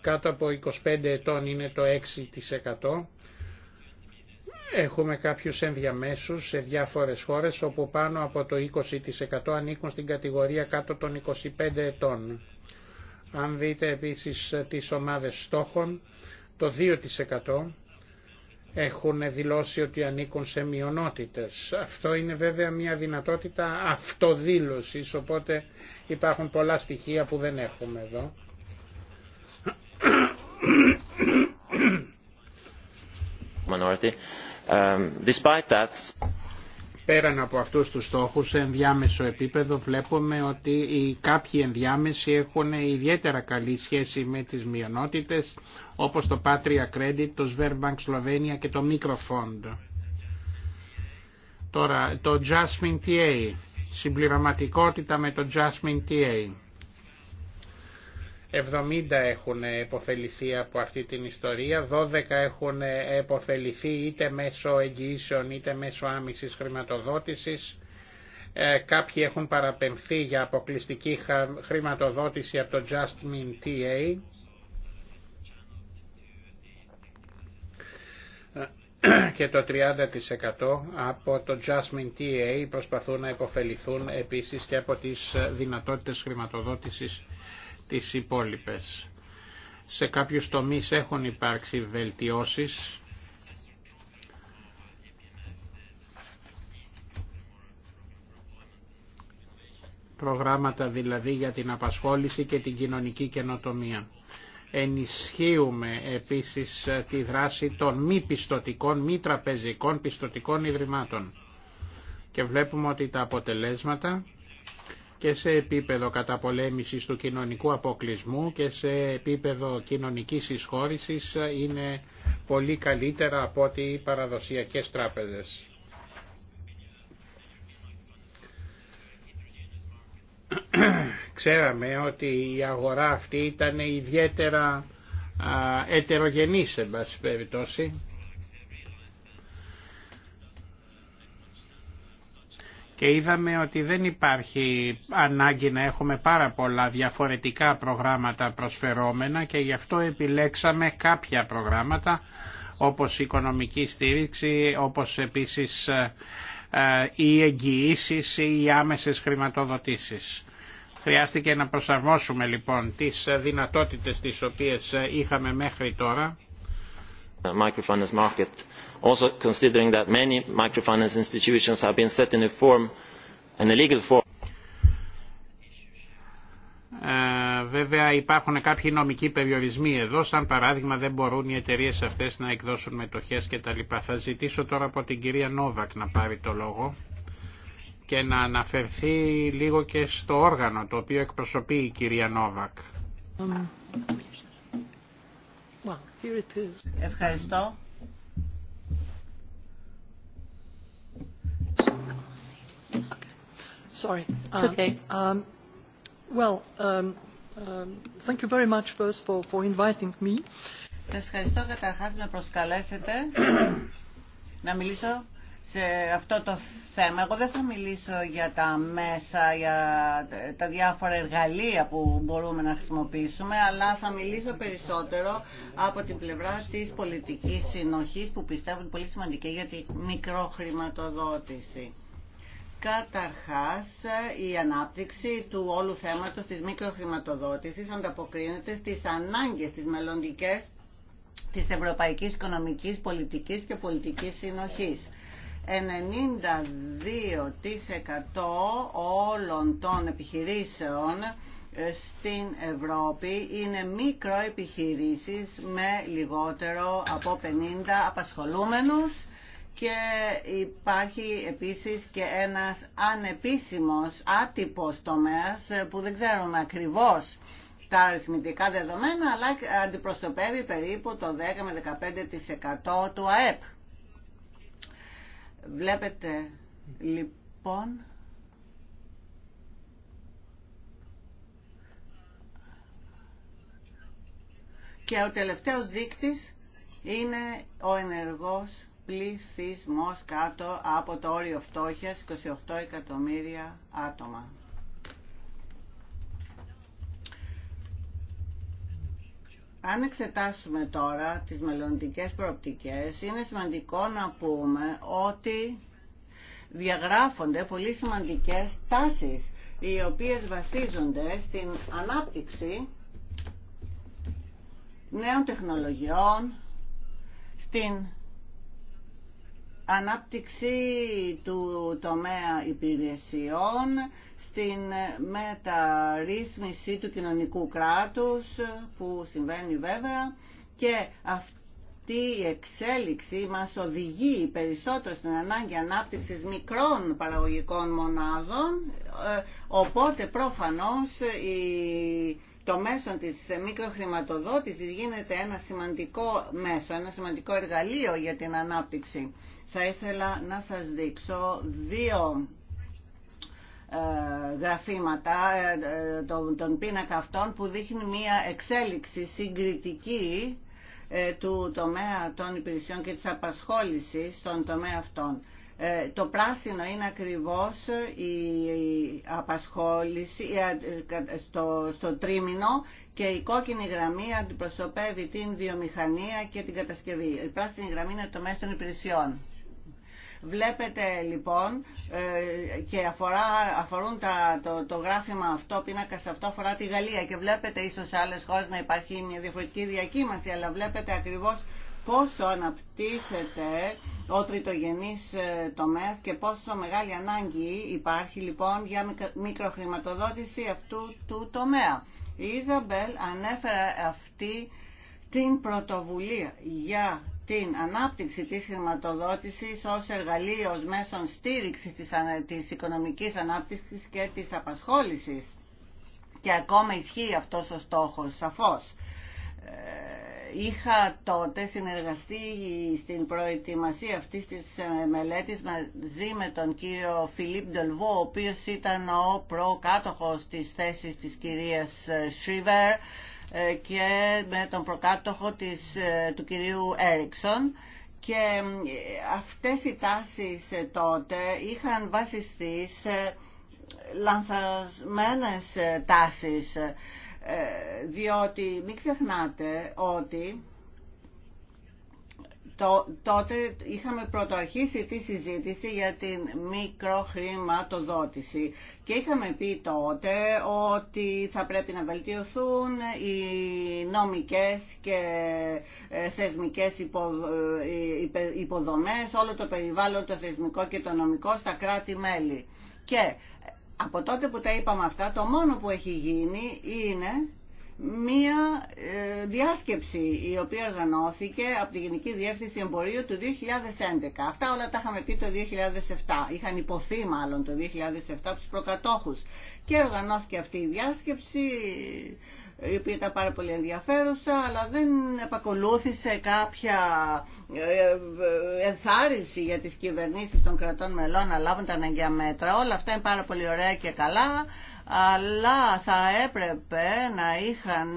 Κάτω από 25 ετών είναι το 6%. Έχουμε κάποιους ενδιαμέσους σε διάφορες χώρες όπου πάνω από το 20% ανήκουν στην κατηγορία κάτω των 25 ετών. Αν δείτε επίσης τις ομάδες στόχων, το 2% έχουν δηλώσει ότι ανήκουν σε μειονότητες. Αυτό είναι βέβαια μια δυνατότητα αυτοδήλωσης, οπότε υπάρχουν πολλά στοιχεία που δεν έχουμε εδώ πέραν από αυτούς τους στόχους σε ενδιάμεσο επίπεδο βλέπουμε ότι οι κάποιοι ενδιάμεσοι έχουν ιδιαίτερα καλή σχέση με τις μειονότητες όπως το Patria Credit, το Sverbank Slovenia και το Microfond. Τώρα το Jasmine TA, συμπληρωματικότητα με το Jasmine TA. 70 έχουν επωφεληθεί από αυτή την ιστορία, 12 έχουν εποφεληθεί είτε μέσω εγγυήσεων είτε μέσω άμυσης χρηματοδότησης, ε, κάποιοι έχουν παραπεμφθεί για αποκλειστική χρηματοδότηση από το Just Mean TA. και το 30% από το Jasmine TA προσπαθούν να υποφεληθούν επίσης και από τις δυνατότητες χρηματοδότησης τις υπόλοιπες. Σε κάποιους τομείς έχουν υπάρξει βελτιώσεις. Προγράμματα δηλαδή για την απασχόληση και την κοινωνική καινοτομία. Ενισχύουμε επίσης ε, τη δράση των μη πιστοτικών, μη τραπεζικών πιστοτικών ιδρυμάτων. Και βλέπουμε ότι τα αποτελέσματα και σε επίπεδο καταπολέμησης του κοινωνικού αποκλεισμού και σε επίπεδο κοινωνικής εισχώρησης είναι πολύ καλύτερα από ό,τι οι παραδοσιακές τράπεζες. Ξέραμε ότι η αγορά αυτή ήταν ιδιαίτερα ετερογενής, σε πάση περιπτώσει, και είδαμε ότι δεν υπάρχει ανάγκη να έχουμε πάρα πολλά διαφορετικά προγράμματα προσφερόμενα και γι' αυτό επιλέξαμε κάποια προγράμματα όπως οικονομική στήριξη, όπως επίσης ε, ε, οι εγγυήσει ή οι άμεσες χρηματοδοτήσεις. Χρειάστηκε να προσαρμόσουμε λοιπόν τις δυνατότητες τις οποίες ε, είχαμε μέχρι τώρα βέβαια υπάρχουν κάποιοι νομικοί περιορισμοί εδώ, σαν παράδειγμα δεν μπορούν οι εταιρείε αυτές να εκδώσουν μετοχές κτλ. Θα ζητήσω τώρα από την κυρία Νόβακ να πάρει το λόγο και να αναφερθεί λίγο και στο όργανο το οποίο εκπροσωπεί η κυρία Νόβακ. Ευχαριστώ. Sorry. It's okay. Well, thank you very much first for, for inviting me. Σας ευχαριστώ καταρχάς να προσκαλέσετε να μιλήσω σε αυτό το θέμα. Εγώ δεν θα μιλήσω για τα μέσα, για τα διάφορα εργαλεία που μπορούμε να χρησιμοποιήσουμε, αλλά θα μιλήσω περισσότερο από την πλευρά της πολιτικής συνοχής που πιστεύω είναι πολύ σημαντική για τη μικροχρηματοδότηση. Καταρχάς, η ανάπτυξη του όλου θέματος της μικροχρηματοδότησης ανταποκρίνεται στις ανάγκες, τις μελλοντικές της ευρωπαϊκής οικονομικής πολιτικής και πολιτικής συνοχής. 92% όλων των επιχειρήσεων ε, στην Ευρώπη είναι μικροεπιχειρήσεις με λιγότερο από 50 απασχολούμενους και υπάρχει επίσης και ένας ανεπίσημος άτυπος τομέας ε, που δεν ξέρουμε ακριβώς τα αριθμητικά δεδομένα αλλά αντιπροσωπεύει περίπου το 10 με 15% του ΑΕΠ. Βλέπετε λοιπόν και ο τελευταίος δείκτης είναι ο ενεργός πλησισμός κάτω από το όριο φτώχειας 28 εκατομμύρια άτομα. Αν εξετάσουμε τώρα τις μελλοντικές προοπτικές, είναι σημαντικό να πούμε ότι διαγράφονται πολύ σημαντικές τάσεις οι οποίες βασίζονται στην ανάπτυξη νέων τεχνολογιών, στην ανάπτυξη του τομέα υπηρεσιών, στην μεταρρύθμιση του κοινωνικού κράτους που συμβαίνει βέβαια και αυτή η εξέλιξη μας οδηγεί περισσότερο στην ανάγκη ανάπτυξης μικρών παραγωγικών μονάδων ε, οπότε προφανώς το μέσο της μικροχρηματοδότησης γίνεται ένα σημαντικό μέσο, ένα σημαντικό εργαλείο για την ανάπτυξη. Θα ήθελα να σας δείξω δύο ε, γραφήματα ε, ε, των πίνακα αυτών που δείχνει μία εξέλιξη συγκριτική του τομέα των υπηρεσιών και της απασχόλησης στον τομέα αυτών. Το πράσινο είναι ακριβώς η απασχόληση στο, στο τρίμηνο και η κόκκινη γραμμή αντιπροσωπεύει την βιομηχανία και την κατασκευή. Η πράσινη γραμμή είναι το μέσο των υπηρεσιών. Βλέπετε λοιπόν ε, και αφορά, αφορούν τα, το, το γράφημα αυτό, πίνακα σε αυτό αφορά τη Γαλλία και βλέπετε ίσως σε άλλες χώρες να υπάρχει μια διαφορετική διακύμαση, αλλά βλέπετε ακριβώς πόσο αναπτύσσεται ο τριτογενής ε, τομέας και πόσο μεγάλη ανάγκη υπάρχει λοιπόν για μικροχρηματοδότηση αυτού του τομέα. Η Ιζαμπέλ ανέφερε αυτή την πρωτοβουλία για την ανάπτυξη της χρηματοδότησης ως εργαλείο μέσων μέσον στήριξης της, της οικονομικής ανάπτυξης και της απασχόλησης. Και ακόμα ισχύει αυτός ο στόχος, σαφώς. Ε, είχα τότε συνεργαστεί στην προετοιμασία αυτής της ε, μελέτης μαζί με τον κύριο Φιλίπ Ντελβό, ο οποίος ήταν ο προκάτοχος της θέσης της κυρίας Σρίβερ, ε, και με τον προκάτοχο της, ε, του κυρίου Έριξον και ε, αυτές οι τάσεις τότε είχαν βασιστεί σε λανθασμένες τάσεις διότι μην ξεχνάτε ότι τότε είχαμε πρωτοαρχίσει τη συζήτηση για την μικροχρηματοδότηση και είχαμε πει τότε ότι θα πρέπει να βελτιωθούν οι νομικές και ε, θεσμικές ε, υποδομές, όλο το περιβάλλον το θεσμικό και το νομικό στα κράτη-μέλη. Και από τότε που τα είπαμε αυτά, το μόνο που έχει γίνει είναι μία ε, διάσκεψη η οποία οργανώθηκε από τη Γενική Διεύθυνση Εμπορίου του 2011. Αυτά όλα τα είχαμε πει το 2007. Είχαν υποθεί μάλλον το 2007 από τους προκατόχους. Και οργανώθηκε αυτή η διάσκεψη η οποία ήταν πάρα πολύ ενδιαφέρουσα, αλλά δεν επακολούθησε κάποια ε, ε, ενθάρρυνση για τις κυβερνήσεις των κρατών μελών να λάβουν τα αναγκαία μέτρα. Όλα αυτά είναι πάρα πολύ ωραία και καλά αλλά θα έπρεπε να, είχαν,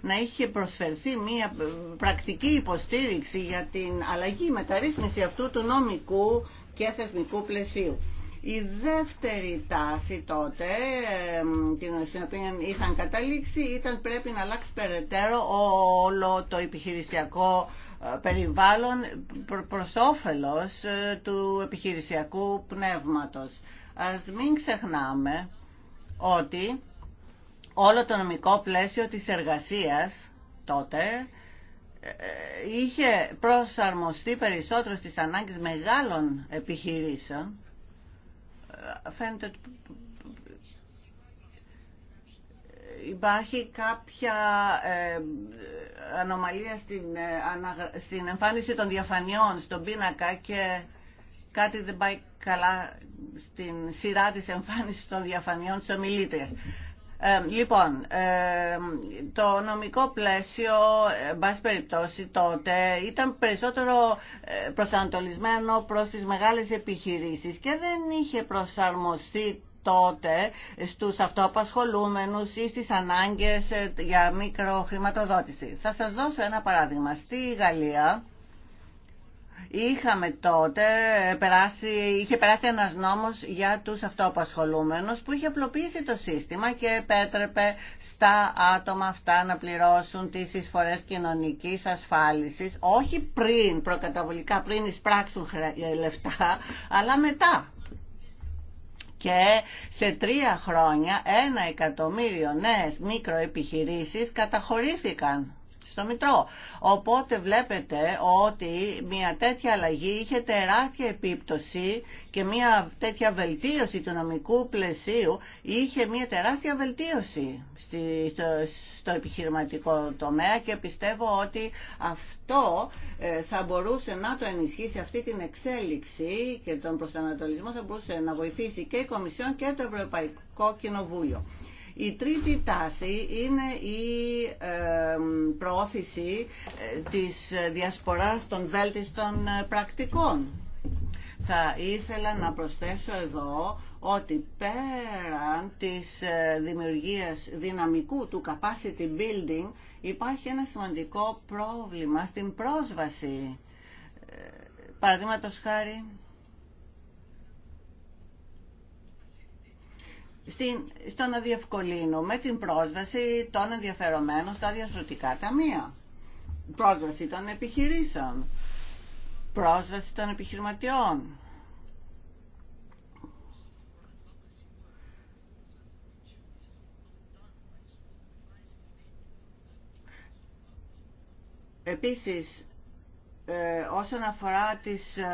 να είχε προσφερθεί μια πρακτική υποστήριξη για την αλλαγή μεταρρύθμιση αυτού του νομικού και θεσμικού πλαισίου. Η δεύτερη τάση τότε, την οποία είχαν καταλήξει, ήταν πρέπει να αλλάξει περαιτέρω όλο το επιχειρησιακό ε, περιβάλλον προς όφελος ε, του επιχειρησιακού πνεύματος. Ας μην ξεχνάμε ότι όλο το νομικό πλαίσιο της εργασίας τότε ε, είχε προσαρμοστεί περισσότερο στις ανάγκες μεγάλων επιχειρήσεων. Ε, φαίνεται ότι υπάρχει κάποια ε, ανομαλία στην, στην εμφάνιση των διαφανειών στον πίνακα και κάτι δεν πάει καλά στην σειρά της εμφάνισης των διαφανειών της ομιλήτρια. Ε, λοιπόν, ε, το νομικό πλαίσιο, εν πάση περιπτώσει, τότε ήταν περισσότερο ε, προσανατολισμένο προς τις μεγάλες επιχειρήσεις και δεν είχε προσαρμοστεί τότε στους αυτοαπασχολούμενους ή στις ανάγκες για μικροχρηματοδότηση. Θα σας δώσω ένα παράδειγμα. Στη Γαλλία Είχαμε τότε, περάσει, είχε περάσει ένας νόμος για τους αυτοαπασχολούμενους που είχε απλοποιήσει το σύστημα και επέτρεπε στα άτομα αυτά να πληρώσουν τις εισφορές κοινωνικής ασφάλισης, όχι πριν, προκαταβολικά πριν εισπράξουν ε, λεφτά, αλλά μετά και σε τρία χρόνια ένα εκατομμύριο νέες μικροεπιχειρήσεις καταχωρήθηκαν στο Μητρό. Οπότε βλέπετε ότι μια τέτοια αλλαγή είχε τεράστια επίπτωση και μια τέτοια βελτίωση του νομικού πλαισίου είχε μια τεράστια βελτίωση στο επιχειρηματικό τομέα και πιστεύω ότι αυτό ε, θα μπορούσε να το ενισχύσει αυτή την εξέλιξη και τον προσανατολισμό θα μπορούσε να βοηθήσει και η Κομισιόν και το Ευρωπαϊκό Κοινοβούλιο. Η τρίτη τάση είναι η προώθηση ε, της διασποράς των βέλτιστων ε, πρακτικών. Θα ήθελα να προσθέσω εδώ ότι πέραν της ε, δημιουργίας δυναμικού του capacity building υπάρχει ένα σημαντικό πρόβλημα στην πρόσβαση. Παραδείγματο χάρη στο να διευκολύνουμε την πρόσβαση των ενδιαφερομένων στα διαστροτικά ταμεία. Πρόσβαση των επιχειρήσεων. Πρόσβαση των επιχειρηματιών. Επίσης, ε, όσον αφορά τις ε,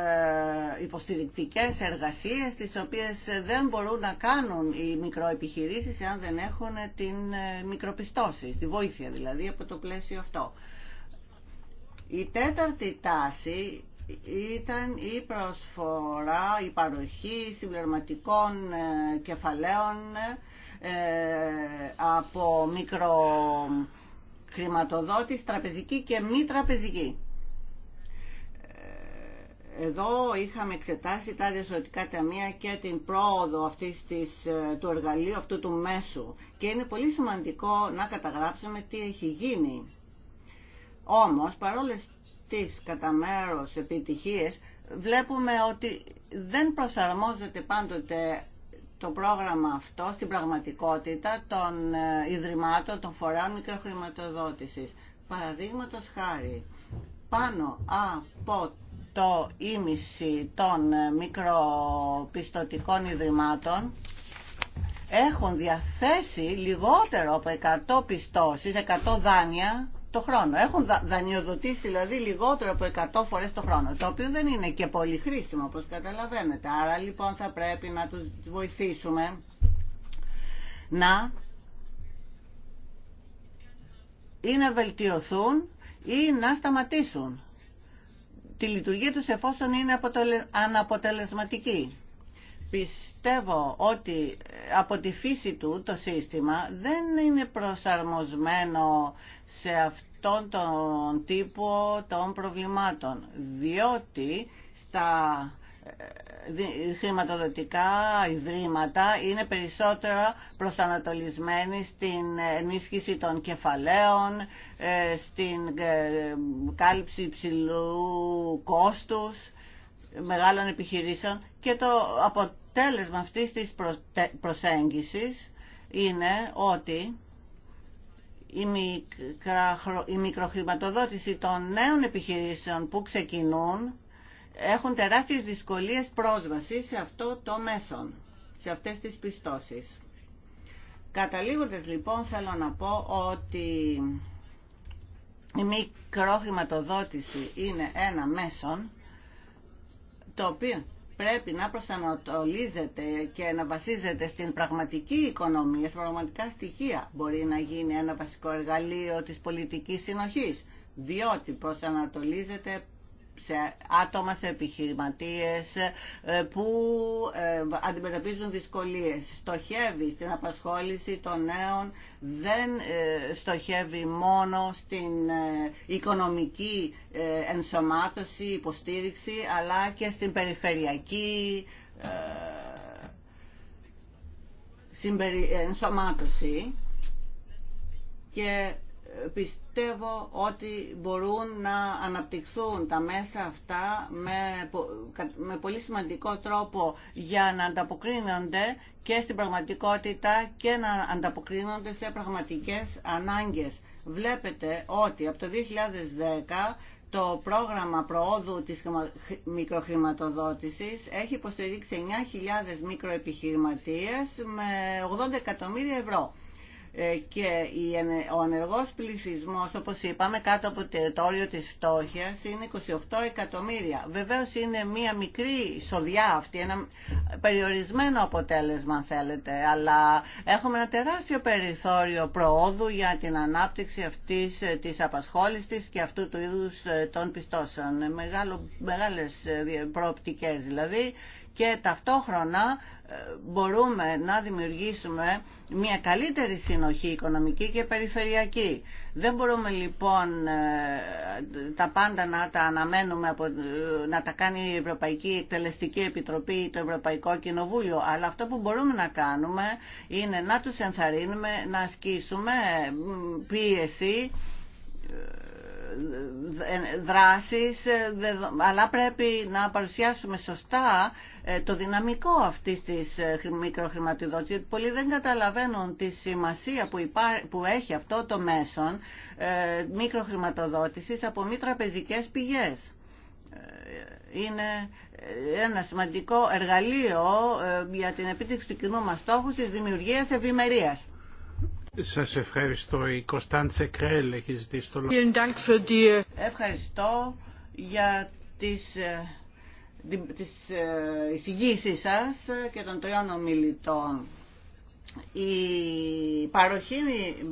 υποστηρικτικές εργασίες τις οποίες δεν μπορούν να κάνουν οι μικροεπιχειρήσεις αν δεν έχουν την ε, μικροπιστώση, τη βοήθεια δηλαδή από το πλαίσιο αυτό. Η τέταρτη τάση ήταν η προσφορά, η παροχή συμπληρωματικών κεφαλαίων από μικροχρηματοδότης, τραπεζική και μη τραπεζική. Εδώ είχαμε εξετάσει τα διασωτικά ταμεία και την πρόοδο αυτής της, ε, του εργαλείου, αυτού του μέσου. Και είναι πολύ σημαντικό να καταγράψουμε τι έχει γίνει. Όμως, παρόλες τις κατά μέρος επιτυχίες, βλέπουμε ότι δεν προσαρμόζεται πάντοτε το πρόγραμμα αυτό στην πραγματικότητα των ε, ιδρυμάτων των φορέων μικροχρηματοδότησης. Παραδείγματος χάρη, πάνω από το ίμιση των μικροπιστωτικών ιδρυμάτων έχουν διαθέσει λιγότερο από 100 πιστώσεις, 100 δάνεια το χρόνο. Έχουν δανειοδοτήσει δηλαδή λιγότερο από 100 φορές το χρόνο, το οποίο δεν είναι και πολύ χρήσιμο όπως καταλαβαίνετε. Άρα λοιπόν θα πρέπει να τους βοηθήσουμε να ή να βελτιωθούν ή να σταματήσουν τη λειτουργία τους εφόσον είναι αναποτελεσματική. Πιστεύω ότι ε, από τη φύση του το σύστημα δεν είναι προσαρμοσμένο σε αυτόν τον τύπο των προβλημάτων, διότι στα ε, ε, ε, χρηματοδοτικά ιδρύματα είναι περισσότερο προσανατολισμένοι στην ενίσχυση των κεφαλαίων, στην κάλυψη υψηλού κόστους μεγάλων επιχειρήσεων και το αποτέλεσμα αυτής της προσέγγισης είναι ότι η, η μικροχρηματοδότηση των νέων επιχειρήσεων που ξεκινούν έχουν τεράστιες δυσκολίες πρόσβασης σε αυτό το μέσον, σε αυτές τις πιστώσεις. Καταλήγοντας λοιπόν θέλω να πω ότι η μικροχρηματοδότηση είναι ένα μέσον το οποίο πρέπει να προσανατολίζεται και να βασίζεται στην πραγματική οικονομία, στα πραγματικά στοιχεία. Μπορεί να γίνει ένα βασικό εργαλείο της πολιτικής συνοχής, διότι προσανατολίζεται σε άτομα, σε επιχειρηματίες ε, που ε, αντιμετωπίζουν δυσκολίες. Στοχεύει στην απασχόληση των νέων, δεν ε, στοχεύει μόνο στην οικονομική ενσωμάτωση, υποστήριξη, αλλά και στην περιφερειακή ενσωμάτωση και πιστεύω ότι μπορούν να αναπτυχθούν τα μέσα αυτά με, με πολύ σημαντικό τρόπο για να ανταποκρίνονται και στην πραγματικότητα και να ανταποκρίνονται σε πραγματικές ανάγκες. Βλέπετε ότι από το 2010 το πρόγραμμα προόδου της μικροχρηματοδότησης έχει υποστηρίξει 9.000 μικροεπιχειρηματίες με 80 εκατομμύρια ευρώ. Ε, και ο ανεργός πληθυσμός, όπως είπαμε, κάτω από το όριο της φτώχειας είναι 28 εκατομμύρια. Βεβαίως είναι μία μικρή σοδιά αυτή, ένα περιορισμένο αποτέλεσμα αν θέλετε, αλλά έχουμε ένα τεράστιο περιθώριο προόδου για την ανάπτυξη αυτής ε, της απασχόλησης και αυτού του είδους ε, των πιστώσεων. Μεγάλο, μεγάλες προοπτικές δηλαδή και ταυτόχρονα ε, μπορούμε να δημιουργήσουμε μια καλύτερη συνοχή οικονομική και περιφερειακή. Δεν μπορούμε λοιπόν ε, τα πάντα να τα αναμένουμε, ε, να τα κάνει η Ευρωπαϊκή Εκτελεστική Επιτροπή ή το Ευρωπαϊκό Κοινοβούλιο, αλλά αυτό που μπορούμε να κάνουμε είναι να τους ενθαρρύνουμε, να ασκήσουμε πίεση δράσεις, αλλά πρέπει να παρουσιάσουμε σωστά ε, το δυναμικό αυτής της ε, μικροχρηματοδότησης, γιατί πολλοί δεν καταλαβαίνουν τη σημασία που, έχει αυτό το μέσον ε, μικροχρηματοδότησης από μη τραπεζικές πηγές. Είναι ένα σημαντικό εργαλείο για την επίτευξη του κοινού μας στόχου της δημιουργίας ευημερίας. Σας ευχαριστώ. Η Κωνσταντσε Κρέλ έχει ζητήσει το λόγο. Ευχαριστώ για τις, ε, τις ε, εισηγήσεις σας και των τριών ομιλητών. Η παροχή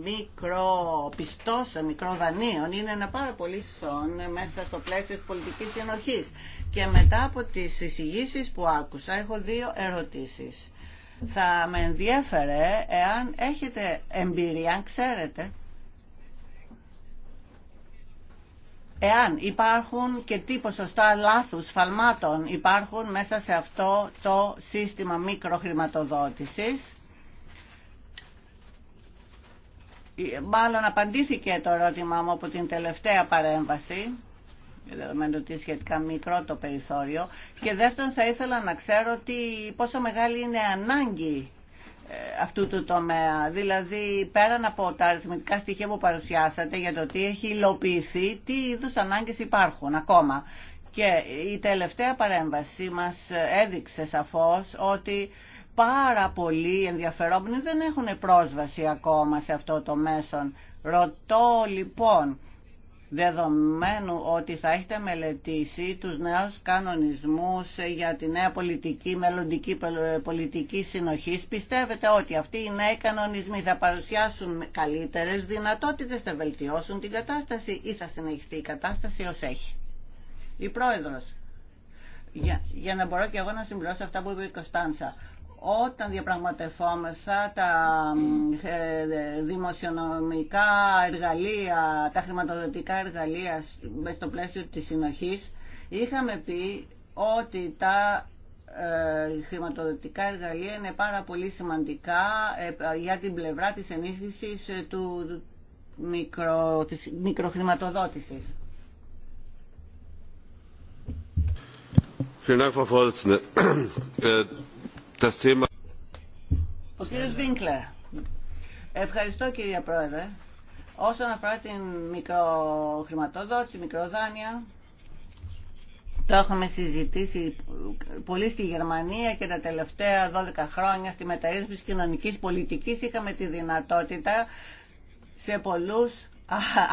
μικρών μικροδανείων είναι ένα πάρα πολύ σον μέσα στο πλαίσιο της πολιτικής συνοχής. Και μετά από τις εισηγήσεις που άκουσα έχω δύο ερωτήσεις. Θα με ενδιέφερε εάν έχετε εμπειρία, αν ξέρετε, εάν υπάρχουν και τι ποσοστά λάθους φαλμάτων υπάρχουν μέσα σε αυτό το σύστημα μικροχρηματοδότησης. Μάλλον απαντήθηκε το ερώτημά μου από την τελευταία παρέμβαση το ότι σχετικά μικρό το περιθώριο. Και δεύτερον θα ήθελα να ξέρω ότι πόσο μεγάλη είναι ανάγκη ε, αυτού του τομέα. Δηλαδή, πέραν από τα αριθμητικά στοιχεία που παρουσιάσατε για το τι έχει υλοποιηθεί, τι είδους ανάγκες υπάρχουν ακόμα. Και η τελευταία παρέμβαση μας έδειξε σαφώς ότι πάρα πολλοί ενδιαφερόμενοι δεν έχουν πρόσβαση ακόμα σε αυτό το μέσον. Ρωτώ λοιπόν, δεδομένου ότι θα έχετε μελετήσει τους νέους κανονισμούς για τη νέα πολιτική, μελλοντική πολιτική συνοχής, πιστεύετε ότι αυτοί οι νέοι κανονισμοί θα παρουσιάσουν καλύτερες δυνατότητες, θα βελτιώσουν την κατάσταση ή θα συνεχιστεί η κατάσταση ως έχει. Η Πρόεδρος, για, για να μπορώ και εγώ να συμπληρώσω αυτά που είπε η Κωνσταντσα, όταν διαπραγματευόμεσα τα ε, δημοσιονομικά εργαλεία, τα χρηματοδοτικά εργαλεία στο πλαίσιο της συνοχής, είχαμε πει ότι τα ε, χρηματοδοτικά εργαλεία είναι πάρα πολύ σημαντικά ε, για την πλευρά της ενίσχυσης του μικρο, της μικροχρηματοδότησης. Äh, das Thema... Ο κύριος Βίνκλερ. Ευχαριστώ κύριε Πρόεδρε. Όσον αφορά την μικροχρηματοδότηση, μικροδάνεια, το έχουμε συζητήσει πολύ στη Γερμανία και τα τελευταία 12 χρόνια στη μεταρρύθμιση κοινωνικής πολιτικής είχαμε τη δυνατότητα σε πολλούς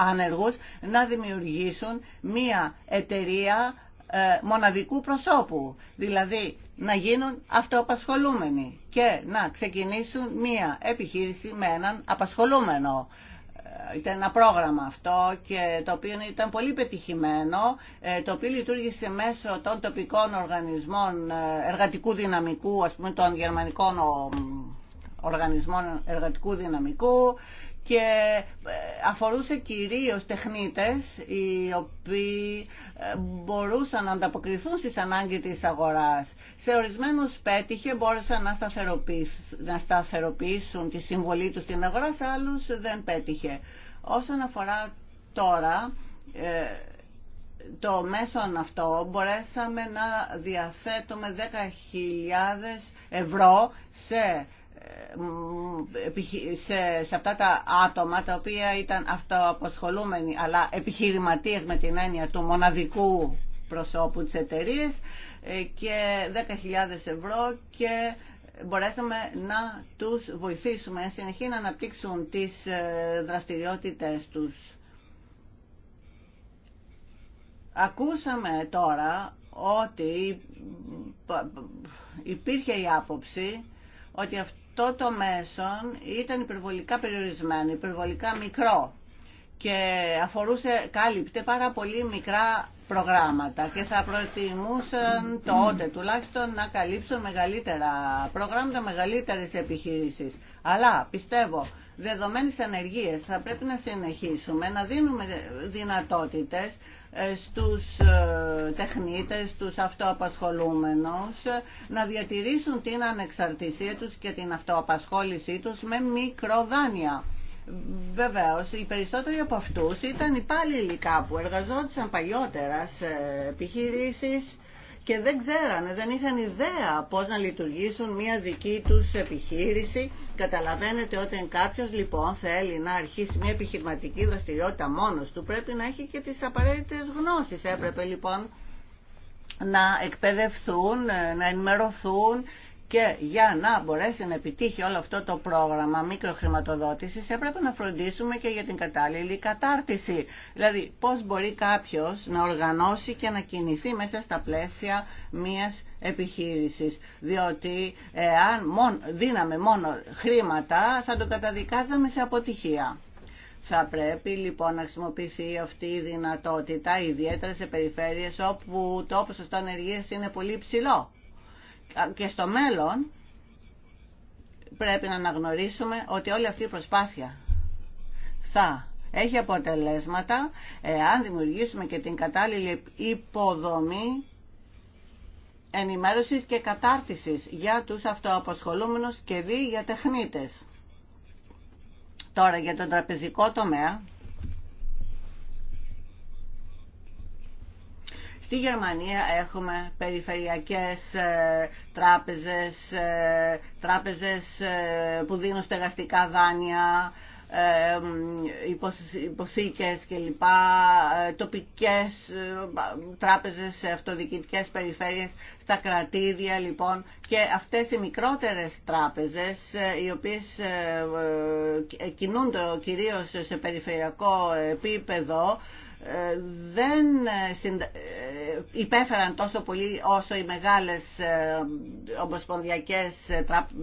ανεργούς να δημιουργήσουν μία εταιρεία ε, μοναδικού προσώπου, δηλαδή να γίνουν αυτοαπασχολούμενοι και να ξεκινήσουν μία επιχείρηση με έναν απασχολούμενο. Ε, ήταν ένα πρόγραμμα αυτό και το οποίο ήταν πολύ πετυχημένο, ε, το οποίο λειτουργήσε μέσω των τοπικών οργανισμών εργατικού δυναμικού, ας πούμε των γερμανικών οργανισμών εργατικού δυναμικού και ε, αφορούσε κυρίως τεχνίτες οι οποίοι ε, μπορούσαν να ανταποκριθούν στις ανάγκες της αγοράς. Σε ορισμένους πέτυχε, μπόρεσαν να σταθεροποιήσουν, να σταθεροποιήσουν τη συμβολή τους στην αγορά, σε άλλους δεν πέτυχε. Όσον αφορά τώρα ε, το μέσον αυτό μπορέσαμε να διαθέτουμε 10.000 ευρώ σε σε, σε αυτά τα άτομα τα οποία ήταν αυτοαποσχολούμενοι αλλά επιχειρηματίες με την έννοια του μοναδικού προσώπου της εταιρεία ε, και 10.000 ευρώ και μπορέσαμε να τους βοηθήσουμε εν συνεχή να αναπτύξουν τις ε, δραστηριότητες τους. Ακούσαμε τώρα ότι υπήρχε η άποψη ότι αυτό αυτό το μέσον ήταν υπερβολικά περιορισμένο, υπερβολικά μικρό και αφορούσε, κάλυπτε πάρα πολύ μικρά προγράμματα και θα προτιμούσαν τότε τουλάχιστον να καλύψουν μεγαλύτερα προγράμματα, μεγαλύτερες επιχειρήσεις. Αλλά πιστεύω, δεδομένες ανεργίες θα πρέπει να συνεχίσουμε να δίνουμε δυνατότητες ε, στους ε, τεχνίτες, στους αυτοαπασχολούμενους να διατηρήσουν την ανεξαρτησία τους και την αυτοαπασχόλησή τους με μικροδάνεια. Βεβαίω, οι περισσότεροι από αυτούς ήταν υπάλληλοι κάπου, εργαζόντουσαν παλιότερα σε επιχειρήσεις και δεν ξέρανε, δεν είχαν ιδέα πώς να λειτουργήσουν μια δική τους επιχείρηση. Καταλαβαίνετε όταν κάποιος λοιπόν θέλει να αρχίσει μια επιχειρηματική δραστηριότητα μόνος του πρέπει να έχει και τις απαραίτητες γνώσεις. Έπρεπε λοιπόν να εκπαιδευθούν, ε, να ενημερωθούν και για να μπορέσει να επιτύχει όλο αυτό το πρόγραμμα μικροχρηματοδότησης έπρεπε να φροντίσουμε και για την κατάλληλη κατάρτιση. Δηλαδή πώς μπορεί κάποιος να οργανώσει και να κινηθεί μέσα στα πλαίσια μιας επιχείρησης. Διότι αν μόνο, δίναμε μόνο χρήματα θα το καταδικάζαμε σε αποτυχία. Θα πρέπει λοιπόν να χρησιμοποιήσει αυτή η δυνατότητα, ιδιαίτερα σε περιφέρειες όπου το ποσοστό ανεργίας είναι πολύ ψηλό και στο μέλλον πρέπει να αναγνωρίσουμε ότι όλη αυτή η προσπάθεια θα έχει αποτελέσματα ε, αν δημιουργήσουμε και την κατάλληλη υποδομή ενημέρωσης και κατάρτισης για τους αυτοαποσχολούμενους και δι για τεχνίτες. Τώρα για τον τραπεζικό τομέα Στη Γερμανία έχουμε περιφερειακές ε, τράπεζες, ε, τράπεζες ε, που δίνουν στεγαστικά δάνεια, υποθήκες και λοιπά, τοπικές τράπεζες σε περιφέρειες, στα κρατήδια λοιπόν και αυτές οι μικρότερες τράπεζες οι οποίες κινούνται κυρίως σε περιφερειακό επίπεδο ε, δεν ε, ε, υπέφεραν τόσο πολύ όσο οι μεγάλες ομοσπονδιακές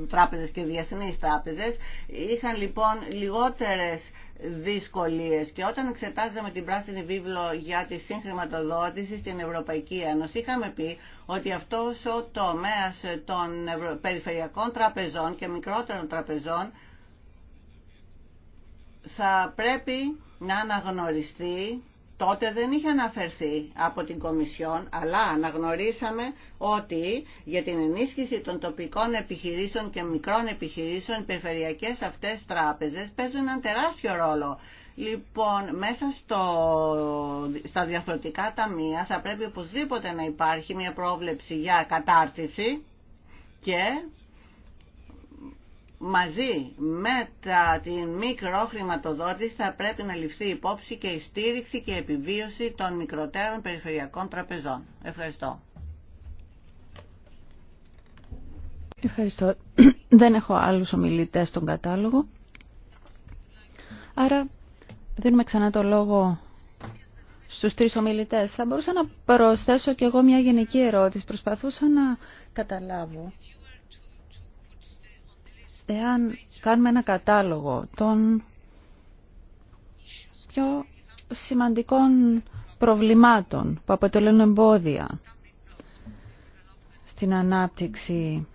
τράπεζες και διεθνείς τράπεζες. Είχαν λοιπόν λιγότερες δυσκολίες και όταν εξετάζαμε την πράσινη βίβλο για τη συγχρηματοδότηση στην Ευρωπαϊκή Ένωση είχαμε πει ότι αυτός ο τομέας των περιφερειακών τραπεζών και μικρότερων τραπεζών θα πρέπει να αναγνωριστεί τότε δεν είχε αναφερθεί από την Κομισιόν, αλλά αναγνωρίσαμε ότι για την ενίσχυση των τοπικών επιχειρήσεων και μικρών επιχειρήσεων, οι περιφερειακές αυτές τράπεζες παίζουν έναν τεράστιο ρόλο. Λοιπόν, μέσα στο, στα διαφορετικά ταμεία θα πρέπει οπωσδήποτε να υπάρχει μια πρόβλεψη για κατάρτιση και μαζί με τα, την μικροχρηματοδότηση θα πρέπει να ληφθεί υπόψη και η στήριξη και η επιβίωση των μικροτέρων περιφερειακών τραπεζών. Ευχαριστώ. Ευχαριστώ. Δεν έχω άλλους ομιλητές στον κατάλογο. Άρα δίνουμε ξανά το λόγο στους τρεις ομιλητές. Θα μπορούσα να προσθέσω κι εγώ μια γενική ερώτηση. Προσπαθούσα να καταλάβω εάν κάνουμε ένα κατάλογο των πιο σημαντικών προβλημάτων που αποτελούν εμπόδια στην ανάπτυξη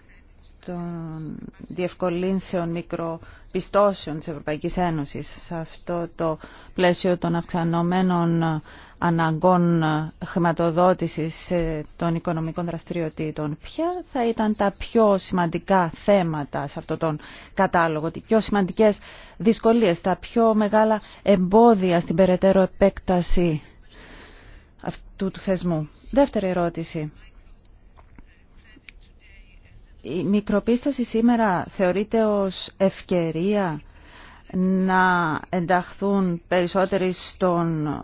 των διευκολύνσεων μικροπιστώσεων της Ευρωπαϊκής Ένωσης σε αυτό το πλαίσιο των αυξανόμενων αναγκών χρηματοδότησης ε, των οικονομικών δραστηριοτήτων. Ποια θα ήταν τα πιο σημαντικά θέματα σε αυτό τον κατάλογο, Τι πιο σημαντικές δυσκολίες, τα πιο μεγάλα εμπόδια στην περαιτέρω επέκταση αυτού του θεσμού. Δεύτερη ερώτηση. Η μικροπίστωση σήμερα θεωρείται ως ευκαιρία να ενταχθούν περισσότεροι στον,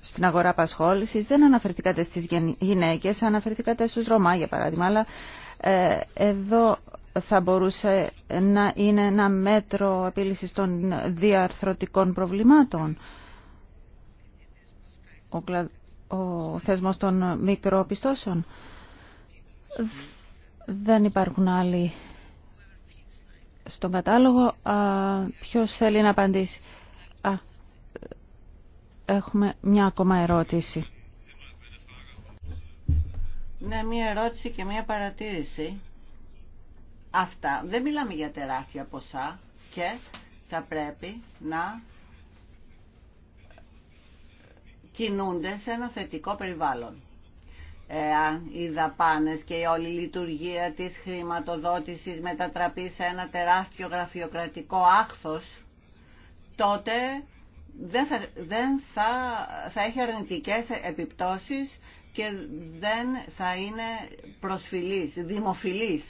στην αγορά απασχόλησης. Δεν αναφερθήκατε στις γυναίκες, αναφερθήκατε στους Ρωμά για παράδειγμα, αλλά ε, εδώ θα μπορούσε να είναι ένα μέτρο επίλυσης των διαρθρωτικών προβλημάτων. Ο, ο θεσμός των μικροπιστώσεων. Δεν υπάρχουν άλλοι στον κατάλογο. Α, ποιος θέλει να απαντήσει. Α, έχουμε μια ακόμα ερώτηση. Ναι, μια ερώτηση και μια παρατήρηση. Αυτά. Δεν μιλάμε για τεράστια ποσά και θα πρέπει να κινούνται σε ένα θετικό περιβάλλον. Εάν οι δαπάνες και η όλη λειτουργία της χρηματοδότησης μετατραπεί σε ένα τεράστιο γραφειοκρατικό άχθος, τότε δεν θα, δεν θα, θα έχει αρνητικές επιπτώσεις και δεν θα είναι προσφυλής, δημοφιλής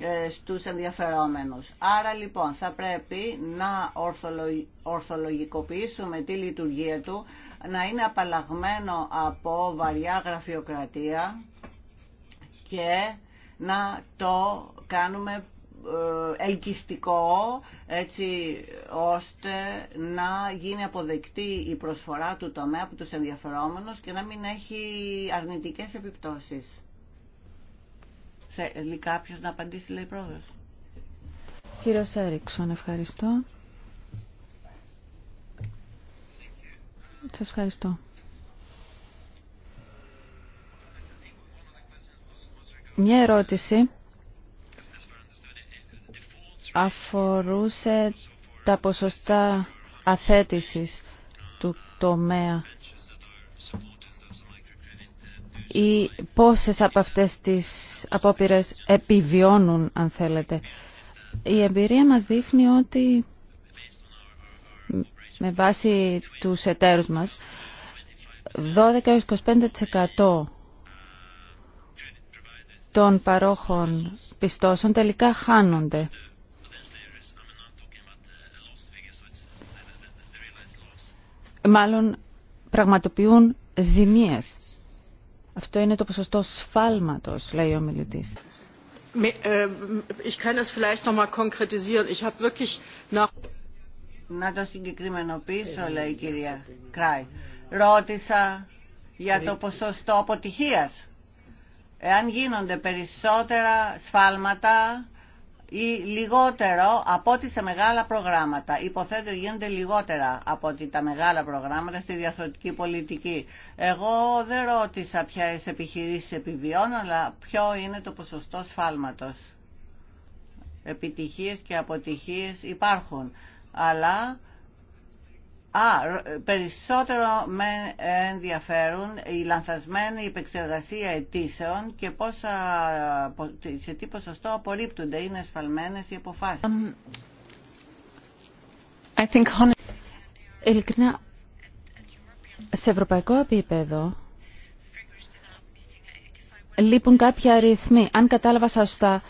ε, στους ενδιαφερόμενους. Άρα λοιπόν θα πρέπει να ορθολογικοποιήσουμε τη λειτουργία του, να είναι απαλλαγμένο από βαριά γραφειοκρατία και να το κάνουμε ε, ελκυστικό έτσι ώστε να γίνει αποδεκτή η προσφορά του τομέα από τους ενδιαφερόμενους και να μην έχει αρνητικές επιπτώσεις. Θέλει κάποιος να απαντήσει, λέει πρόεδρο. Κύριο Έριξον, ευχαριστώ. Σας ευχαριστώ. Μια ερώτηση αφορούσε τα ποσοστά αθέτησης του τομέα ή πόσες από αυτές τις απόπειρες επιβιώνουν, αν θέλετε. Η εμπειρία μας δείχνει ότι με βάση τους εταίρους μας 12-25% των παρόχων πιστώσεων τελικά χάνονται. Μάλλον πραγματοποιούν ζημίες. Αυτό είναι το ποσοστό σφάλματος, λέει ο μιλητής. Να το συγκεκριμενοποιήσω, λέει η κυρία Κράι. Ρώτησα για το ποσοστό αποτυχίας. Εάν γίνονται περισσότερα σφάλματα ή λιγότερο από ό,τι σε μεγάλα προγράμματα. Υποθέτω γίνονται λιγότερα από ό,τι τα μεγάλα προγράμματα στη διαφορετική πολιτική. Εγώ δεν ρώτησα ποιε επιχειρήσει επιβιώνω, αλλά ποιο είναι το ποσοστό σφάλματος. Επιτυχίες και αποτυχίες υπάρχουν, αλλά Α, περισσότερο με ενδιαφέρουν η λανσασμένη υπεξεργασία αιτήσεων και πόσα, σε τι ποσοστό απορρίπτονται, είναι εσφαλμένες οι αποφάσεις. I think Ειλικρινά, σε ευρωπαϊκό επίπεδο λείπουν κάποια αριθμοί. Αν κατάλαβα σωστά,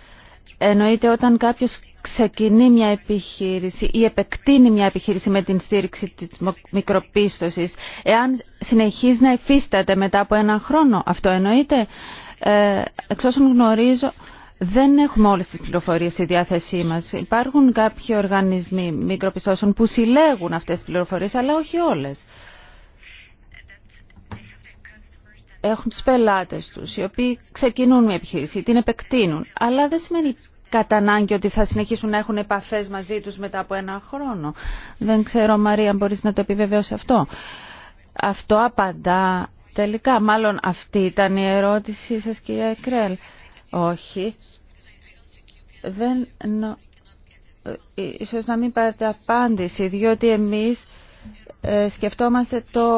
εννοείται όταν κάποιος ξεκινεί μια επιχείρηση ή επεκτείνει μια επιχείρηση με την στήριξη της μικροπίστωσης, εάν συνεχίζει να εφίσταται μετά από ένα χρόνο, αυτό εννοείται. Ε, εξ όσων γνωρίζω, δεν έχουμε όλες τις πληροφορίες στη διάθεσή μας. Υπάρχουν κάποιοι οργανισμοί μικροπιστώσεων που συλλέγουν αυτές τις πληροφορίες, αλλά όχι όλες. Έχουν τους πελάτες τους, οι οποίοι ξεκινούν μια επιχείρηση, την επεκτείνουν. Αλλά δεν σημαίνει κατά ανάγκη ότι θα συνεχίσουν να έχουν επαφές μαζί τους μετά από ένα χρόνο. Δεν ξέρω, Μαρία, αν μπορείς να το επιβεβαιώσει αυτό. Αυτό απαντά τελικά. Μάλλον αυτή ήταν η ερώτησή σας, κυρία Κρέλ. Όχι. Δεν... Ε, ίσως να μην πάρετε απάντηση, διότι εμείς ε, σκεφτόμαστε το,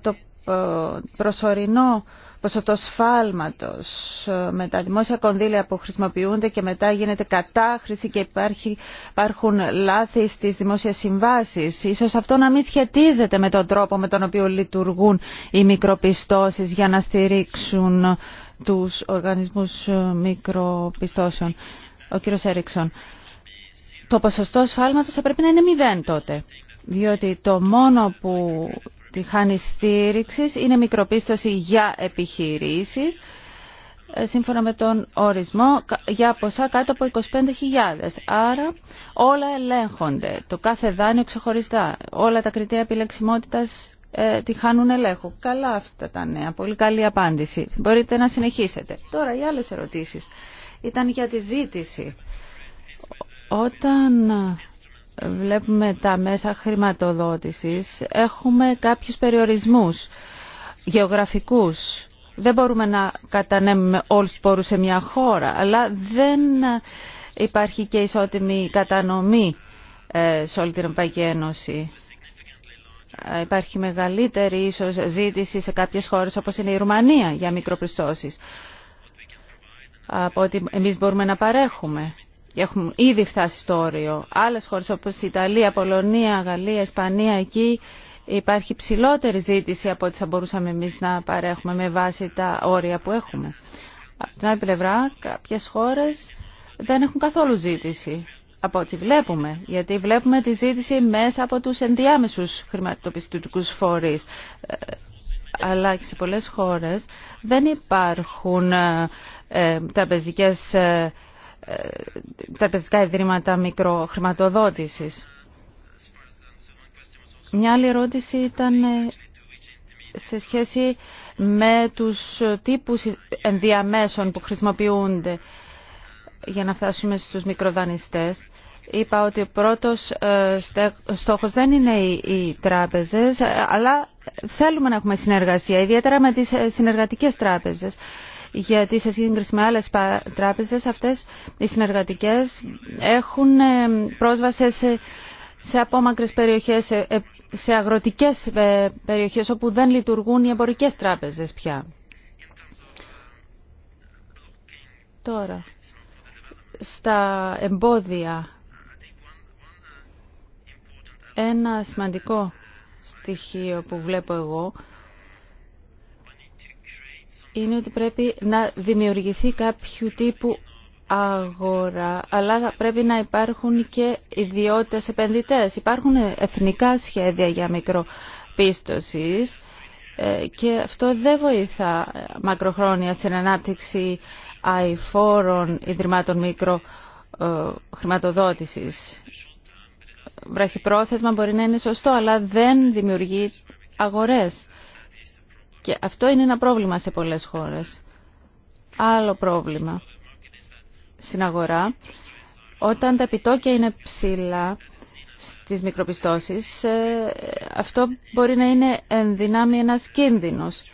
το ε, προσωρινό ποσοστό σφάλματος ε, με τα δημόσια κονδύλια που χρησιμοποιούνται και μετά γίνεται κατάχρηση και υπάρχει, υπάρχουν λάθη στις δημόσιε συμβάσει. Ίσως αυτό να μην σχετίζεται με τον τρόπο με τον οποίο λειτουργούν οι μικροπιστώσει για να στηρίξουν τους οργανισμούς ε, μικροπιστώσεων. Ο κύριο Έριξον, το ποσοστό σφάλματος θα πρέπει να είναι μηδέν τότε. Διότι το μόνο που τη χάνει στήριξη, είναι μικροπίστωση για επιχειρήσει, ε, σύμφωνα με τον ορισμό για ποσά κάτω από 25.000. Άρα όλα ελέγχονται, το κάθε δάνειο ξεχωριστά, όλα τα κριτήρια επιλεξιμότητας ε, τη χάνουν ελέγχου. Καλά αυτά τα νέα, πολύ καλή απάντηση. Μπορείτε να συνεχίσετε. Τώρα οι άλλες ερωτήσει. ήταν για τη ζήτηση. Όταν βλέπουμε τα μέσα χρηματοδότησης, έχουμε κάποιους περιορισμούς γεωγραφικούς. Δεν μπορούμε να κατανέμουμε όλους τους πόρους σε μια χώρα, αλλά δεν υπάρχει και ισότιμη κατανομή ε, σε όλη την Ευρωπαϊκή Ένωση. Ε, υπάρχει μεγαλύτερη ίσως ζήτηση σε κάποιες χώρες όπως είναι η Ρουμανία για μικροπιστώσεις από ότι εμείς μπορούμε να παρέχουμε έχουν ήδη φτάσει στο όριο. Άλλε χώρε όπως η Ιταλία, Πολωνία, Γαλλία, Ισπανία, εκεί υπάρχει ψηλότερη ζήτηση από ό,τι θα μπορούσαμε εμείς να παρέχουμε με βάση τα όρια που έχουμε. Από την άλλη πλευρά, κάποιε χώρες δεν έχουν καθόλου ζήτηση από ό,τι βλέπουμε, γιατί βλέπουμε τη ζήτηση μέσα από τους ενδιάμεσους χρηματοπιστωτικούς φορείς. Ε, αλλά και σε πολλές χώρες δεν υπάρχουν ε, ε τα ιδρύματα μικροχρηματοδότησης. Μια άλλη ερώτηση ήταν ε, σε σχέση με τους τύπους ενδιαμέσων που χρησιμοποιούνται για να φτάσουμε στους μικροδανειστές. Είπα ότι ο πρώτος ε, στόχος δεν είναι οι τράπεζες, ε, αλλά θέλουμε να έχουμε συνεργασία, ιδιαίτερα με τις συνεργατικές τράπεζες γιατί σε σύγκριση με άλλες τράπεζες αυτές οι συνεργατικές έχουν ε, πρόσβαση σε σε απόμακρες περιοχές, σε ε, αγροτικές ε, περιοχές όπου δεν λειτουργούν οι εμπορικές τράπεζες πια. Τώρα, στα εμπόδια, ένα σημαντικό στοιχείο που βλέπω εγώ είναι ότι πρέπει να δημιουργηθεί κάποιο τύπου αγορά, αλλά πρέπει να υπάρχουν και ιδιώτες επενδυτές. Υπάρχουν εθνικά σχέδια για μικροπίστωσης ε, και αυτό δεν βοηθά μακροχρόνια στην ανάπτυξη αηφόρων ιδρυμάτων μικροχρηματοδότησης. Ε, Βραχυπρόθεσμα μπορεί να είναι σωστό, αλλά δεν δημιουργεί αγορές. Και αυτό είναι ένα πρόβλημα σε πολλές χώρες. Άλλο πρόβλημα στην αγορά. Όταν τα επιτόκια είναι ψηλά στις μικροπιστώσεις, ε, αυτό μπορεί να είναι δυνάμει ένας κίνδυνος.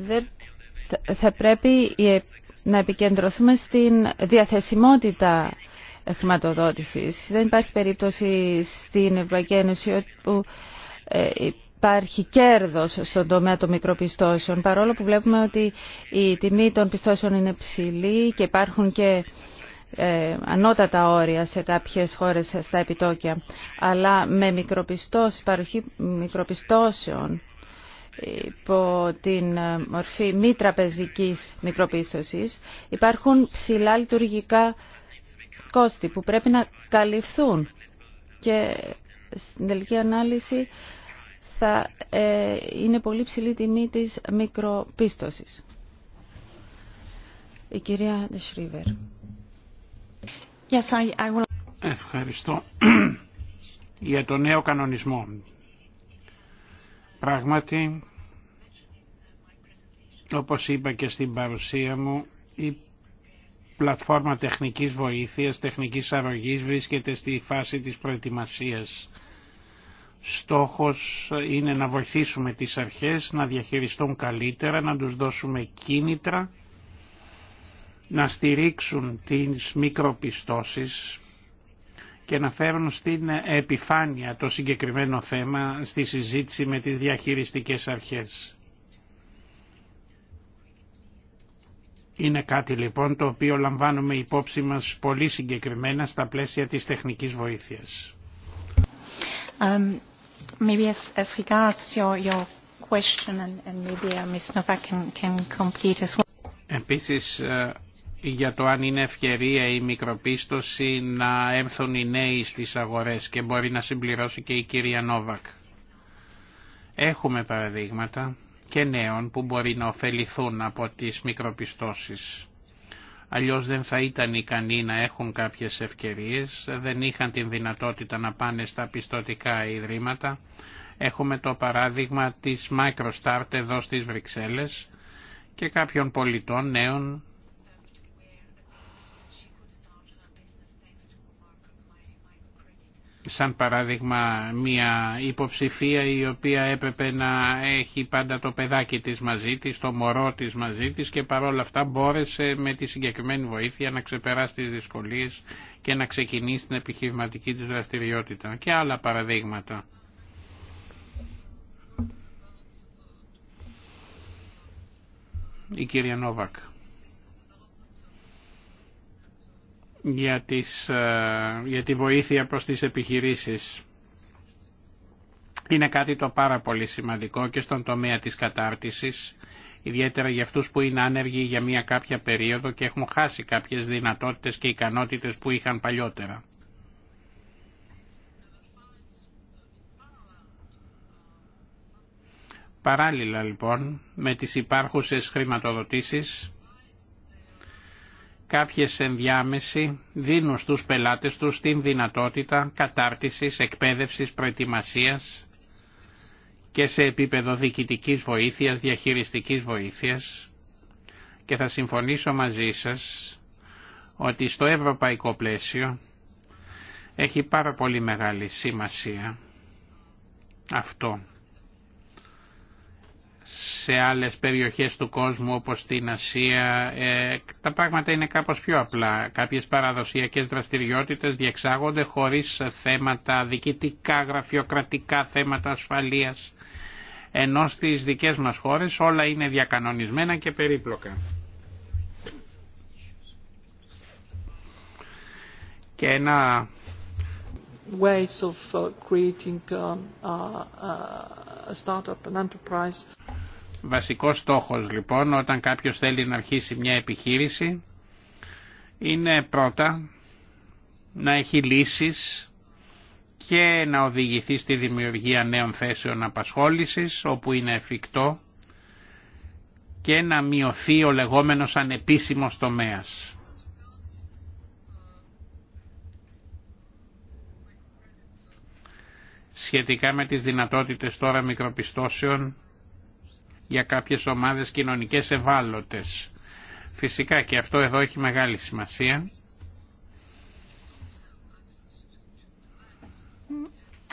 Δεν θα πρέπει να επικεντρωθούμε στην διαθεσιμότητα χρηματοδότησης. Δεν υπάρχει περίπτωση στην Ευρωπαϊκή Ένωση όπου ε, υπάρχει κέρδος στον τομέα των μικροπιστώσεων. Παρόλο που βλέπουμε ότι η τιμή των πιστώσεων είναι ψηλή και υπάρχουν και ε, ανώτατα όρια σε κάποιες χώρες στα επιτόκια. Αλλά με μικροπιστώσεις, παροχή μικροπιστώσεων υπό την ε, μορφή μη τραπεζικής μικροπίστωσης υπάρχουν ψηλά λειτουργικά κόστη που πρέπει να καλυφθούν και στην τελική ανάλυση θα ε, είναι πολύ ψηλή τιμή της μικροπίστωσης. Η κυρία Ντεσρίβερ. Yes, will... Ευχαριστώ για το νέο κανονισμό. Πράγματι, όπως είπα και στην παρουσία μου, η πλατφόρμα τεχνικής βοήθειας, τεχνικής αρρωγής βρίσκεται στη φάση της προετοιμασίας Στόχος είναι να βοηθήσουμε τις αρχές να διαχειριστούν καλύτερα, να τους δώσουμε κίνητρα, να στηρίξουν τις μικροπιστώσεις και να φέρουν στην επιφάνεια το συγκεκριμένο θέμα στη συζήτηση με τις διαχειριστικές αρχές. Είναι κάτι λοιπόν το οποίο λαμβάνουμε υπόψη μας πολύ συγκεκριμένα στα πλαίσια της τεχνικής βοήθειας. Um, Maybe as question and maybe uh, Ms. can Επίσης ε, για το αν είναι ευκαιρία η μικροπίστωση να έρθουν οι νέοι στις αγορές και μπορεί να συμπληρώσει και η κυρία Νόβακ. Έχουμε παραδείγματα και νέων που μπορεί να ωφεληθούν από τις μικροπιστώσεις αλλιώς δεν θα ήταν ικανοί να έχουν κάποιες ευκαιρίες, δεν είχαν την δυνατότητα να πάνε στα πιστωτικά ιδρύματα. Έχουμε το παράδειγμα της MicroStart εδώ στις Βρυξέλλες και κάποιων πολιτών νέων σαν παράδειγμα μια υποψηφία η οποία έπρεπε να έχει πάντα το παιδάκι της μαζί της, το μωρό της μαζί της και παρόλα αυτά μπόρεσε με τη συγκεκριμένη βοήθεια να ξεπεράσει τις δυσκολίες και να ξεκινήσει την επιχειρηματική της δραστηριότητα και άλλα παραδείγματα. Η κυρία Νόβακ. για, τις, ε, για τη βοήθεια προς τις επιχειρήσεις. Είναι κάτι το πάρα πολύ σημαντικό και στον τομέα της κατάρτισης, ιδιαίτερα για αυτούς που είναι άνεργοι για μια κάποια περίοδο και έχουν χάσει κάποιες δυνατότητες και ικανότητες που είχαν παλιότερα. Παράλληλα λοιπόν με τις υπάρχουσες χρηματοδοτήσεις κάποιες ενδιάμεση δίνουν στους πελάτες τους την δυνατότητα κατάρτισης, εκπαίδευσης, προετοιμασίας και σε επίπεδο διοικητικής βοήθειας, διαχειριστικής βοήθειας και θα συμφωνήσω μαζί σας ότι στο ευρωπαϊκό πλαίσιο έχει πάρα πολύ μεγάλη σημασία αυτό σε άλλες περιοχές του κόσμου όπως την Ασία ε, τα πράγματα είναι κάπως πιο απλά. Κάποιες παραδοσιακές δραστηριότητες διεξάγονται χωρίς θέματα διοικητικά, γραφειοκρατικά, θέματα ασφαλείας. Ενώ στις δικές μας χώρες όλα είναι διακανονισμένα και περίπλοκα. Και ένα ways of uh, creating um, uh, uh, Βασικός στόχος λοιπόν όταν κάποιος θέλει να αρχίσει μια επιχείρηση είναι πρώτα να έχει λύσεις και να οδηγηθεί στη δημιουργία νέων θέσεων απασχόλησης όπου είναι εφικτό και να μειωθεί ο λεγόμενος ανεπίσημος τομέας. Σχετικά με τις δυνατότητες τώρα μικροπιστώσεων για κάποιες ομάδες κοινωνικές ευάλωτες. Φυσικά και αυτό εδώ έχει μεγάλη σημασία.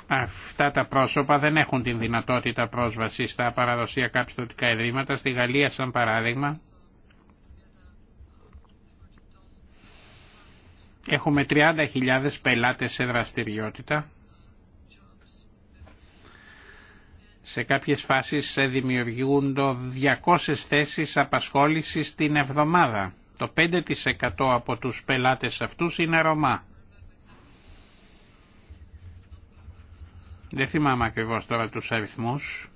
Αυτά τα πρόσωπα δεν έχουν την δυνατότητα πρόσβαση στα παραδοσιακά πιστοτικά ιδρύματα. Στη Γαλλία, σαν παράδειγμα, έχουμε 30.000 πελάτες σε δραστηριότητα Σε κάποιες φάσεις το 200 θέσεις απασχόλησης την εβδομάδα. Το 5% από τους πελάτες αυτούς είναι Ρωμά. Δεν θυμάμαι ακριβώς τώρα τους αριθμούς,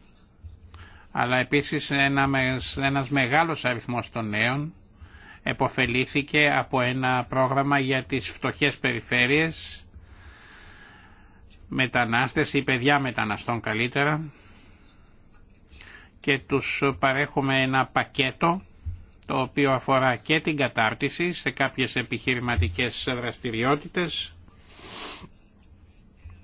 αλλά επίσης ένας μεγάλος αριθμός των νέων εποφελήθηκε από ένα πρόγραμμα για τις φτωχές περιφέρειες, μετανάστες ή παιδιά μεταναστών καλύτερα, και τους παρέχουμε ένα πακέτο το οποίο αφορά και την κατάρτιση σε κάποιες επιχειρηματικές δραστηριότητες.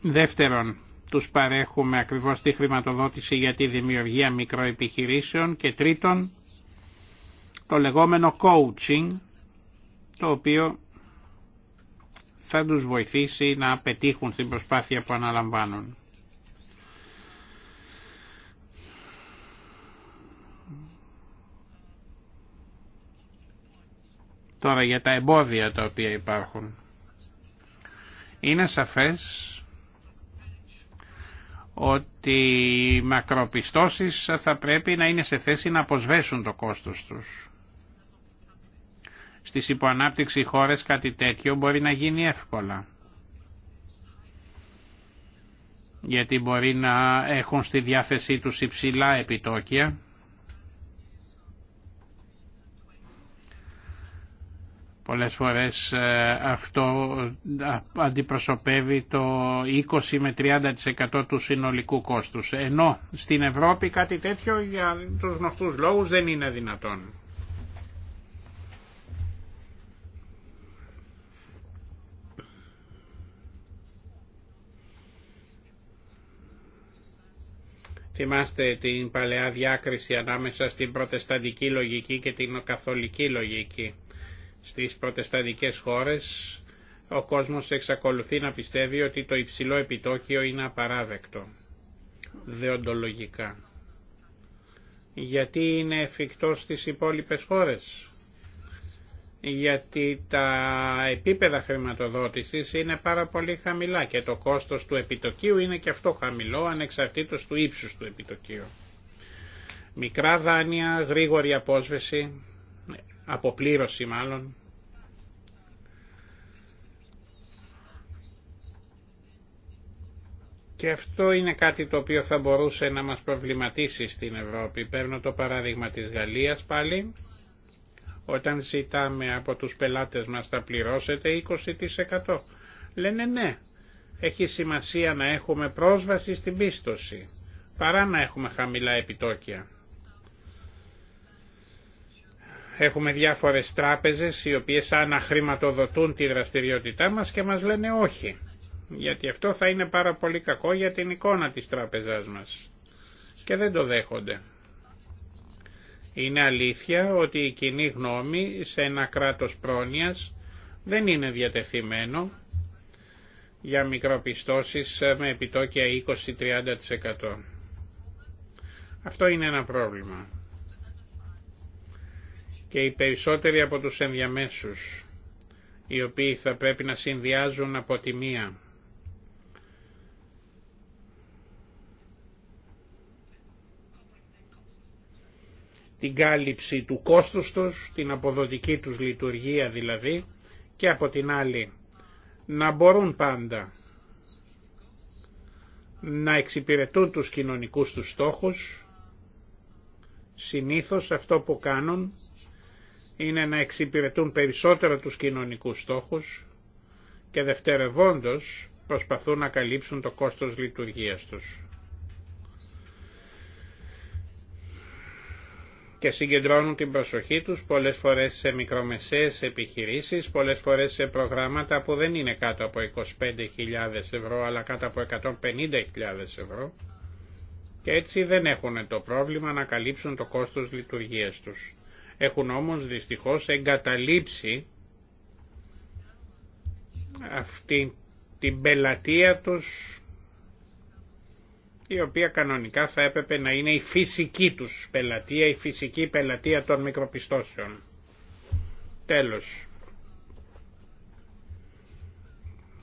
Δεύτερον, τους παρέχουμε ακριβώς τη χρηματοδότηση για τη δημιουργία μικροεπιχειρήσεων και τρίτον, το λεγόμενο coaching, το οποίο θα τους βοηθήσει να πετύχουν την προσπάθεια που αναλαμβάνουν. Τώρα για τα εμπόδια τα οποία υπάρχουν. Είναι σαφές ότι οι μακροπιστώσεις θα πρέπει να είναι σε θέση να αποσβέσουν το κόστος τους. Στις υποανάπτυξη χώρες κάτι τέτοιο μπορεί να γίνει εύκολα. Γιατί μπορεί να έχουν στη διάθεσή τους υψηλά επιτόκια Πολλές φορές ε, αυτό ε, αντιπροσωπεύει το 20 με 30% του συνολικού κόστους. Ενώ στην Ευρώπη κάτι τέτοιο για τους γνωστούς λόγους δεν είναι δυνατόν. Θυμάστε την παλαιά διάκριση ανάμεσα στην προτεσταντική λογική και την καθολική λογική. Στις προτεσταντικές χώρες ο κόσμος εξακολουθεί να πιστεύει ότι το υψηλό επιτόκιο είναι απαράδεκτο, δεοντολογικά. Γιατί είναι εφικτό στις υπόλοιπες χώρες. Γιατί τα επίπεδα χρηματοδότησης είναι πάρα πολύ χαμηλά και το κόστος του επιτοκίου είναι και αυτό χαμηλό ανεξαρτήτως του ύψους του επιτοκίου. Μικρά δάνεια, γρήγορη απόσβεση, αποπλήρωση μάλλον, Και αυτό είναι κάτι το οποίο θα μπορούσε να μας προβληματίσει στην Ευρώπη. Παίρνω το παράδειγμα της Γαλλίας πάλι. Όταν ζητάμε από τους πελάτες μας τα πληρώσετε 20%. Λένε ναι, έχει σημασία να έχουμε πρόσβαση στην πίστοση, παρά να έχουμε χαμηλά επιτόκια. Έχουμε διάφορες τράπεζες οι οποίες αναχρηματοδοτούν τη δραστηριότητά μας και μας λένε όχι. Γιατί αυτό θα είναι πάρα πολύ κακό για την εικόνα της τράπεζάς μας. Και δεν το δέχονται. Είναι αλήθεια ότι η κοινή γνώμη σε ένα κράτος πρόνοιας δεν είναι διατεθειμένο για μικροπιστώσεις με επιτόκια 20-30%. Αυτό είναι ένα πρόβλημα και οι περισσότεροι από τους ενδιαμέσους, οι οποίοι θα πρέπει να συνδυάζουν από τη μία την κάλυψη του κόστους τους, την αποδοτική τους λειτουργία δηλαδή, και από την άλλη να μπορούν πάντα να εξυπηρετούν τους κοινωνικούς τους στόχους, συνήθως αυτό που κάνουν είναι να εξυπηρετούν περισσότερο τους κοινωνικούς στόχους και δευτερευόντως προσπαθούν να καλύψουν το κόστος λειτουργίας τους. και συγκεντρώνουν την προσοχή τους πολλές φορές σε μικρομεσαίες επιχειρήσεις, πολλές φορές σε προγράμματα που δεν είναι κάτω από 25.000 ευρώ αλλά κάτω από 150.000 ευρώ και έτσι δεν έχουν το πρόβλημα να καλύψουν το κόστος λειτουργίας τους. Έχουν όμως δυστυχώς εγκαταλείψει αυτή την πελατεία τους η οποία κανονικά θα έπρεπε να είναι η φυσική τους πελατεία, η φυσική πελατεία των μικροπιστώσεων. Τέλος.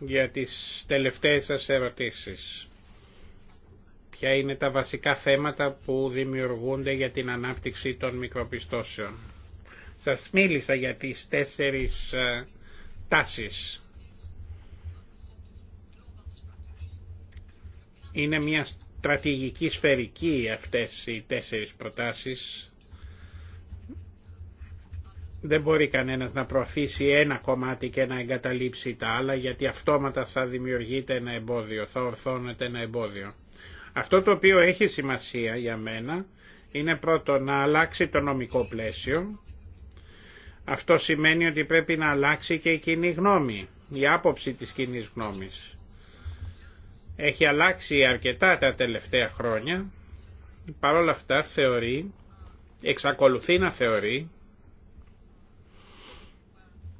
Για τις τελευταίες σας ερωτήσεις ποια είναι τα βασικά θέματα που δημιουργούνται για την ανάπτυξη των μικροπιστώσεων. Σας μίλησα για τις τέσσερις ε, τάσεις. Είναι μια στρατηγική σφαιρική αυτές οι τέσσερις προτάσεις. Δεν μπορεί κανένας να προωθήσει ένα κομμάτι και να εγκαταλείψει τα άλλα γιατί αυτόματα θα δημιουργείται ένα εμπόδιο, θα ορθώνεται ένα εμπόδιο. Αυτό το οποίο έχει σημασία για μένα είναι πρώτον να αλλάξει το νομικό πλαίσιο. Αυτό σημαίνει ότι πρέπει να αλλάξει και η κοινή γνώμη, η άποψη της κοινή γνώμης. Έχει αλλάξει αρκετά τα τελευταία χρόνια, παρόλα αυτά θεωρεί, εξακολουθεί να θεωρεί,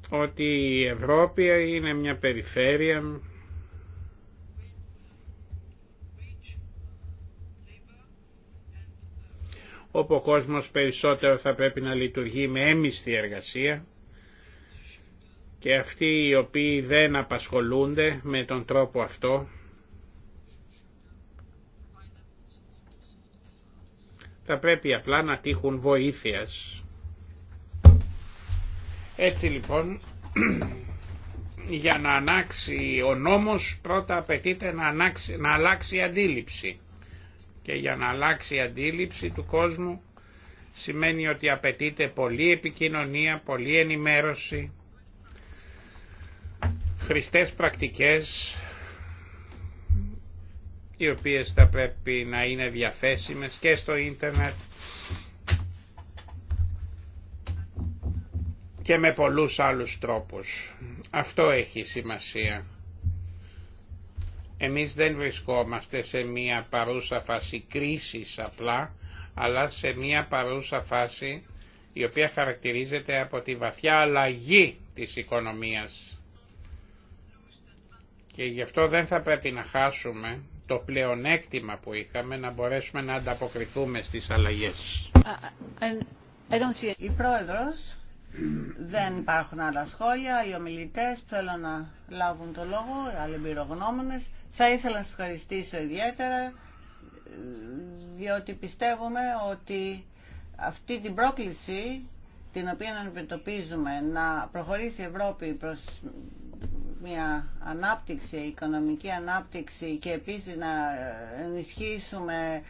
ότι η Ευρώπη είναι μια περιφέρεια όπου ο κόσμος περισσότερο θα πρέπει να λειτουργεί με έμιστη εργασία και αυτοί οι οποίοι δεν απασχολούνται με τον τρόπο αυτό θα πρέπει απλά να τύχουν βοήθειας. Έτσι λοιπόν, για να ανάξει ο νόμος πρώτα απαιτείται να, να αλλάξει η αντίληψη. Και για να αλλάξει η αντίληψη του κόσμου σημαίνει ότι απαιτείται πολλή επικοινωνία, πολλή ενημέρωση, χρηστές πρακτικές οι οποίες θα πρέπει να είναι διαθέσιμες και στο ίντερνετ και με πολλούς άλλους τρόπους. Αυτό έχει σημασία. Εμείς δεν βρισκόμαστε σε μία παρούσα φάση κρίσης απλά, αλλά σε μία παρούσα φάση η οποία χαρακτηρίζεται από τη βαθιά αλλαγή της οικονομίας. Και γι' αυτό δεν θα πρέπει να χάσουμε το πλεονέκτημα που είχαμε να μπορέσουμε να ανταποκριθούμε στις αλλαγές. Οι Πρόεδρος, δεν υπάρχουν άλλα σχόλια, οι ομιλητές θέλουν να λάβουν το λόγο, οι άλλοι θα ήθελα να σας ευχαριστήσω ιδιαίτερα, διότι πιστεύουμε ότι αυτή την πρόκληση την οποία αντιμετωπίζουμε να προχωρήσει η Ευρώπη προς μια ανάπτυξη, οικονομική ανάπτυξη και επίσης να ενισχύσουμε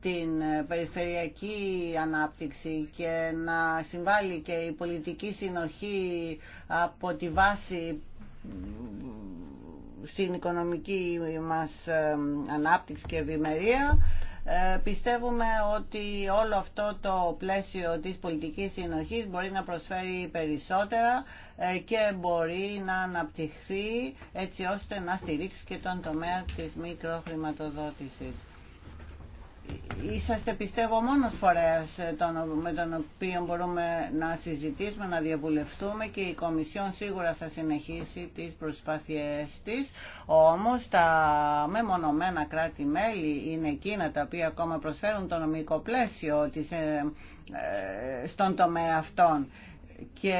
την περιφερειακή ανάπτυξη και να συμβάλλει και η πολιτική συνοχή από τη βάση στην οικονομική μας ε, ανάπτυξη και ευημερία. Ε, πιστεύουμε ότι όλο αυτό το πλαίσιο της πολιτικής συνοχής μπορεί να προσφέρει περισσότερα ε, και μπορεί να αναπτυχθεί έτσι ώστε να στηρίξει και τον τομέα της μικροχρηματοδότησης είσαστε πιστεύω μόνος φορέας ε, με τον οποίο μπορούμε να συζητήσουμε, να διαβουλευτούμε και η Κομισιόν σίγουρα θα συνεχίσει τις προσπάθειές της. Όμως τα μεμονωμένα κράτη-μέλη είναι εκείνα τα οποία ακόμα προσφέρουν το νομικό πλαίσιο της, ε, ε, στον τομέα αυτών και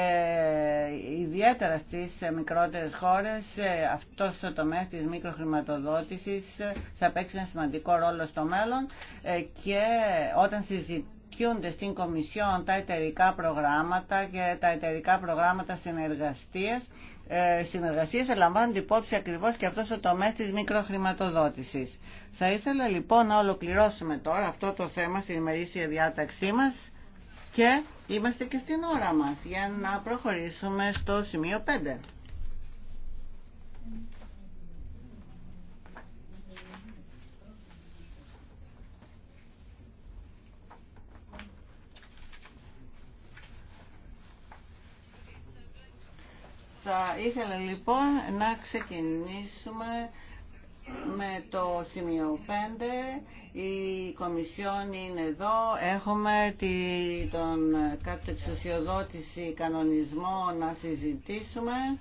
ιδιαίτερα στις μικρότερες χώρες ε, αυτός ο τομέας της μικροχρηματοδότησης ε, θα παίξει ένα σημαντικό ρόλο στο μέλλον ε, και όταν συζητιούνται στην Κομισιόν τα εταιρικά προγράμματα και τα εταιρικά προγράμματα συνεργασίας συνεργασίες λαμβάνουν λαμβάνονται υπόψη ακριβώς και αυτός ο τομέας της μικροχρηματοδότησης. Θα ήθελα λοιπόν να ολοκληρώσουμε τώρα αυτό το θέμα στην ημερήσια διάταξή μας και είμαστε και στην ώρα μας για να προχωρήσουμε στο σημείο 5. Θα ήθελα λοιπόν να ξεκινήσουμε με το σημείο 5 η Κομισιόν είναι εδώ. Έχουμε τη, τον κατεξουσιοδότηση κανονισμό να συζητήσουμε.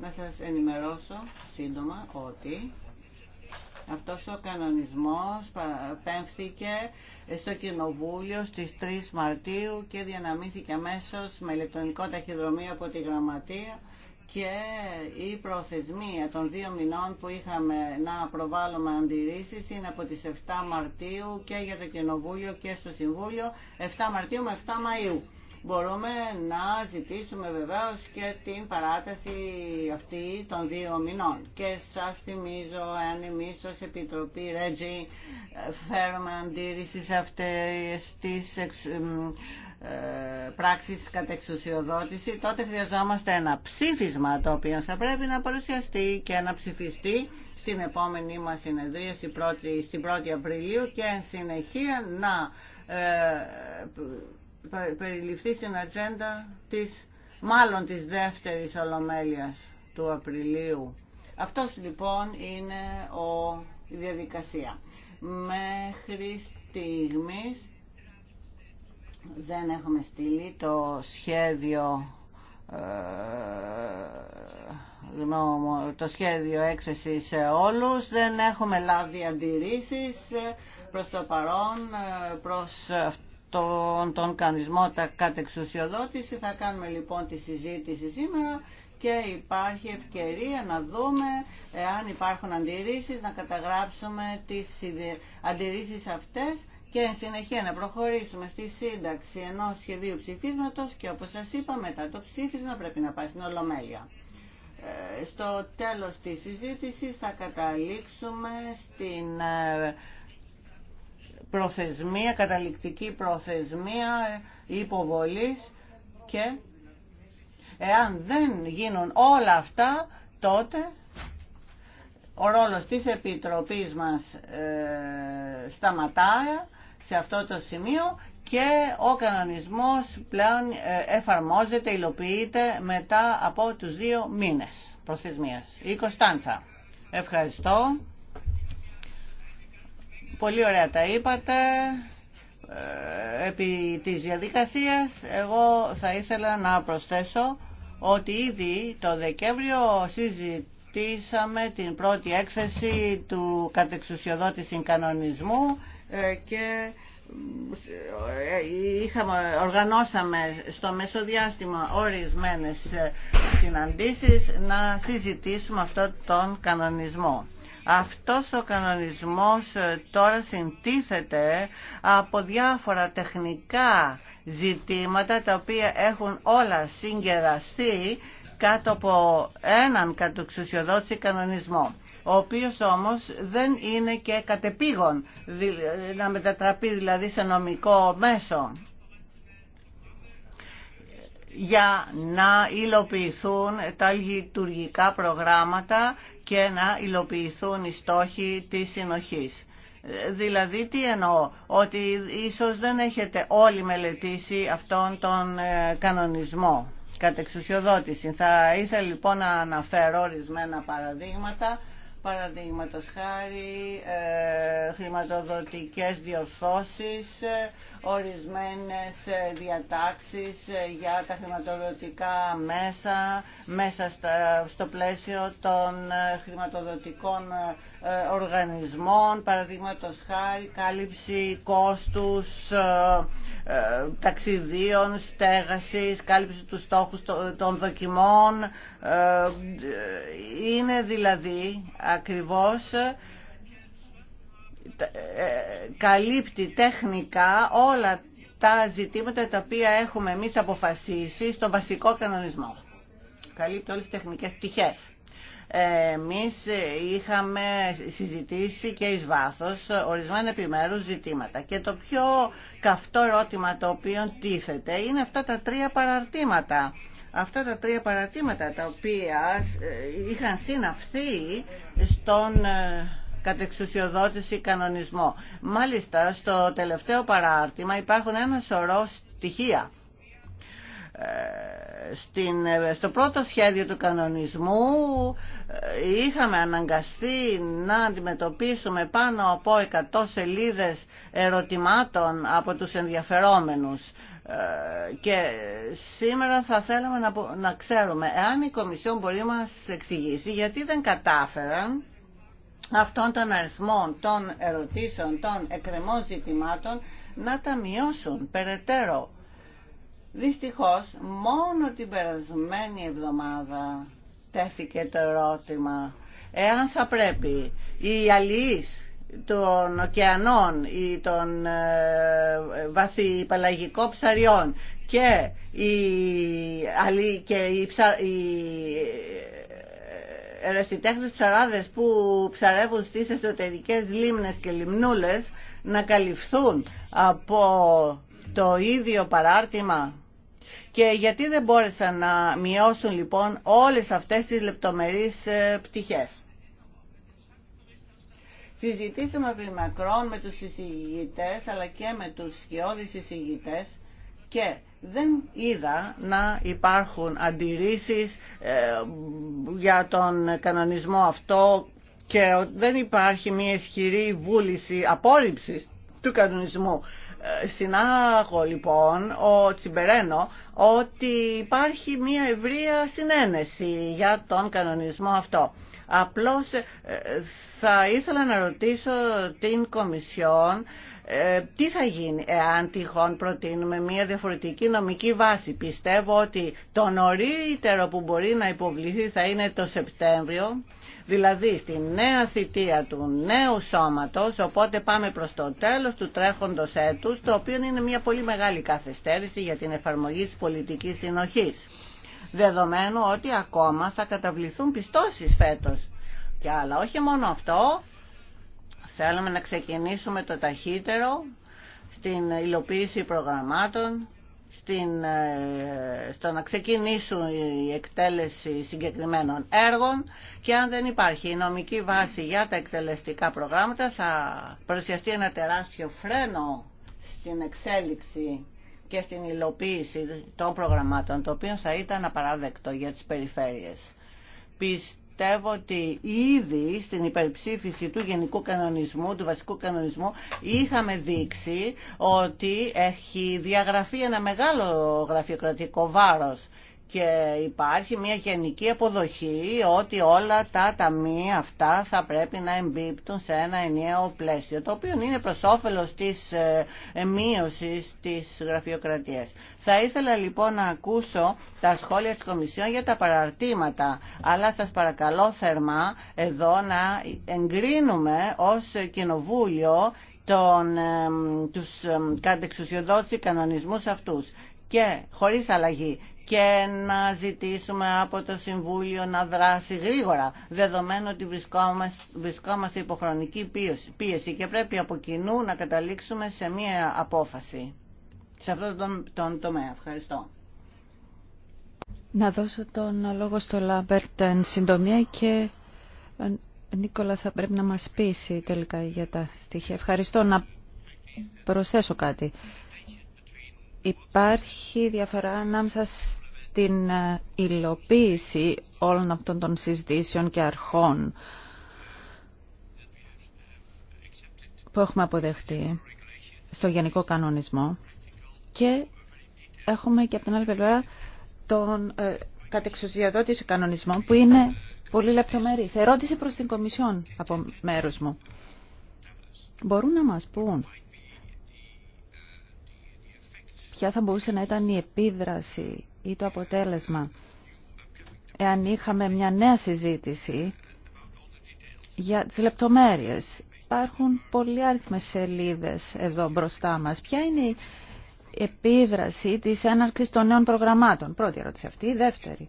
Να σας ενημερώσω σύντομα ότι αυτός ο κανονισμός πέμφθηκε στο Κοινοβούλιο στις 3 Μαρτίου και διαναμήθηκε αμέσως με ηλεκτρονικό ταχυδρομείο από τη Γραμματεία και η προθεσμία των δύο μηνών που είχαμε να προβάλλουμε αντιρρήσεις είναι από τις 7 Μαρτίου και για το Κοινοβούλιο και στο Συμβούλιο 7 Μαρτίου με 7 Μαΐου. Μπορούμε να ζητήσουμε βεβαίως και την παράταση αυτή των δύο μηνών. Και σας θυμίζω, αν εμείς ως Επιτροπή Ρέτζι ε, φέρουμε αντίρρηση σε αυτές τις ε, πράξη κατά εξουσιοδότηση, τότε χρειαζόμαστε ένα ψήφισμα το οποίο θα πρέπει να παρουσιαστεί και να ψηφιστεί στην επόμενή μας συνεδρίαση στην 1η Απριλίου και συνεχεία να ε, περιληφθεί στην ατζέντα της, μάλλον της δεύτερης Ολομέλειας του Απριλίου. Αυτός λοιπόν είναι ο, η διαδικασία. Μέχρι στιγμής δεν έχουμε στείλει το σχέδιο ε, το σχέδιο έξεση σε όλους δεν έχουμε λάβει αντιρρήσεις προς το παρόν προς τον, τον κανονισμό τα κατεξουσιοδότηση θα κάνουμε λοιπόν τη συζήτηση σήμερα και υπάρχει ευκαιρία να δούμε αν υπάρχουν αντιρρήσεις να καταγράψουμε τις αντιρρήσεις αυτές και εν συνεχεία να προχωρήσουμε στη σύνταξη ενός σχεδίου ψηφίσματος και όπω σα είπα μετά το ψήφισμα πρέπει να πάει στην Ολομέλεια. Ε, στο τέλος της συζήτηση θα καταλήξουμε στην ε, προθεσμία, καταληκτική προθεσμία υποβολής και εάν δεν γίνουν όλα αυτά τότε ο ρόλος της Επιτροπής μας ε, σταματάει σε αυτό το σημείο και ο κανονισμός πλέον ε, εφαρμόζεται, υλοποιείται μετά από τους δύο μήνες προθεσμίας. Η Κωνσταντσα. Ευχαριστώ. Πολύ ωραία τα είπατε. Ε, επί της διαδικασίας εγώ θα ήθελα να προσθέσω ότι ήδη το Δεκέμβριο συζητήσαμε την πρώτη έκθεση του κατεξουσιοδότηση κανονισμού ε, και ε, είχαμε, οργανώσαμε στο μεσοδιάστημα ορισμένες ε, συναντήσεις να συζητήσουμε αυτόν τον κανονισμό. Αυτός ο κανονισμός τώρα συντίθεται από διάφορα τεχνικά ζητήματα τα οποία έχουν όλα συγκεραστεί κάτω από έναν κατοξουσιοδότηση κανονισμό ο οποίος όμως δεν είναι και κατεπήγον, να μετατραπεί δηλαδή σε νομικό μέσο για να υλοποιηθούν τα λειτουργικά προγράμματα και να υλοποιηθούν οι στόχοι της συνοχής. Δηλαδή τι εννοώ, ότι ίσως δεν έχετε όλοι μελετήσει αυτόν τον ε, κανονισμό κατεξουσιοδότηση Θα ήθελα λοιπόν να αναφέρω ορισμένα παραδείγματα Παραδείγματο χάρη ε, χρηματοδοτικές διορθώσεις, ορισμένες διατάξεις ε, για τα χρηματοδοτικά μέσα, μέσα στο πλαίσιο των ε, χρηματοδοτικών ε, οργανισμών, παραδείγματο χάρη κάλυψη κόστους ε, ταξιδίων, στέγασης, κάλυψη του στόχου των δοκιμών. Ε, είναι δηλαδή ακριβώς ε, καλύπτει τεχνικά όλα τα ζητήματα τα οποία έχουμε εμείς αποφασίσει στο βασικό κανονισμό. Καλύπτει όλες τις τεχνικές πτυχές εμείς είχαμε συζητήσει και εις βάθος ορισμένα επιμέρους ζητήματα. Και το πιο καυτό ερώτημα το οποίο τίθεται είναι αυτά τα τρία παραρτήματα. Αυτά τα τρία παραρτήματα τα οποία ε, είχαν συναυθεί στον ε, κατεξουσιοδότηση κανονισμό. Μάλιστα στο τελευταίο παράρτημα υπάρχουν ένα σωρό στοιχεία ε, στην, στο πρώτο σχέδιο του κανονισμού ε, είχαμε αναγκαστεί να αντιμετωπίσουμε πάνω από 100 σελίδες ερωτημάτων από τους ενδιαφερόμενους ε, και σήμερα θα θέλαμε να, να ξέρουμε εάν η Κομισιόν μπορεί να μας εξηγήσει γιατί δεν κατάφεραν αυτών των αριθμών των ερωτήσεων των εκκρεμών ζητημάτων να τα μειώσουν περαιτέρω Δυστυχώς, μόνο την περασμένη εβδομάδα τέθηκε το ερώτημα εάν θα πρέπει οι αλληλείς των ωκεανών ή των ε, βαθυπαλλαγικών ψαριών και οι, αλλοί, και οι, ψα, ε, ερασιτέχνες ψαράδες που ψαρεύουν στις εσωτερικές λίμνες και λιμνούλες να καλυφθούν από το ίδιο παράρτημα και γιατί δεν μπόρεσαν να μειώσουν λοιπόν όλες αυτές τις λεπτομερείς ε, πτυχές. Συζητήσαμε με μακρόν με τους εισηγητές αλλά και με τους σκιώδεις εισηγητές και δεν είδα να υπάρχουν αντιρρήσεις ε, για τον κανονισμό αυτό και δεν υπάρχει μια ισχυρή βούληση απόρριψης του κανονισμού. Συνάγω λοιπόν ο Τσιμπερένο ότι υπάρχει μια ευρεία συνένεση για τον κανονισμό αυτό. Απλώς ε, θα ήθελα να ρωτήσω την Κομισιόν ε, τι θα γίνει εάν τυχόν προτείνουμε μια διαφορετική νομική βάση. Πιστεύω ότι το νωρίτερο που μπορεί να υποβληθεί θα είναι το Σεπτέμβριο δηλαδή στη νέα θητεία του νέου σώματος, οπότε πάμε προς το τέλος του τρέχοντος έτους, το οποίο είναι μια πολύ μεγάλη καθυστέρηση για την εφαρμογή της πολιτικής συνοχής. Δεδομένου ότι ακόμα θα καταβληθούν πιστώσεις φέτος. Και άλλα, όχι μόνο αυτό, θέλουμε να ξεκινήσουμε το ταχύτερο στην υλοποίηση προγραμμάτων ε, στο να ξεκινήσουν η εκτέλεση συγκεκριμένων έργων και αν δεν υπάρχει η νομική βάση για τα εκτελεστικά προγράμματα θα παρουσιαστεί ένα τεράστιο φρένο στην εξέλιξη και στην υλοποίηση των προγραμμάτων, το οποίο θα ήταν απαράδεκτο για τις περιφέρειες πιστεύω ότι ήδη στην υπερψήφιση του γενικού κανονισμού, του βασικού κανονισμού, είχαμε δείξει ότι έχει διαγραφεί ένα μεγάλο γραφειοκρατικό βάρος και υπάρχει μια γενική αποδοχή ότι όλα τα ταμεία αυτά θα πρέπει να εμπίπτουν σε ένα ενιαίο πλαίσιο, το οποίο είναι προς όφελος της ε, μείωσης της γραφειοκρατίας. Θα ήθελα λοιπόν να ακούσω τα σχόλια της Κομισιόν για τα παραρτήματα, αλλά σας παρακαλώ θερμά εδώ να εγκρίνουμε ως Κοινοβούλιο τον, ε, τους ε, κατεξουσιοδότηση κανονισμούς αυτούς και χωρίς αλλαγή και να ζητήσουμε από το Συμβούλιο να δράσει γρήγορα, δεδομένου ότι βρισκόμαστε, βρισκόμαστε υποχρονική πίεση και πρέπει από κοινού να καταλήξουμε σε μία απόφαση σε αυτόν τον, τον τομέα. Ευχαριστώ. Να δώσω τον λόγο στο Λάμπερτ εν συντομία και ε, Νίκολα θα πρέπει να μας πείσει τελικά για τα στοιχεία. Ευχαριστώ να προσθέσω κάτι υπάρχει διαφορά ανάμεσα στην ε, υλοποίηση όλων αυτών των συζητήσεων και αρχών που έχουμε αποδεχτεί στο γενικό κανονισμό και έχουμε και από την άλλη πλευρά τον ε, κατεξουσιαδότηση κανονισμών που είναι πολύ λεπτομερής. Ερώτηση προς την Κομισιόν από μέρους μου. Μπορούν να μας πούν ποια θα μπορούσε να ήταν η επίδραση ή το αποτέλεσμα εάν είχαμε μια νέα συζήτηση για τις λεπτομέρειες. Υπάρχουν πολλοί άριθμες σελίδες εδώ μπροστά μας. Ποια είναι η επίδραση της έναρξης των νέων προγραμμάτων. Πρώτη ερώτηση αυτή. δεύτερη.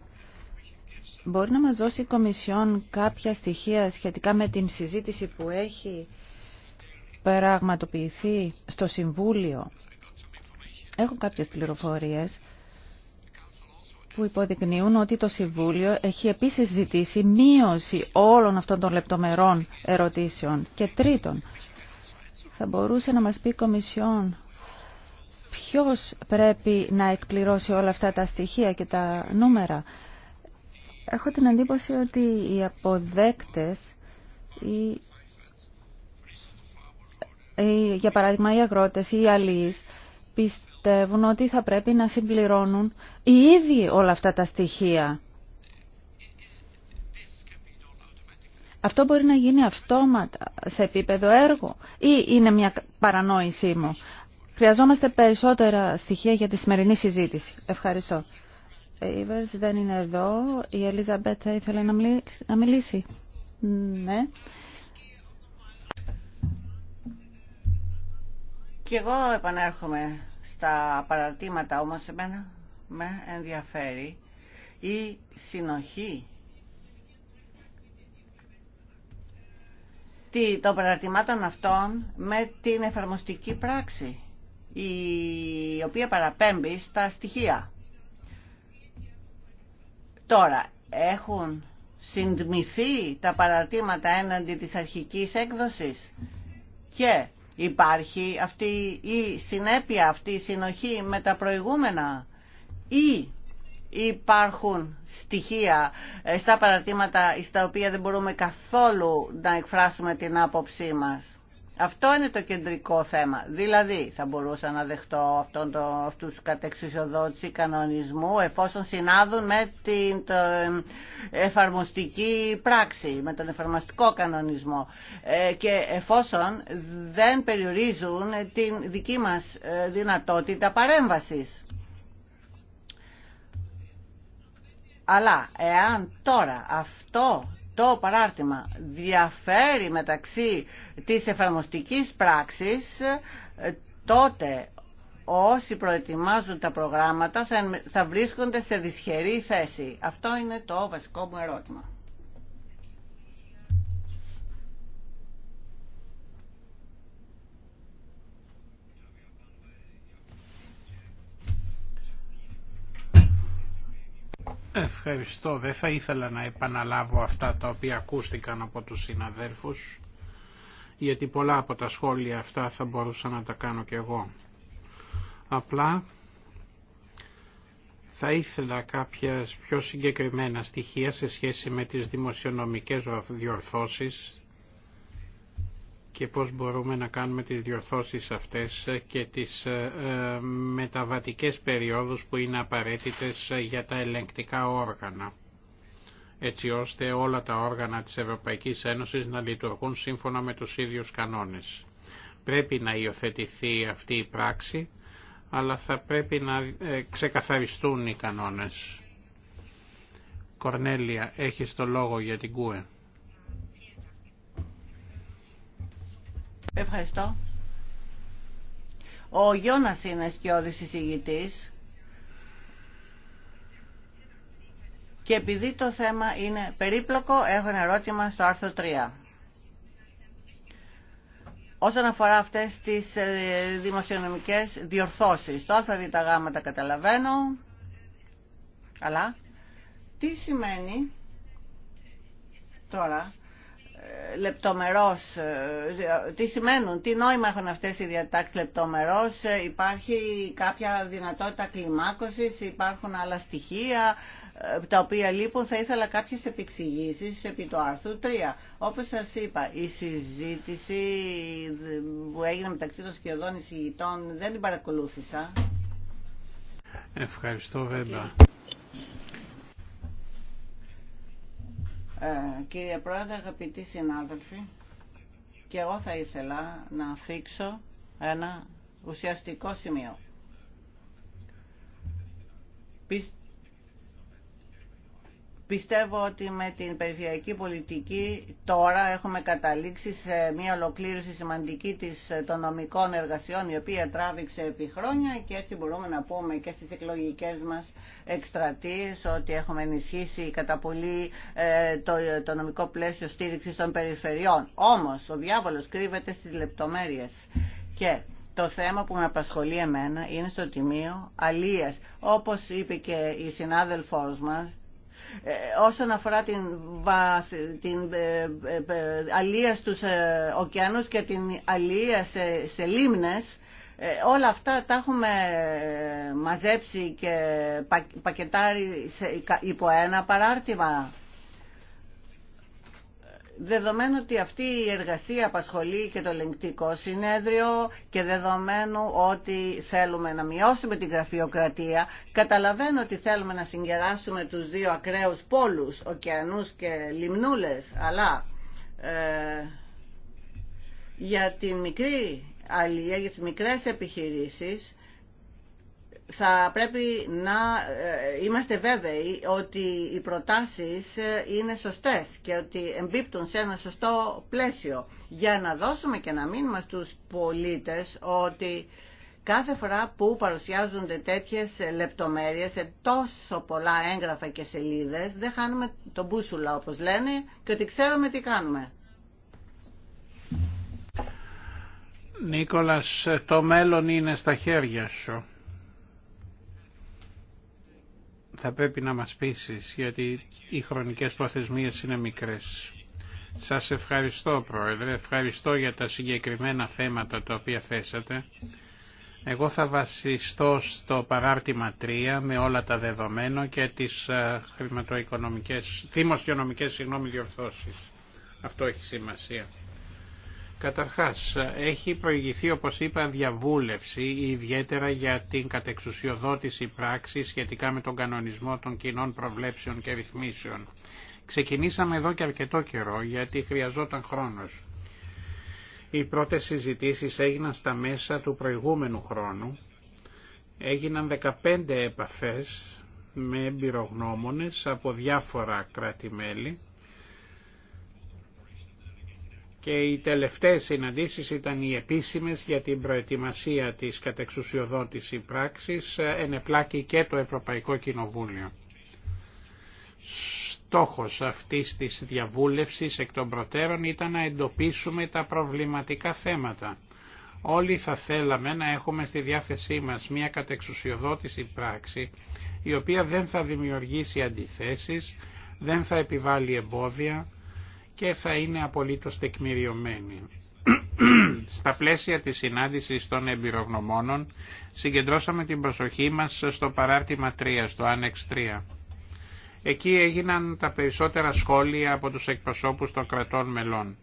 Μπορεί να μας δώσει η Κομισιόν κάποια στοιχεία σχετικά με την συζήτηση που έχει πραγματοποιηθεί στο Συμβούλιο Έχω κάποιες πληροφορίες που υποδεικνύουν ότι το Συμβούλιο έχει επίσης ζητήσει μείωση όλων αυτών των λεπτομερών ερωτήσεων. Και τρίτον, θα μπορούσε να μας πει η Κομισιόν ποιος πρέπει να εκπληρώσει όλα αυτά τα στοιχεία και τα νούμερα. Έχω την εντύπωση ότι οι αποδέκτες, οι, για παράδειγμα οι αγρότες ή οι αλλοίς, πιστεύουν ότι θα πρέπει να συμπληρώνουν οι ίδιοι όλα αυτά τα στοιχεία. Αυτό μπορεί να γίνει αυτόματα σε επίπεδο έργου ή είναι μια παρανόησή μου. Χρειαζόμαστε περισσότερα στοιχεία για τη σημερινή συζήτηση. Ευχαριστώ. Ε, η Ιβέρς δεν είναι εδώ. Η Ελίζαμπετ θα ήθελε να μιλήσει. Ναι. Και εγώ επανέρχομαι στα παρατήματα όμως εμένα με ενδιαφέρει η συνοχή των παρατημάτων αυτών με την εφαρμοστική πράξη η οποία παραπέμπει στα στοιχεία. Τώρα, έχουν συντμηθεί τα παραρτήματα έναντι της αρχικής έκδοσης και Υπάρχει αυτή η συνέπεια, αυτή η συνοχή με τα προηγούμενα ή υπάρχουν στοιχεία ε, στα παρατήματα στα οποία δεν μπορούμε καθόλου να εκφράσουμε την άποψή μας. Αυτό είναι το κεντρικό θέμα. Δηλαδή, θα μπορούσα να δεχτώ αυτόν το, αυτούς τους κανονισμού εφόσον συνάδουν με την εφαρμοστική πράξη, με τον εφαρμοστικό κανονισμό ε, και εφόσον δεν περιορίζουν την δική μας ε, δυνατότητα παρέμβασης. Αλλά εάν τώρα αυτό το παράρτημα διαφέρει μεταξύ της εφαρμοστικής πράξης, ε, τότε όσοι προετοιμάζουν τα προγράμματα θα βρίσκονται σε δυσχερή θέση. Αυτό είναι το βασικό μου ερώτημα. Ευχαριστώ. Δεν θα ήθελα να επαναλάβω αυτά τα οποία ακούστηκαν από τους συναδέρφους, γιατί πολλά από τα σχόλια αυτά θα μπορούσα να τα κάνω κι εγώ. Απλά θα ήθελα κάποια πιο συγκεκριμένα στοιχεία σε σχέση με τις δημοσιονομικές διορθώσεις και πώς μπορούμε να κάνουμε τις διορθώσεις αυτές και τις ε, ε, μεταβατικές περιόδους που είναι απαραίτητες για τα ελεγκτικά όργανα έτσι ώστε όλα τα όργανα της Ευρωπαϊκής Ένωσης να λειτουργούν σύμφωνα με τους ίδιους κανόνες. Πρέπει να υιοθετηθεί αυτή η πράξη, αλλά θα πρέπει να ε, ξεκαθαριστούν οι κανόνες. Κορνέλια, έχεις το λόγο για την ΚΟΕ. Ευχαριστώ. Ο Γιώνας είναι σκιώδης εισηγητής και επειδή το θέμα είναι περίπλοκο έχω ένα ερώτημα στο άρθρο 3. Όσον αφορά αυτές τις ε, δημοσιονομικές διορθώσεις, το ΑΒΓ τα καταλαβαίνω, αλλά τι σημαίνει τώρα λεπτομερός. Ε, τι σημαίνουν, τι νόημα έχουν αυτές οι διατάξεις λεπτομερώς, ε, υπάρχει κάποια δυνατότητα κλιμάκωσης, υπάρχουν άλλα στοιχεία ε, τα οποία λείπουν, θα ήθελα κάποιες επεξηγήσεις επί του άρθρου 3. Όπως σας είπα, η συζήτηση που έγινε μεταξύ των σκιωδών εισηγητών δεν την παρακολούθησα. Ευχαριστώ βέβαια. Ε, κύριε Πρόεδρε, αγαπητοί συνάδελφοι, και εγώ θα ήθελα να θίξω ένα ουσιαστικό σημείο. Πιστεύω ότι με την περιφερειακή πολιτική τώρα έχουμε καταλήξει σε μια ολοκλήρωση σημαντική της, ε, των νομικών εργασιών η οποία τράβηξε επί χρόνια και έτσι μπορούμε να πούμε και στις εκλογικές μας εκστρατείες ότι έχουμε ενισχύσει κατά πολύ ε, το, νομικό πλαίσιο στήριξης των περιφερειών. Όμως ο διάβολος κρύβεται στις λεπτομέρειες και το θέμα που με απασχολεί εμένα είναι στο τιμίο αλίας. Όπως είπε και η συνάδελφός μας, ε, όσον αφορά την, την ε, ε, αλία στους ωκεανούς και την αλία σε, σε λίμνες, όλα αυτά τα έχουμε μαζέψει και πακετάρει υπό ένα παράρτημα. Δεδομένου ότι αυτή η εργασία απασχολεί και το ελεγκτικό συνέδριο και δεδομένου ότι θέλουμε να μειώσουμε την γραφειοκρατία, καταλαβαίνω ότι θέλουμε να συγκεράσουμε τους δύο ακραίους πόλους, ωκεανούς και λιμνούλες, αλλά ε, για την μικρή αλληλεία, για τις μικρές επιχειρήσεις, θα πρέπει να ε, είμαστε βέβαιοι ότι οι προτάσεις ε, είναι σωστές και ότι εμπίπτουν σε ένα σωστό πλαίσιο για να δώσουμε και να μήνυμα στους πολίτες ότι κάθε φορά που παρουσιάζονται τέτοιες λεπτομέρειες σε τόσο πολλά έγγραφα και σελίδες δεν χάνουμε τον μπούσουλα όπως λένε και ότι ξέρουμε τι κάνουμε. Νίκολας, το μέλλον είναι στα χέρια σου θα πρέπει να μας πείσεις γιατί οι χρονικές προθεσμίες είναι μικρές. Σας ευχαριστώ Πρόεδρε, ευχαριστώ για τα συγκεκριμένα θέματα τα οποία θέσατε. Εγώ θα βασιστώ στο παράρτημα 3 με όλα τα δεδομένα και τις χρηματοοικονομικές, δημοσιονομικές συγγνώμη διορθώσεις. Αυτό έχει σημασία. Καταρχάς, έχει προηγηθεί, όπως είπα, διαβούλευση, ιδιαίτερα για την κατεξουσιοδότηση πράξη σχετικά με τον κανονισμό των κοινών προβλέψεων και ρυθμίσεων. Ξεκινήσαμε εδώ και αρκετό καιρό, γιατί χρειαζόταν χρόνος. Οι πρώτες συζητήσεις έγιναν στα μέσα του προηγούμενου χρόνου. Έγιναν 15 επαφές με εμπειρογνώμονες από διάφορα κράτη-μέλη και οι τελευταίες συναντήσεις ήταν οι επίσημες για την προετοιμασία της κατεξουσιοδότησης πράξης, ε, ενεπλάκη και το Ευρωπαϊκό Κοινοβούλιο. Στόχος αυτής της διαβούλευσης εκ των προτέρων ήταν να εντοπίσουμε τα προβληματικά θέματα. Όλοι θα θέλαμε να έχουμε στη διάθεσή μας μια κατεξουσιοδότηση πράξη, η οποία δεν θα δημιουργήσει αντιθέσεις, δεν θα επιβάλλει εμπόδια, και θα είναι απολύτως τεκμηριωμένη. Στα πλαίσια της συνάντησης των εμπειρογνωμόνων συγκεντρώσαμε την προσοχή μας στο παράρτημα 3, στο Άνεξ 3. Εκεί έγιναν τα περισσότερα σχόλια από τους εκπροσώπους των κρατών μελών.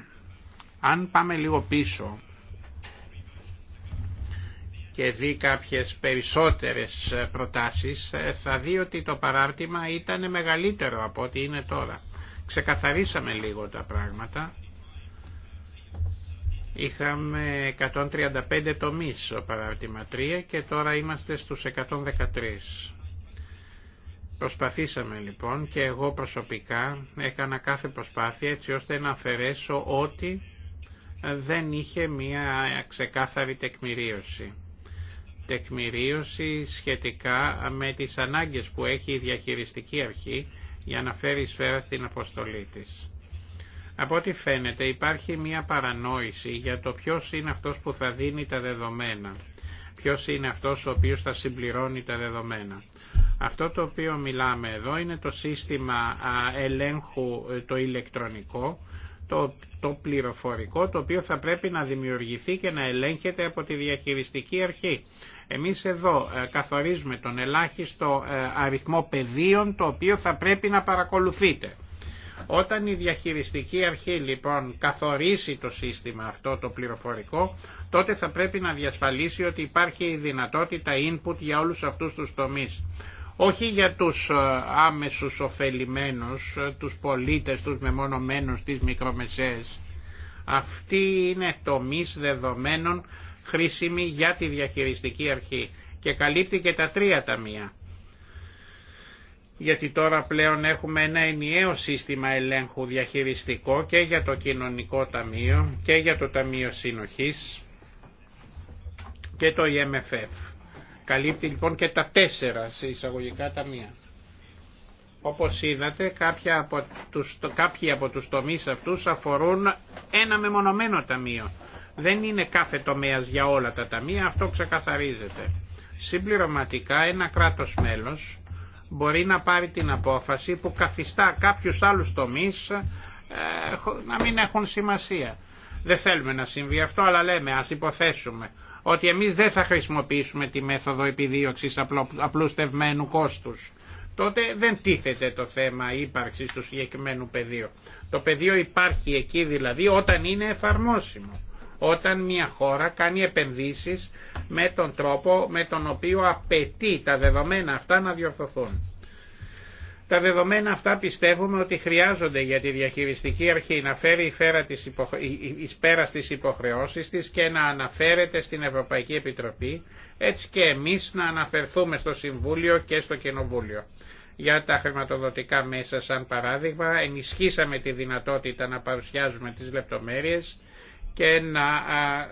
Αν πάμε λίγο πίσω και δει κάποιες περισσότερες προτάσεις ε, θα δει ότι το παράρτημα ήταν μεγαλύτερο από ό,τι είναι τώρα. Ξεκαθαρίσαμε λίγο τα πράγματα. Είχαμε 135 τομείς στο παράρτημα 3 και τώρα είμαστε στους 113. Προσπαθήσαμε λοιπόν και εγώ προσωπικά έκανα κάθε προσπάθεια έτσι ώστε να αφαιρέσω ότι δεν είχε μία ξεκάθαρη τεκμηρίωση τεκμηρίωση σχετικά με τις ανάγκες που έχει η διαχειριστική αρχή για να φέρει σφαίρα στην αποστολή της. Από ό,τι φαίνεται υπάρχει μια παρανόηση για το ποιος είναι αυτός που θα δίνει τα δεδομένα, ποιος είναι αυτός ο οποίος θα συμπληρώνει τα δεδομένα. Αυτό το οποίο μιλάμε εδώ είναι το σύστημα ελέγχου ε, το ηλεκτρονικό, το, το πληροφορικό, το οποίο θα πρέπει να δημιουργηθεί και να ελέγχεται από τη διαχειριστική αρχή. Εμείς εδώ ε, καθορίζουμε τον ελάχιστο ε, αριθμό πεδίων το οποίο θα πρέπει να παρακολουθείτε. Όταν η διαχειριστική αρχή λοιπόν καθορίσει το σύστημα αυτό το πληροφορικό, τότε θα πρέπει να διασφαλίσει ότι υπάρχει η δυνατότητα input για όλους αυτούς τους τομείς. Όχι για τους ε, άμεσους ωφελημένους, τους πολίτες, τους μεμονωμένους, τις μικρομεσαίες. Αυτοί είναι τομείς δεδομένων χρήσιμη για τη διαχειριστική αρχή και καλύπτει και τα τρία ταμεία. Γιατί τώρα πλέον έχουμε ένα ενιαίο σύστημα ελέγχου διαχειριστικό και για το κοινωνικό ταμείο και για το ταμείο συνοχής και το IMFF. E καλύπτει λοιπόν και τα τέσσερα εισαγωγικά ταμεία. Όπως είδατε κάποια από τους, κάποιοι από τους τομείς αυτούς αφορούν ένα μεμονωμένο ταμείο δεν είναι κάθε τομέας για όλα τα ταμεία, αυτό ξεκαθαρίζεται. Συμπληρωματικά ένα κράτος μέλος μπορεί να πάρει την απόφαση που καθιστά κάποιους άλλους τομείς ε, να μην έχουν σημασία. Δεν θέλουμε να συμβεί αυτό, αλλά λέμε, ας υποθέσουμε, ότι εμείς δεν θα χρησιμοποιήσουμε τη μέθοδο επιδίωξης απλούστευμένου κόστους. Τότε δεν τίθεται το θέμα ύπαρξης του συγκεκριμένου πεδίου. Το πεδίο υπάρχει εκεί δηλαδή όταν είναι εφαρμόσιμο όταν μια χώρα κάνει επενδύσεις με τον τρόπο με τον οποίο απαιτεί τα δεδομένα αυτά να διορθωθούν. Τα δεδομένα αυτά πιστεύουμε ότι χρειάζονται για τη διαχειριστική αρχή να φέρει εις πέρα στις υποχρεώσεις της και να αναφέρεται στην Ευρωπαϊκή Επιτροπή, έτσι και εμείς να αναφερθούμε στο Συμβούλιο και στο Κοινοβούλιο. Για τα χρηματοδοτικά μέσα σαν παράδειγμα ενισχύσαμε τη δυνατότητα να παρουσιάζουμε τις λεπτομέρειες και να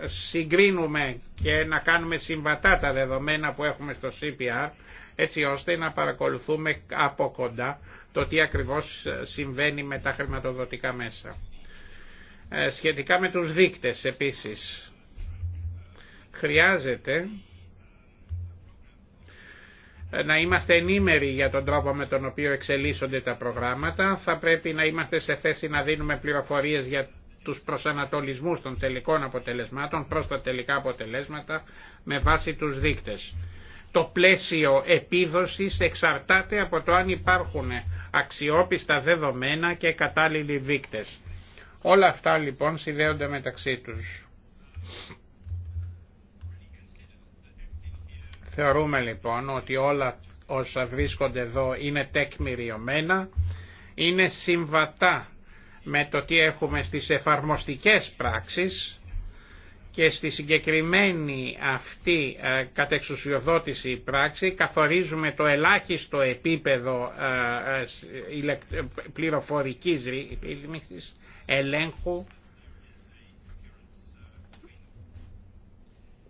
συγκρίνουμε και να κάνουμε συμβατά τα δεδομένα που έχουμε στο CPR έτσι ώστε να παρακολουθούμε από κοντά το τι ακριβώς ε, συμβαίνει με τα χρηματοδοτικά μέσα. Ε, σχετικά με τους δείκτες επίσης, χρειάζεται ε, να είμαστε ενήμεροι για τον τρόπο με τον οποίο εξελίσσονται τα προγράμματα, θα πρέπει να είμαστε σε θέση να δίνουμε πληροφορίες για τους προσανατολισμούς των τελικών αποτελεσμάτων προς τα τελικά αποτελέσματα με βάση τους δείκτες. Το πλαίσιο επίδοσης εξαρτάται από το αν υπάρχουν αξιόπιστα δεδομένα και κατάλληλοι δείκτες. Όλα αυτά λοιπόν συνδέονται μεταξύ τους. Θεωρούμε λοιπόν ότι όλα όσα βρίσκονται εδώ είναι τεκμηριωμένα, είναι συμβατά με το τι έχουμε στις εφαρμοστικές πράξεις και στη συγκεκριμένη αυτή ε, κατεξουσιοδότηση πράξη καθορίζουμε το ελάχιστο επίπεδο ε, ε, πληροφορικής ρύθμισης, ελέγχου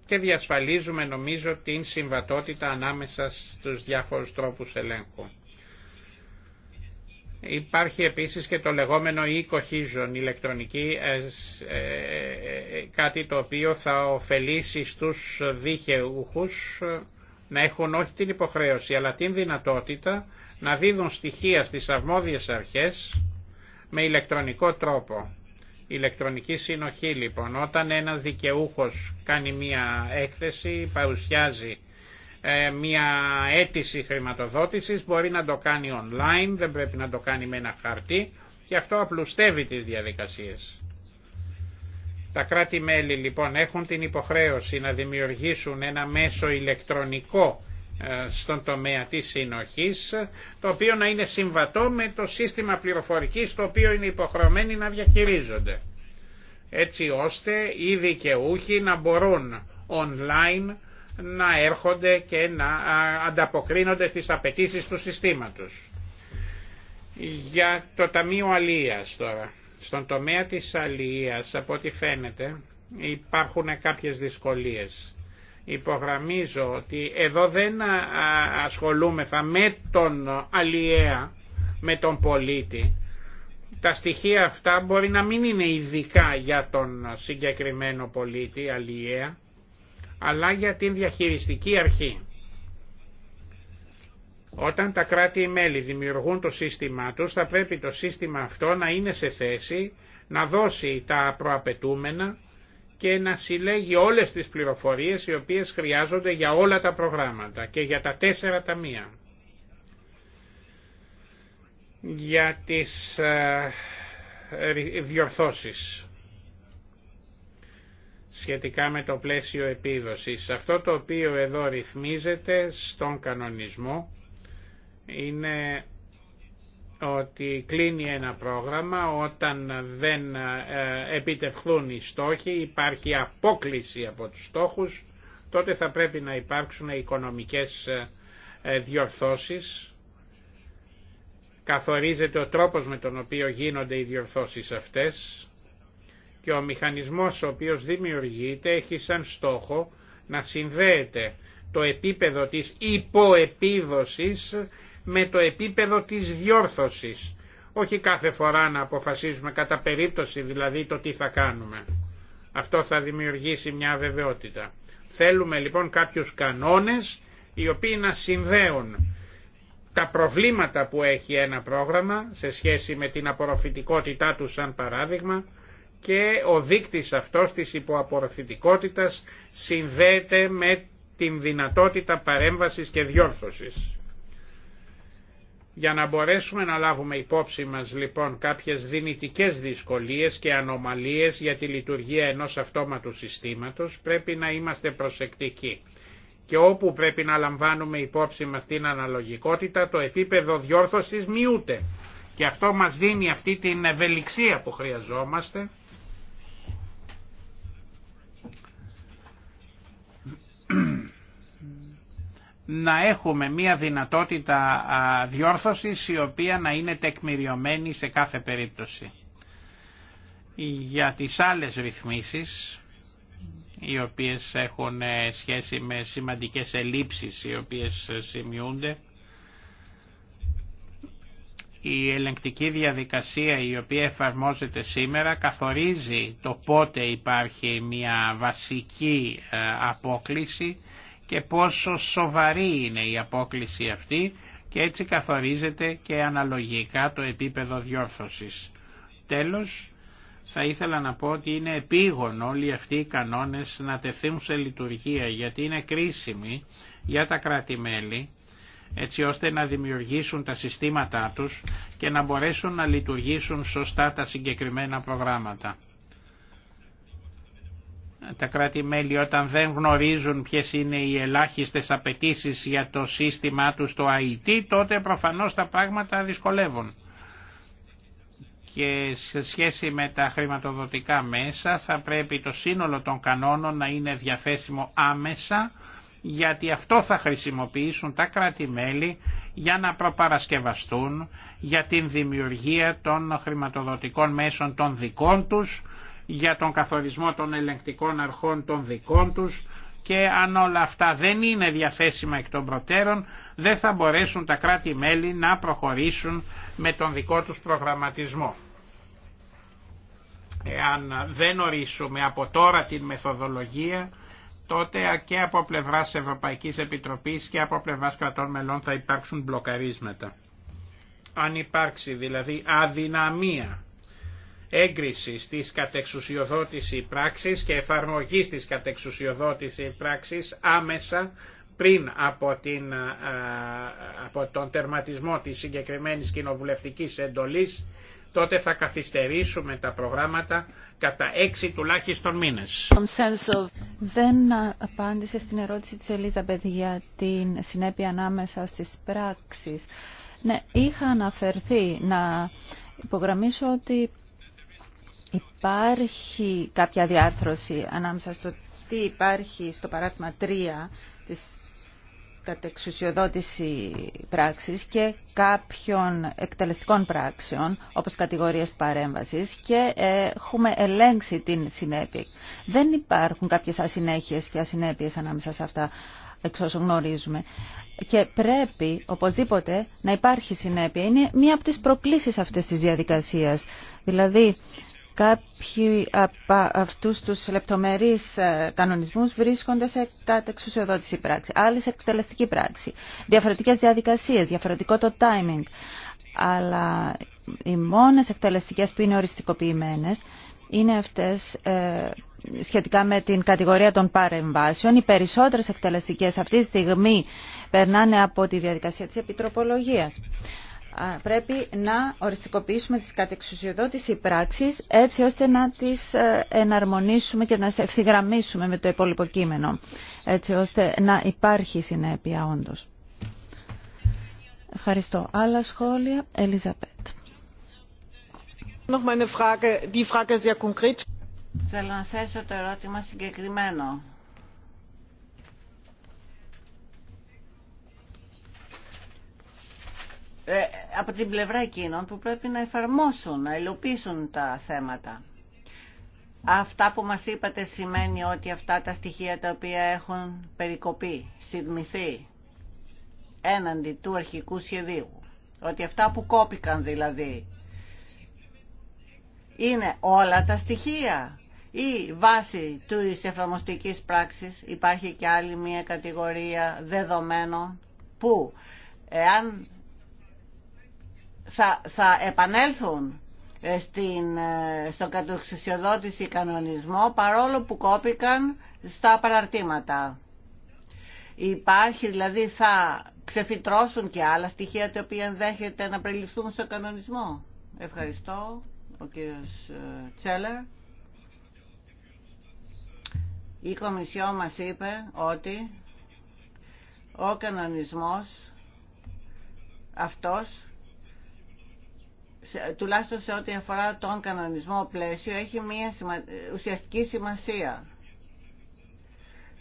και διασφαλίζουμε νομίζω την συμβατότητα ανάμεσα στους διάφορους τρόπους ελέγχου. Υπάρχει επίσης και το λεγόμενο e-cohesion ηλεκτρονική, ε, ε, ε, κάτι το οποίο θα ωφελήσει στους δίχεουχους να έχουν όχι την υποχρέωση αλλά την δυνατότητα να δίδουν στοιχεία στις αρμόδιες αρχές με ηλεκτρονικό τρόπο. Ηλεκτρονική συνοχή λοιπόν. Όταν ένας δικαιούχος κάνει μία έκθεση, παρουσιάζει ε, μια αίτηση χρηματοδότησης, μπορεί να το κάνει online, δεν πρέπει να το κάνει με ένα χαρτί και αυτό απλουστεύει τις διαδικασίες. Τα κράτη-μέλη λοιπόν έχουν την υποχρέωση να δημιουργήσουν ένα μέσο ηλεκτρονικό ε, στον τομέα της συνοχής, το οποίο να είναι συμβατό με το σύστημα πληροφορικής το οποίο είναι υποχρεωμένοι να διαχειρίζονται. Έτσι ώστε οι δικαιούχοι να μπορούν online να έρχονται και να ανταποκρίνονται στις απαιτήσεις του συστήματος. Για το Ταμείο Αλίας τώρα. Στον τομέα της Αλίας, από ό,τι φαίνεται, υπάρχουν κάποιες δυσκολίες. Υπογραμμίζω ότι εδώ δεν ασχολούμεθα με τον Αλιέα, με τον πολίτη. Τα στοιχεία αυτά μπορεί να μην είναι ειδικά για τον συγκεκριμένο πολίτη, Αλιέα, αλλά για την διαχειριστική αρχή. Όταν τα κράτη-μέλη δημιουργούν το σύστημά τους, θα πρέπει το σύστημα αυτό να είναι σε θέση να δώσει τα προαπαιτούμενα και να συλλέγει όλες τις πληροφορίες οι οποίες χρειάζονται για όλα τα προγράμματα και για τα τέσσερα ταμεία. Για τις ε, διορθώσεις σχετικά με το πλαίσιο επίδοσης. Αυτό το οποίο εδώ ρυθμίζεται στον κανονισμό είναι ότι κλείνει ένα πρόγραμμα όταν δεν ε, επιτευχθούν οι στόχοι, υπάρχει απόκληση από τους στόχους, τότε θα πρέπει να υπάρξουν οικονομικές ε, ε, διορθώσεις. Καθορίζεται ο τρόπος με τον οποίο γίνονται οι διορθώσεις αυτές και ο μηχανισμός ο οποίος δημιουργείται έχει σαν στόχο να συνδέεται το επίπεδο της υποεπίδοσης με το επίπεδο της διόρθωσης. Όχι κάθε φορά να αποφασίζουμε κατά περίπτωση δηλαδή το τι θα κάνουμε. Αυτό θα δημιουργήσει μια αβεβαιότητα. Θέλουμε λοιπόν κάποιους κανόνες οι οποίοι να συνδέουν τα προβλήματα που έχει ένα πρόγραμμα σε σχέση με την απορροφητικότητά του σαν παράδειγμα και ο δείκτης αυτός της υποαπορροφητικότητας συνδέεται με την δυνατότητα παρέμβασης και διόρθωσης. Για να μπορέσουμε να λάβουμε υπόψη μας λοιπόν κάποιες δυνητικές δυσκολίες και ανομαλίες για τη λειτουργία ενός αυτόματου συστήματος πρέπει να είμαστε προσεκτικοί και όπου πρέπει να λαμβάνουμε υπόψη μας την αναλογικότητα το επίπεδο διόρθωσης μειούται και αυτό μας δίνει αυτή την ευελιξία που χρειαζόμαστε να έχουμε μία δυνατότητα διόρθωσης η οποία να είναι τεκμηριωμένη σε κάθε περίπτωση. Για τις άλλες ρυθμίσεις, οι οποίες έχουν ε, σχέση με σημαντικές ελλείψεις οι οποίες ε, σημειούνται, η ελεγκτική διαδικασία η οποία εφαρμόζεται σήμερα καθορίζει το πότε υπάρχει μια βασική ε, απόκληση και πόσο σοβαρή είναι η απόκληση αυτή και έτσι καθορίζεται και αναλογικά το επίπεδο διόρθωσης. Τέλος, θα ήθελα να πω ότι είναι επίγον όλοι αυτοί οι κανόνες να τεθούν σε λειτουργία γιατί είναι κρίσιμοι για τα κράτη-μέλη έτσι ώστε να δημιουργήσουν τα συστήματά τους και να μπορέσουν να λειτουργήσουν σωστά τα συγκεκριμένα προγράμματα. Τα κράτη-μέλη όταν δεν γνωρίζουν ποιες είναι οι ελάχιστες απαιτήσεις για το σύστημά τους στο IT, τότε προφανώς τα πράγματα δυσκολεύουν και σε σχέση με τα χρηματοδοτικά μέσα θα πρέπει το σύνολο των κανόνων να είναι διαθέσιμο άμεσα γιατί αυτό θα χρησιμοποιήσουν τα κράτη-μέλη για να προπαρασκευαστούν για την δημιουργία των χρηματοδοτικών μέσων των δικών τους, για τον καθορισμό των ελεγκτικών αρχών των δικών τους και αν όλα αυτά δεν είναι διαθέσιμα εκ των προτέρων δεν θα μπορέσουν τα κράτη-μέλη να προχωρήσουν με τον δικό τους προγραμματισμό. Εάν δεν ορίσουμε από τώρα την μεθοδολογία τότε και από πλευρά Ευρωπαϊκή Επιτροπής και από πλευρά κρατών μελών θα υπάρξουν μπλοκαρίσματα. Αν υπάρξει δηλαδή αδυναμία έγκρισης της κατεξουσιοδότηση πράξη και εφαρμογής της κατεξουσιοδότηση πράξη άμεσα πριν από, από τον τερματισμό της συγκεκριμένης κοινοβουλευτικής εντολής τότε θα καθυστερήσουμε τα προγράμματα κατά έξι τουλάχιστον μήνες. Δεν απάντησε στην ερώτηση της Μπέδη για την συνέπεια ανάμεσα στις πράξεις. Ναι, είχα αναφερθεί να υπογραμμίσω ότι υπάρχει κάποια διάρθρωση ανάμεσα στο τι υπάρχει στο παράρτημα 3 της κατεξουσιοδότηση πράξης και κάποιων εκτελεστικών πράξεων, όπως κατηγορίες παρέμβασης, και ε, έχουμε ελέγξει την συνέπεια. Δεν υπάρχουν κάποιες ασυνέχειες και ασυνέπειες ανάμεσα σε αυτά, εξ όσων γνωρίζουμε. Και πρέπει, οπωσδήποτε, να υπάρχει συνέπεια. Είναι μία από τις προκλήσεις αυτής της διαδικασίας. Δηλαδή, Κάποιοι από αυτούς τους λεπτομερείς ε, κανονισμούς βρίσκονται σε εξουσιοδότηση πράξη, σε εκτελεστική πράξη, διαφορετικές διαδικασίες, διαφορετικό το timing. Αλλά οι μόνες εκτελεστικές που είναι οριστικοποιημένες είναι αυτές ε, σχετικά με την κατηγορία των παρεμβάσεων. Οι περισσότερες εκτελεστικές αυτή τη στιγμή περνάνε από τη διαδικασία της επιτροπολογίας πρέπει να οριστικοποιήσουμε τις κατεξουσιοδότηση πράξεις έτσι ώστε να τις ε, εναρμονίσουμε και να σε ευθυγραμμίσουμε με το υπόλοιπο κείμενο, έτσι ώστε να υπάρχει συνέπεια όντως. Ευχαριστώ. Άλλα σχόλια, Ελίζα Πέτ. Θέλω να θέσω το ερώτημα συγκεκριμένο Ε, από την πλευρά εκείνων που πρέπει να εφαρμόσουν, να υλοποιήσουν τα θέματα. Αυτά που μας είπατε σημαίνει ότι αυτά τα στοιχεία τα οποία έχουν περικοπεί, συντμηθεί, έναντι του αρχικού σχεδίου, ότι αυτά που κόπηκαν δηλαδή, είναι όλα τα στοιχεία ή βάση του εφαρμοστικής πράξης υπάρχει και άλλη μια κατηγορία δεδομένων που εάν θα, θα επανέλθουν ε, στην, ε, στον κατοξουσιοδότηση κανονισμό παρόλο που κόπηκαν στα παραρτήματα. Υπάρχει δηλαδή θα ξεφυτρώσουν και άλλα στοιχεία τα οποία ενδέχεται να περιληφθούν στο κανονισμό. Ευχαριστώ ο κύριος ε, Τσέλερ. Η Κομισιό μας είπε ότι ο κανονισμός αυτός τουλάχιστον σε ό,τι αφορά τον κανονισμό πλαίσιο, έχει μια ουσιαστική σημασία.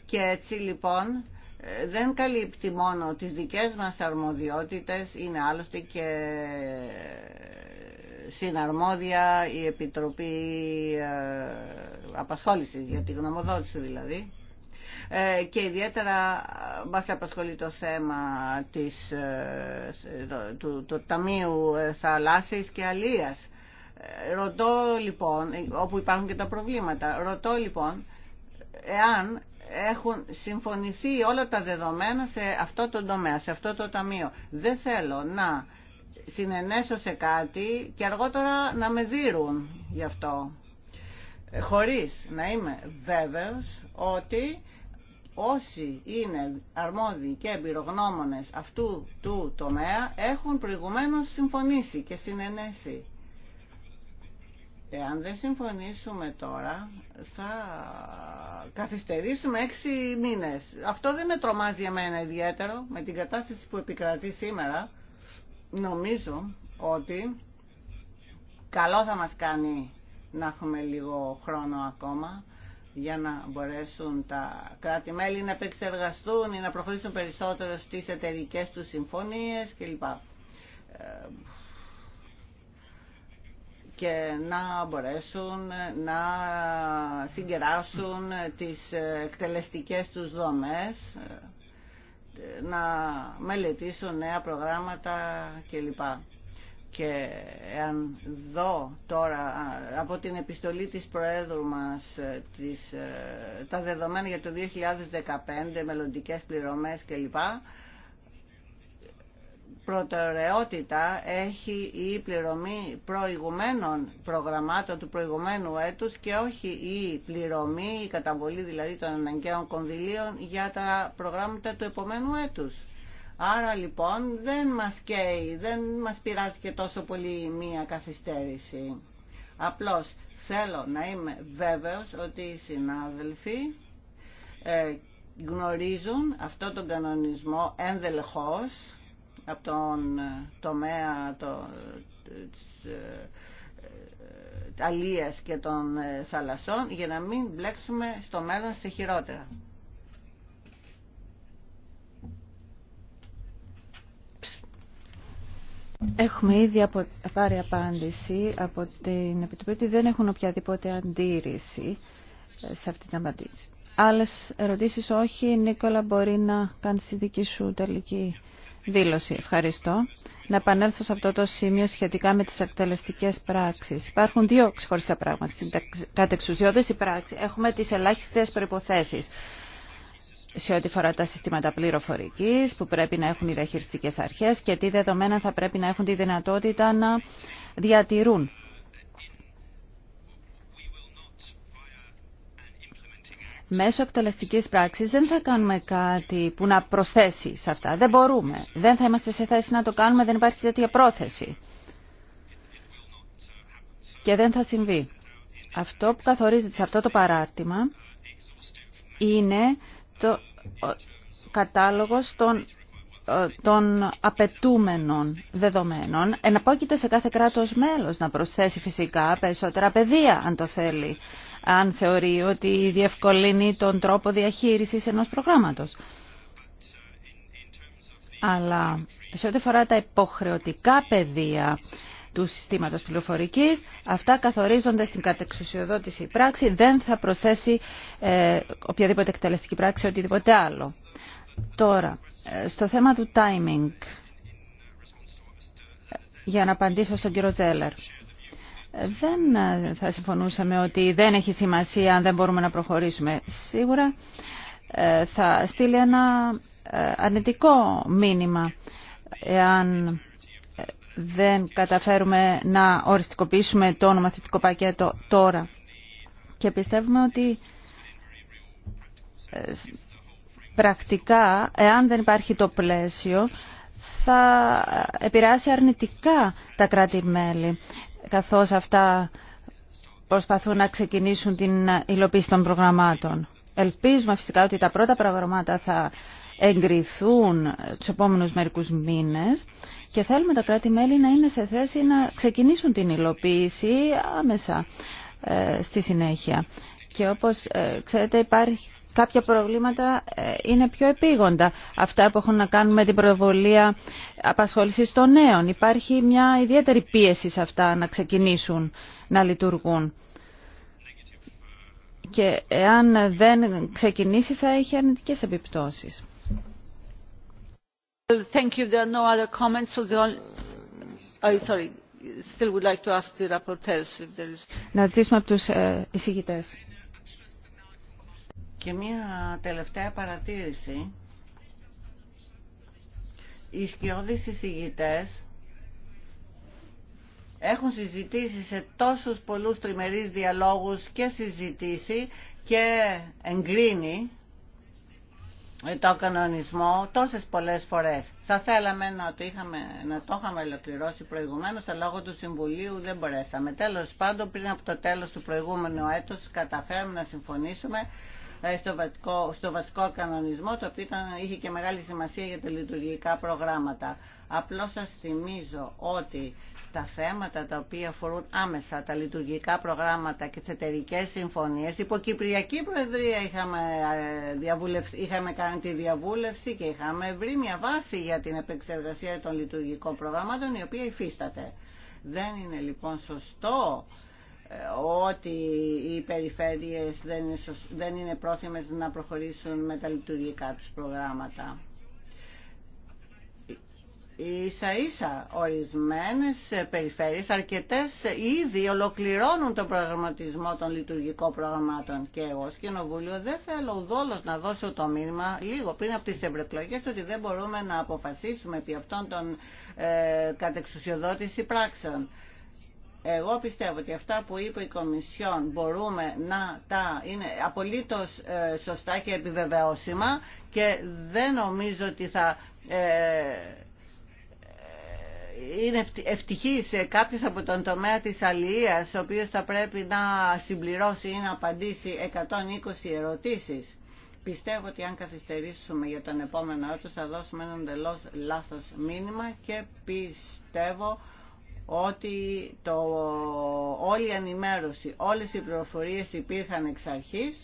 Και έτσι λοιπόν ε, δεν καλύπτει μόνο τις δικές μας αρμοδιότητες, είναι άλλωστε και ε, συναρμόδια η Επιτροπή ε, Απασχόλησης, για τη γνωμοδότηση δηλαδή. Ε, και ιδιαίτερα ε, μα απασχολεί το θέμα της, ε, του, του, του Ταμείου Θαλάσσης και Αλίας. Ρωτώ λοιπόν, όπου υπάρχουν και τα προβλήματα, ρωτώ λοιπόν εάν έχουν συμφωνηθεί όλα τα δεδομένα σε αυτό το τομέα, σε αυτό το ταμείο. Δεν θέλω να συνενέσω σε κάτι και αργότερα να με δίρουν γι' αυτό. Χωρίς να είμαι βέβαιος ότι όσοι είναι αρμόδιοι και εμπειρογνώμονες αυτού του τομέα έχουν προηγουμένως συμφωνήσει και συνενέσει. Εάν δεν συμφωνήσουμε τώρα, θα καθυστερήσουμε έξι μήνες. Αυτό δεν με τρομάζει εμένα ιδιαίτερο με την κατάσταση που επικρατεί σήμερα. Νομίζω ότι καλό θα μας κάνει να έχουμε λίγο χρόνο ακόμα για να μπορέσουν τα κράτη-μέλη να επεξεργαστούν ή να προχωρήσουν περισσότερο στις εταιρικές τους συμφωνίες κλπ. Ε, και να μπορέσουν να συγκεράσουν τις εκτελεστικές τους δομές, ε, να μελετήσουν νέα προγράμματα κλπ και αν δω τώρα από την επιστολή της Προέδρου μας ε, ε, τα δεδομένα για το 2015, μελλοντικές πληρωμές κλπ, προτεραιότητα έχει η πληρωμή προηγουμένων προγραμμάτων του προηγουμένου έτους και όχι η πληρωμή, η καταβολή δηλαδή των αναγκαίων κονδυλίων για τα προγράμματα του επομένου έτους. Άρα λοιπόν δεν μας καίει, δεν μας πειράζει και τόσο πολύ μία καθυστέρηση. Απλώς θέλω να είμαι βέβαιος ότι οι συνάδελφοι ε, γνωρίζουν αυτό τον κανονισμό ενδελεχώς από τον ε, τομέα το, ε, αλίας και των θαλασσών για να μην μπλέξουμε στο μέλλον σε χειρότερα. Έχουμε ήδη απο... πάρει απάντηση από την Επιτροπή ότι δεν έχουν οποιαδήποτε αντίρρηση ε, σε αυτή την απάντηση. Άλλε ερωτήσει, όχι. Νίκολα μπορεί να κάνει τη δική σου τελική δήλωση. Ευχαριστώ. Να επανέλθω σε αυτό το σημείο σχετικά με τις εκτελεστικέ πράξεις. Υπάρχουν δύο ξεχωριστά πράγματα. Στην κατεξουσιώδηση πράξη έχουμε τι ελάχιστε προποθέσει σε ό,τι φορά τα συστήματα πληροφορικής που πρέπει να έχουν οι διαχειριστικέ αρχές και τι δεδομένα θα πρέπει να έχουν τη δυνατότητα να διατηρούν. Μέσω εκτελεστική πράξη δεν θα κάνουμε κάτι που να προσθέσει σε αυτά. Δεν μπορούμε. Δεν θα είμαστε σε θέση να το κάνουμε. Δεν υπάρχει τέτοια πρόθεση. Και δεν θα συμβεί. Αυτό που καθορίζεται σε αυτό το παράρτημα είναι το κατάλογος των των απαιτούμενων δεδομένων. Εναπόκειται σε κάθε κράτος μέλος να προσθέσει φυσικά περισσότερα παιδεία, αν το θέλει, αν θεωρεί ότι διευκολύνει τον τρόπο διαχείρισης ενός προγράμματος. Αλλά σε ό,τι φορά τα υποχρεωτικά παιδεία, του συστήματος πληροφορικής. Αυτά καθορίζονται στην κατεξουσιοδότηση πράξη. Δεν θα προσθέσει ε, οποιαδήποτε εκτελεστική πράξη οτιδήποτε άλλο. Τώρα, ε, στο θέμα του timing, για να απαντήσω στον κύριο Τζέλερ. Ε, δεν ε, θα συμφωνούσαμε ότι δεν έχει σημασία αν δεν μπορούμε να προχωρήσουμε. Σίγουρα θα στείλει ένα αρνητικό μήνυμα εάν δεν καταφέρουμε να οριστικοποιήσουμε το νομοθετικό πακέτο τώρα. Και πιστεύουμε ότι ε, πρακτικά, εάν δεν υπάρχει το πλαίσιο, θα επηρεάσει αρνητικά τα κράτη-μέλη, καθώς αυτά προσπαθούν να ξεκινήσουν την υλοποίηση των προγραμμάτων. Ελπίζουμε φυσικά ότι τα πρώτα προγραμμάτα θα εγκριθούν τους επόμενους μερικούς μήνες και θέλουμε τα κράτη-μέλη να είναι σε θέση να ξεκινήσουν την υλοποίηση άμεσα ε, στη συνέχεια. Και όπως ε, ξέρετε υπάρχει Κάποια προβλήματα ε, είναι πιο επίγοντα. Αυτά που έχουν να κάνουν με την προβολία απασχόλησης των νέων. Υπάρχει μια ιδιαίτερη πίεση σε αυτά να ξεκινήσουν να λειτουργούν. Και εάν δεν ξεκινήσει θα έχει αρνητικές επιπτώσεις. Thank you. There are no other comments. So the I, uh, oh, sorry. Still would like to ask the rapporteurs if there is. Να ζητήσουμε από τους ε, εισηγητές. Και μια τελευταία παρατήρηση. Οι σκιώδεις εισηγητές έχουν συζητήσει σε τόσους πολλούς τριμερείς διαλόγους και συζητήσει και εγκρίνει το κανονισμό τόσε πολλέ φορές. Θα θέλαμε να το, είχαμε, να το είχαμε ολοκληρώσει προηγουμένως, αλλά λόγω του Συμβουλίου δεν μπορέσαμε. Τέλος πάντων, πριν από το τέλος του προηγούμενου έτους, καταφέραμε να συμφωνήσουμε ε, στο βασικό, στο κανονισμό, το οποίο ήταν, είχε και μεγάλη σημασία για τα λειτουργικά προγράμματα. Απλώ σα θυμίζω ότι τα θέματα τα οποία αφορούν άμεσα τα λειτουργικά προγράμματα και τι εταιρικέ συμφωνίε. Υπό Κυπριακή Προεδρία είχαμε, ε, είχαμε κάνει τη διαβούλευση και είχαμε βρει μια βάση για την επεξεργασία των λειτουργικών προγραμμάτων η οποία υφίσταται. Δεν είναι λοιπόν σωστό ε, ότι οι περιφέρειες δεν είναι, δεν είναι πρόθυμες να προχωρήσουν με τα λειτουργικά τους προγράμματα. Ίσα ίσα ορισμένες περιφέρειες αρκετές ήδη ολοκληρώνουν τον προγραμματισμό των λειτουργικών προγραμμάτων και εγώ ως κοινοβούλιο δεν θέλω ουδόλως να δώσω το μήνυμα λίγο πριν από τις ευρωεκλογές ότι δεν μπορούμε να αποφασίσουμε επί αυτών των ε, κατεξουσιοδότηση πράξεων. Εγώ πιστεύω ότι αυτά που είπε η Κομισιόν μπορούμε να τα είναι απολύτως ε, σωστά και επιβεβαιώσιμα και δεν νομίζω ότι θα... Ε, είναι σε κάποιο από τον τομέα της αλληλείας ο οποίος θα πρέπει να συμπληρώσει ή να απαντήσει 120 ερωτήσεις πιστεύω ότι αν καθυστερήσουμε για τον επόμενο έτος θα δώσουμε έναν τελώς λάθος μήνυμα και πιστεύω ότι το, όλη η ενημέρωση, όλες οι πληροφορίες υπήρχαν εξ αρχής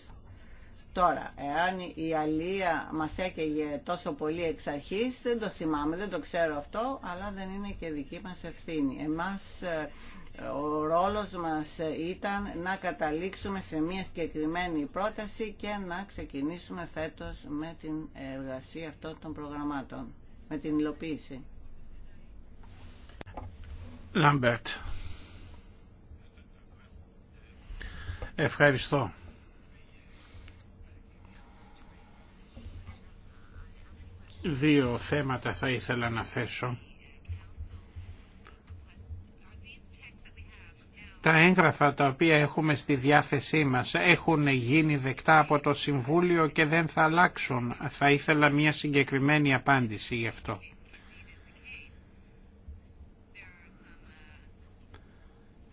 Τώρα, εάν η αλία μας έκαιγε τόσο πολύ εξ αρχής, δεν το θυμάμαι, δεν το ξέρω αυτό, αλλά δεν είναι και δική μας ευθύνη. Εμάς ε, ο ρόλος μας ήταν να καταλήξουμε σε μια συγκεκριμένη πρόταση και να ξεκινήσουμε φέτος με την εργασία αυτών των προγραμμάτων, με την υλοποίηση. Λάμπερτ. Ευχαριστώ. Δύο θέματα θα ήθελα να θέσω. Τα έγγραφα τα οποία έχουμε στη διάθεσή μας έχουν γίνει δεκτά από το Συμβούλιο και δεν θα αλλάξουν. Θα ήθελα μια συγκεκριμένη απάντηση γι' αυτό.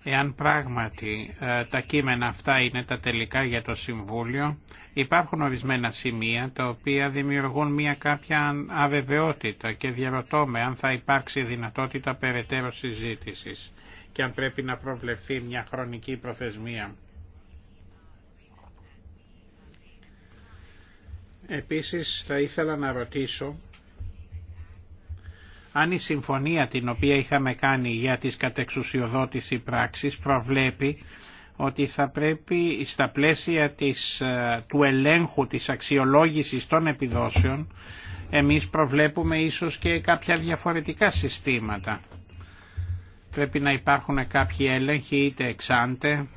Εάν πράγματι ε, τα κείμενα αυτά είναι τα τελικά για το Συμβούλιο, Υπάρχουν ορισμένα σημεία τα οποία δημιουργούν μια κάποια αβεβαιότητα και διαρωτώ με αν θα υπάρξει δυνατότητα περαιτέρω συζήτησης και αν πρέπει να προβλεφθεί μια χρονική προθεσμία. Επίσης θα ήθελα να ρωτήσω αν η συμφωνία την οποία είχαμε κάνει για τις κατεξουσιοδότηση πράξης προβλέπει ότι θα πρέπει στα πλαίσια της, ε, του ελέγχου της αξιολόγησης των επιδόσεων εμείς προβλέπουμε ίσως και κάποια διαφορετικά συστήματα. Πρέπει να υπάρχουν κάποιοι έλεγχοι είτε εξάντε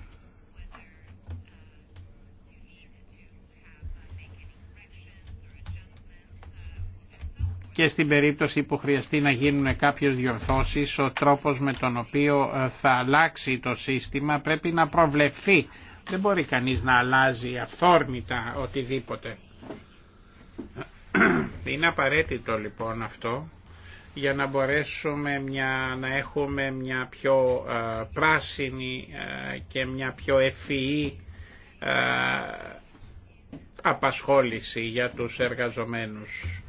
και στην περίπτωση που χρειαστεί να γίνουν κάποιες διορθώσεις ο τρόπος με τον οποίο ε, θα αλλάξει το σύστημα πρέπει να προβλεφθεί. Δεν μπορεί κανείς να αλλάζει αυθόρμητα οτιδήποτε. Είναι απαραίτητο λοιπόν αυτό για να μπορέσουμε μια, να έχουμε μια πιο ε, πράσινη ε, και μια πιο ευφυή απασχόληση για τους εργαζομένους.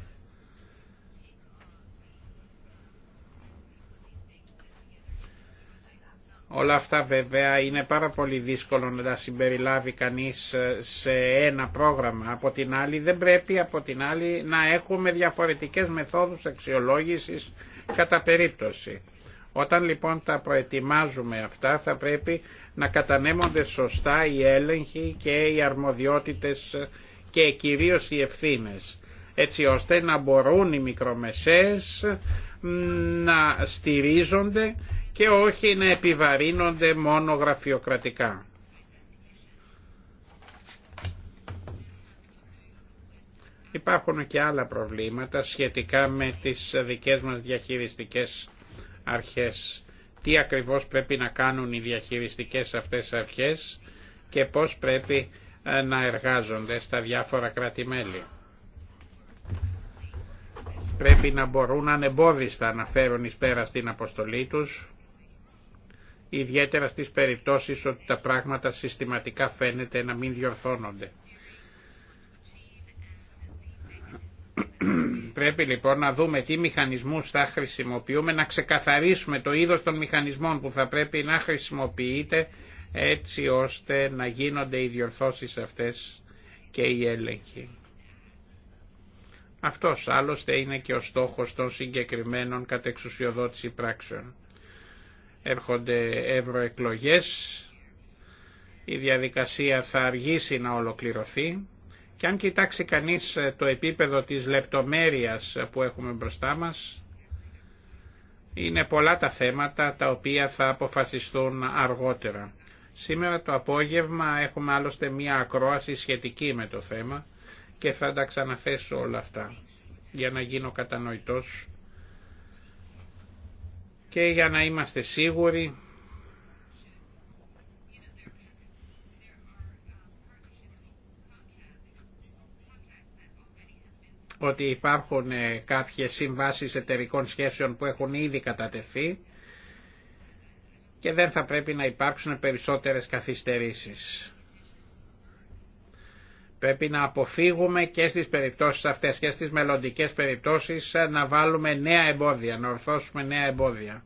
Όλα αυτά βέβαια είναι πάρα πολύ δύσκολο να τα συμπεριλάβει κανείς ε, σε ένα πρόγραμμα. Από την άλλη δεν πρέπει από την άλλη να έχουμε διαφορετικές μεθόδους αξιολόγησης κατά περίπτωση. Όταν λοιπόν τα προετοιμάζουμε αυτά θα πρέπει να κατανέμονται σωστά οι έλεγχοι και οι αρμοδιότητες ε, και κυρίως οι ευθύνες έτσι ώστε να μπορούν οι μικρομεσαίες να στηρίζονται και όχι να επιβαρύνονται μόνο γραφειοκρατικά. Υπάρχουν και άλλα προβλήματα σχετικά με τις δικές μας διαχειριστικές αρχές. Τι ακριβώς πρέπει να κάνουν οι διαχειριστικές αυτές αρχές και πώς πρέπει ε, να εργάζονται στα διάφορα κράτη-μέλη. Πρέπει να μπορούν ανεμπόδιστα να φέρουν εις πέρα στην αποστολή τους ιδιαίτερα στις περιπτώσεις ότι τα πράγματα συστηματικά φαίνεται να μην διορθώνονται. Πρέπει λοιπόν να δούμε τι μηχανισμούς θα χρησιμοποιούμε, να ξεκαθαρίσουμε το είδος των μηχανισμών που θα πρέπει να χρησιμοποιείται έτσι ώστε να γίνονται οι διορθώσεις αυτές και οι έλεγχοι. Αυτός άλλωστε είναι και ο στόχος των συγκεκριμένων κατεξουσιοδότηση πράξεων έρχονται ευρωεκλογές, η διαδικασία θα αργήσει να ολοκληρωθεί και αν κοιτάξει κανείς ε, το επίπεδο της λεπτομέρειας που έχουμε μπροστά μας, είναι πολλά τα θέματα τα οποία θα αποφασιστούν αργότερα. Σήμερα το απόγευμα έχουμε άλλωστε μία ακρόαση σχετική με το θέμα και θα τα ξαναθέσω όλα αυτά για να γίνω κατανοητός και για να είμαστε σίγουροι ότι υπάρχουν ε, κάποιες συμβάσεις εταιρικών σχέσεων που έχουν ήδη κατατεθεί και δεν θα πρέπει να υπάρξουν περισσότερες καθυστερήσεις. Πρέπει να αποφύγουμε και στις περιπτώσεις αυτές και στις μελλοντικέ περιπτώσεις ε, να βάλουμε νέα εμπόδια, να ορθώσουμε νέα εμπόδια.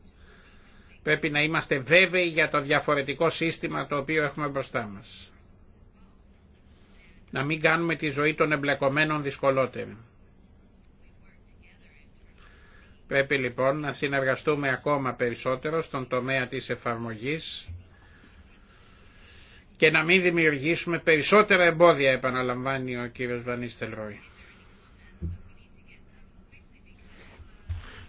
Πρέπει να είμαστε βέβαιοι για το διαφορετικό σύστημα το οποίο έχουμε μπροστά μας. Να μην κάνουμε τη ζωή των εμπλεκομένων δυσκολότερη. Πρέπει λοιπόν να συνεργαστούμε ακόμα περισσότερο στον τομέα της εφαρμογής και να μην δημιουργήσουμε περισσότερα εμπόδια επαναλαμβάνει ο κύριος Ρόι.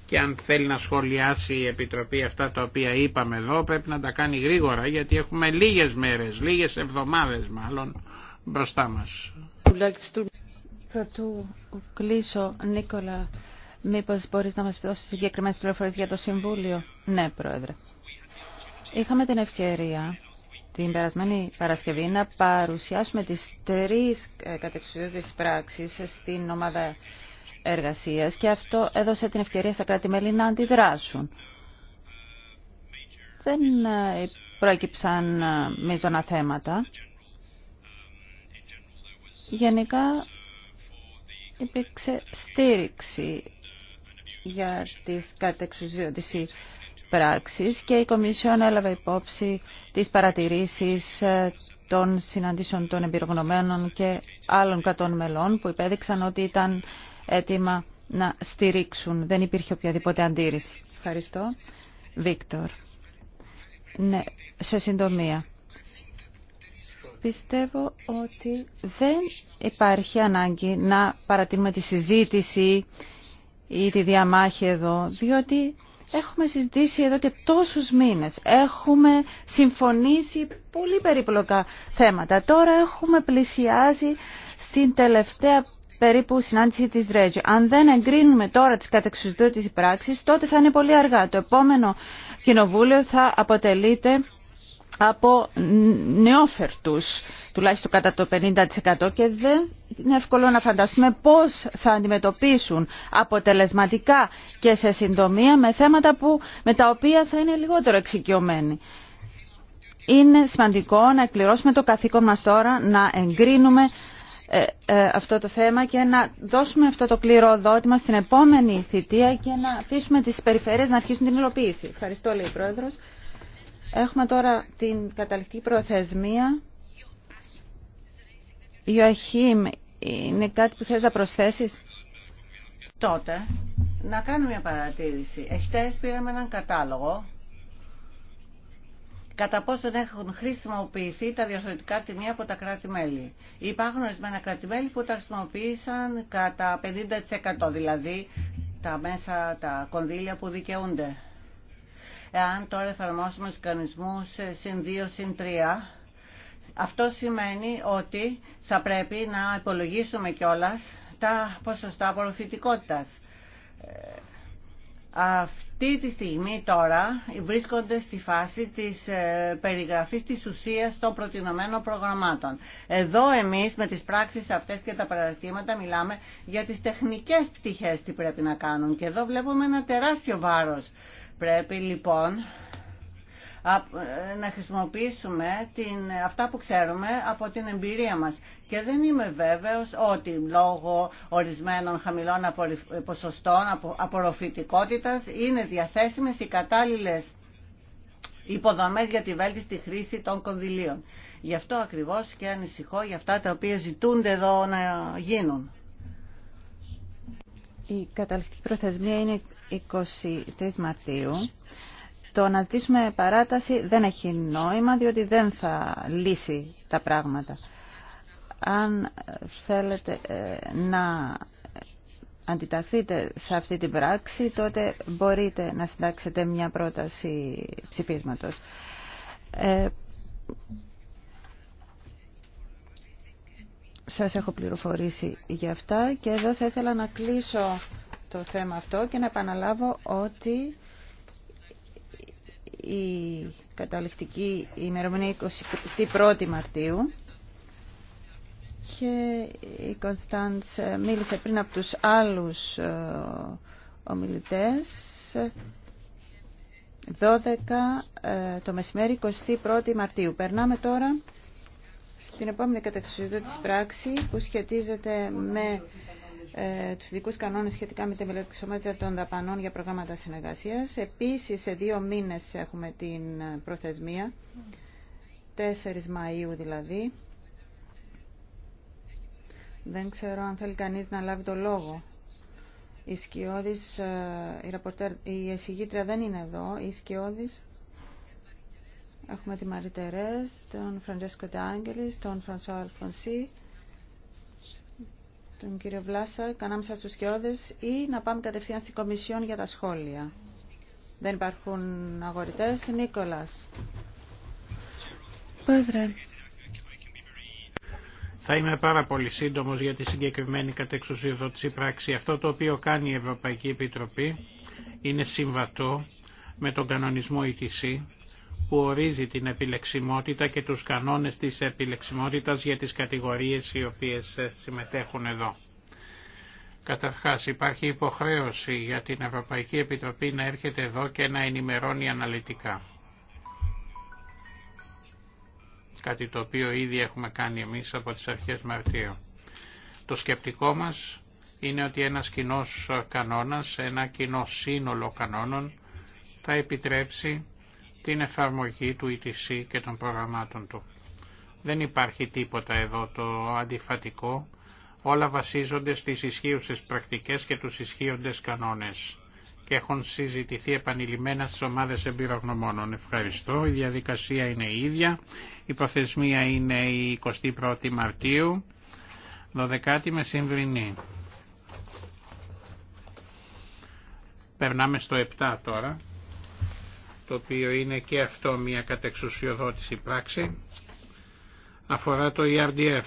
Και αν θέλει να σχολιάσει η Επιτροπή αυτά τα οποία είπαμε εδώ πρέπει να τα κάνει γρήγορα γιατί έχουμε λίγες μέρες, λίγες εβδομάδες μάλλον μπροστά μας. Πρωτού κλείσω, Νίκολα, μήπως μπορείς να μας δώσεις συγκεκριμένες πληροφορίες για το Συμβούλιο. Ναι, Πρόεδρε. Είχαμε την ευκαιρία την περασμένη Παρασκευή να παρουσιάσουμε τις τρεις ε, κατεξουσιώδεις πράξεις στην ομάδα εργασίας και αυτό έδωσε την ευκαιρία στα κράτη-μέλη να αντιδράσουν. Δεν ε, πρόκυψαν ε, μείζωνα θέματα. Γενικά υπήρξε στήριξη για τις κατεξουσιώδεις πράξεις και η Κομισιόν έλαβε υπόψη τις παρατηρήσεις ε, των συναντήσεων των εμπειρογνωμένων και άλλων κατών μελών που υπέδειξαν ότι ήταν έτοιμα να στηρίξουν. Δεν υπήρχε οποιαδήποτε αντίρρηση. Ευχαριστώ. Βίκτορ. Ναι, σε συντομία. Πιστεύω ότι δεν υπάρχει ανάγκη να παρατείνουμε τη συζήτηση ή τη διαμάχη εδώ, διότι Έχουμε συζητήσει εδώ και τόσους μήνες. Έχουμε συμφωνήσει πολύ περίπλοκα θέματα. Τώρα έχουμε πλησιάσει στην τελευταία περίπου συνάντηση της Ρέτζο. Αν δεν εγκρίνουμε τώρα τις κατεξουσδότητες πράξεις, τότε θα είναι πολύ αργά. Το επόμενο κοινοβούλιο θα αποτελείται από νεόφερτους, τουλάχιστον κατά το 50% και δεν είναι εύκολο να φανταστούμε πώς θα αντιμετωπίσουν αποτελεσματικά και σε συντομία με θέματα που, με τα οποία θα είναι λιγότερο εξοικειωμένοι. Είναι σημαντικό να εκπληρώσουμε το καθήκον μας τώρα, να εγκρίνουμε ε, ε, αυτό το θέμα και να δώσουμε αυτό το κληροδότημα στην επόμενη θητεία και να αφήσουμε τις περιφέρειες να αρχίσουν την υλοποίηση. Ευχαριστώ, λέει η Πρόεδρος. Έχουμε τώρα την καταληκτική προθεσμία. Ιωαχήμ, είναι κάτι που θες να προσθέσεις. Τότε, να κάνουμε μια παρατήρηση. Εχθές πήραμε έναν κατάλογο κατά πόσο έχουν χρησιμοποιηθεί τα διαφορετικά τιμία από τα κράτη-μέλη. Υπάρχουν ορισμένα κράτη-μέλη που τα χρησιμοποίησαν κατά 50%, δηλαδή τα μέσα, τα κονδύλια που δικαιούνται εάν τώρα εφαρμόσουμε τους κανονισμούς ε, συν 2, συν 3, αυτό σημαίνει ότι θα πρέπει να υπολογίσουμε κιόλα τα ποσοστά απορροφητικότητας. Ε, αυτή τη στιγμή τώρα βρίσκονται στη φάση της ε, περιγραφής της ουσίας των προτινομένων προγραμμάτων. Εδώ εμείς με τις πράξεις αυτές και τα παραδείγματα μιλάμε για τις τεχνικές πτυχές τι πρέπει να κάνουν και εδώ βλέπουμε ένα τεράστιο βάρος Πρέπει λοιπόν ε, να χρησιμοποιήσουμε την, αυτά που ξέρουμε από την εμπειρία μας. Και δεν είμαι βέβαιος ότι λόγω ορισμένων χαμηλών ε, ποσοστών απορροφητικότητας είναι διαθέσιμες οι κατάλληλες υποδομές για τη βέλτιστη χρήση των κονδυλίων. Γι' αυτό ακριβώς και ανησυχώ για αυτά τα οποία ζητούνται εδώ να γίνουν. Η καταληκτική προθεσμία είναι 23 Μαρτίου. Το να ζητήσουμε παράταση δεν έχει νόημα, διότι δεν θα λύσει τα πράγματα. Αν θέλετε ε, να αντιταθείτε σε αυτή την πράξη, τότε μπορείτε να συντάξετε μια πρόταση ψηφίσματος. Ε, σας έχω πληροφορήσει για αυτά και εδώ θα ήθελα να κλείσω το θέμα αυτό και να επαναλάβω ότι η καταληκτική ημερομηνία 21η Μαρτίου και η Κωνσταντς ε, μίλησε πριν από τους άλλους ε, ομιλητές 12 ε, το μεσημέρι 21η Μαρτίου. Περνάμε τώρα στην επόμενη καταξιότητα της πράξη που σχετίζεται με ε, τους δικούς κανόνες σχετικά με τη μελετησομέτρια των δαπανών για προγράμματα συνεργασίας. Επίσης, σε δύο μήνες έχουμε την προθεσμία, 4 Μαΐου δηλαδή. Δεν ξέρω αν θέλει κανείς να λάβει το λόγο. Η Σκιώδης, ε, η, ραπορτέρ, εισηγήτρια δεν είναι εδώ, η Σκιώδης. Έχουμε τη Μαρή Τερές, τον Φραντζέσκο Τάγγελης, τον Φρανσό Αλφονσί, τον κύριο Βλάσα, ανάμεσα στους σκιώδες ή να πάμε κατευθείαν στην Κομισιόν για τα σχόλια. Δεν υπάρχουν αγορητές. Νίκολας. Πρόεδρε. Θα είμαι πάρα πολύ σύντομος για τη συγκεκριμένη κατεξουσιοδότηση πράξη. Αυτό το οποίο κάνει η Ευρωπαϊκή Επιτροπή είναι συμβατό με τον κανονισμό ETC που ορίζει την επιλεξιμότητα και τους κανόνες της επιλεξιμότητας για τις κατηγορίες οι οποίες ε, συμμετέχουν εδώ. Καταρχάς υπάρχει υποχρέωση για την Ευρωπαϊκή Επιτροπή να έρχεται εδώ και να ενημερώνει αναλυτικά. Κάτι το οποίο ήδη έχουμε κάνει εμείς από τις αρχές Μαρτίου. Το σκεπτικό μας είναι ότι ένας κοινός ε, κανόνας, ένα κοινό σύνολο κανόνων θα επιτρέψει την εφαρμογή του ETC ε και των προγραμμάτων του. Δεν υπάρχει τίποτα εδώ το αντιφατικό, όλα βασίζονται στις ισχύουσες πρακτικές και τους ισχύοντες κανόνες και έχουν συζητηθεί επανειλημμένα στις ομάδες εμπειρογνωμόνων. Ευχαριστώ. Η διαδικασία είναι η ίδια. Η προθεσμία είναι η 21η Μαρτίου, 12η Μεσημβρινή. Περνάμε στο 7 τώρα το οποίο είναι και αυτό μια κατεξουσιοδότηση πράξη, αφορά το ERDF.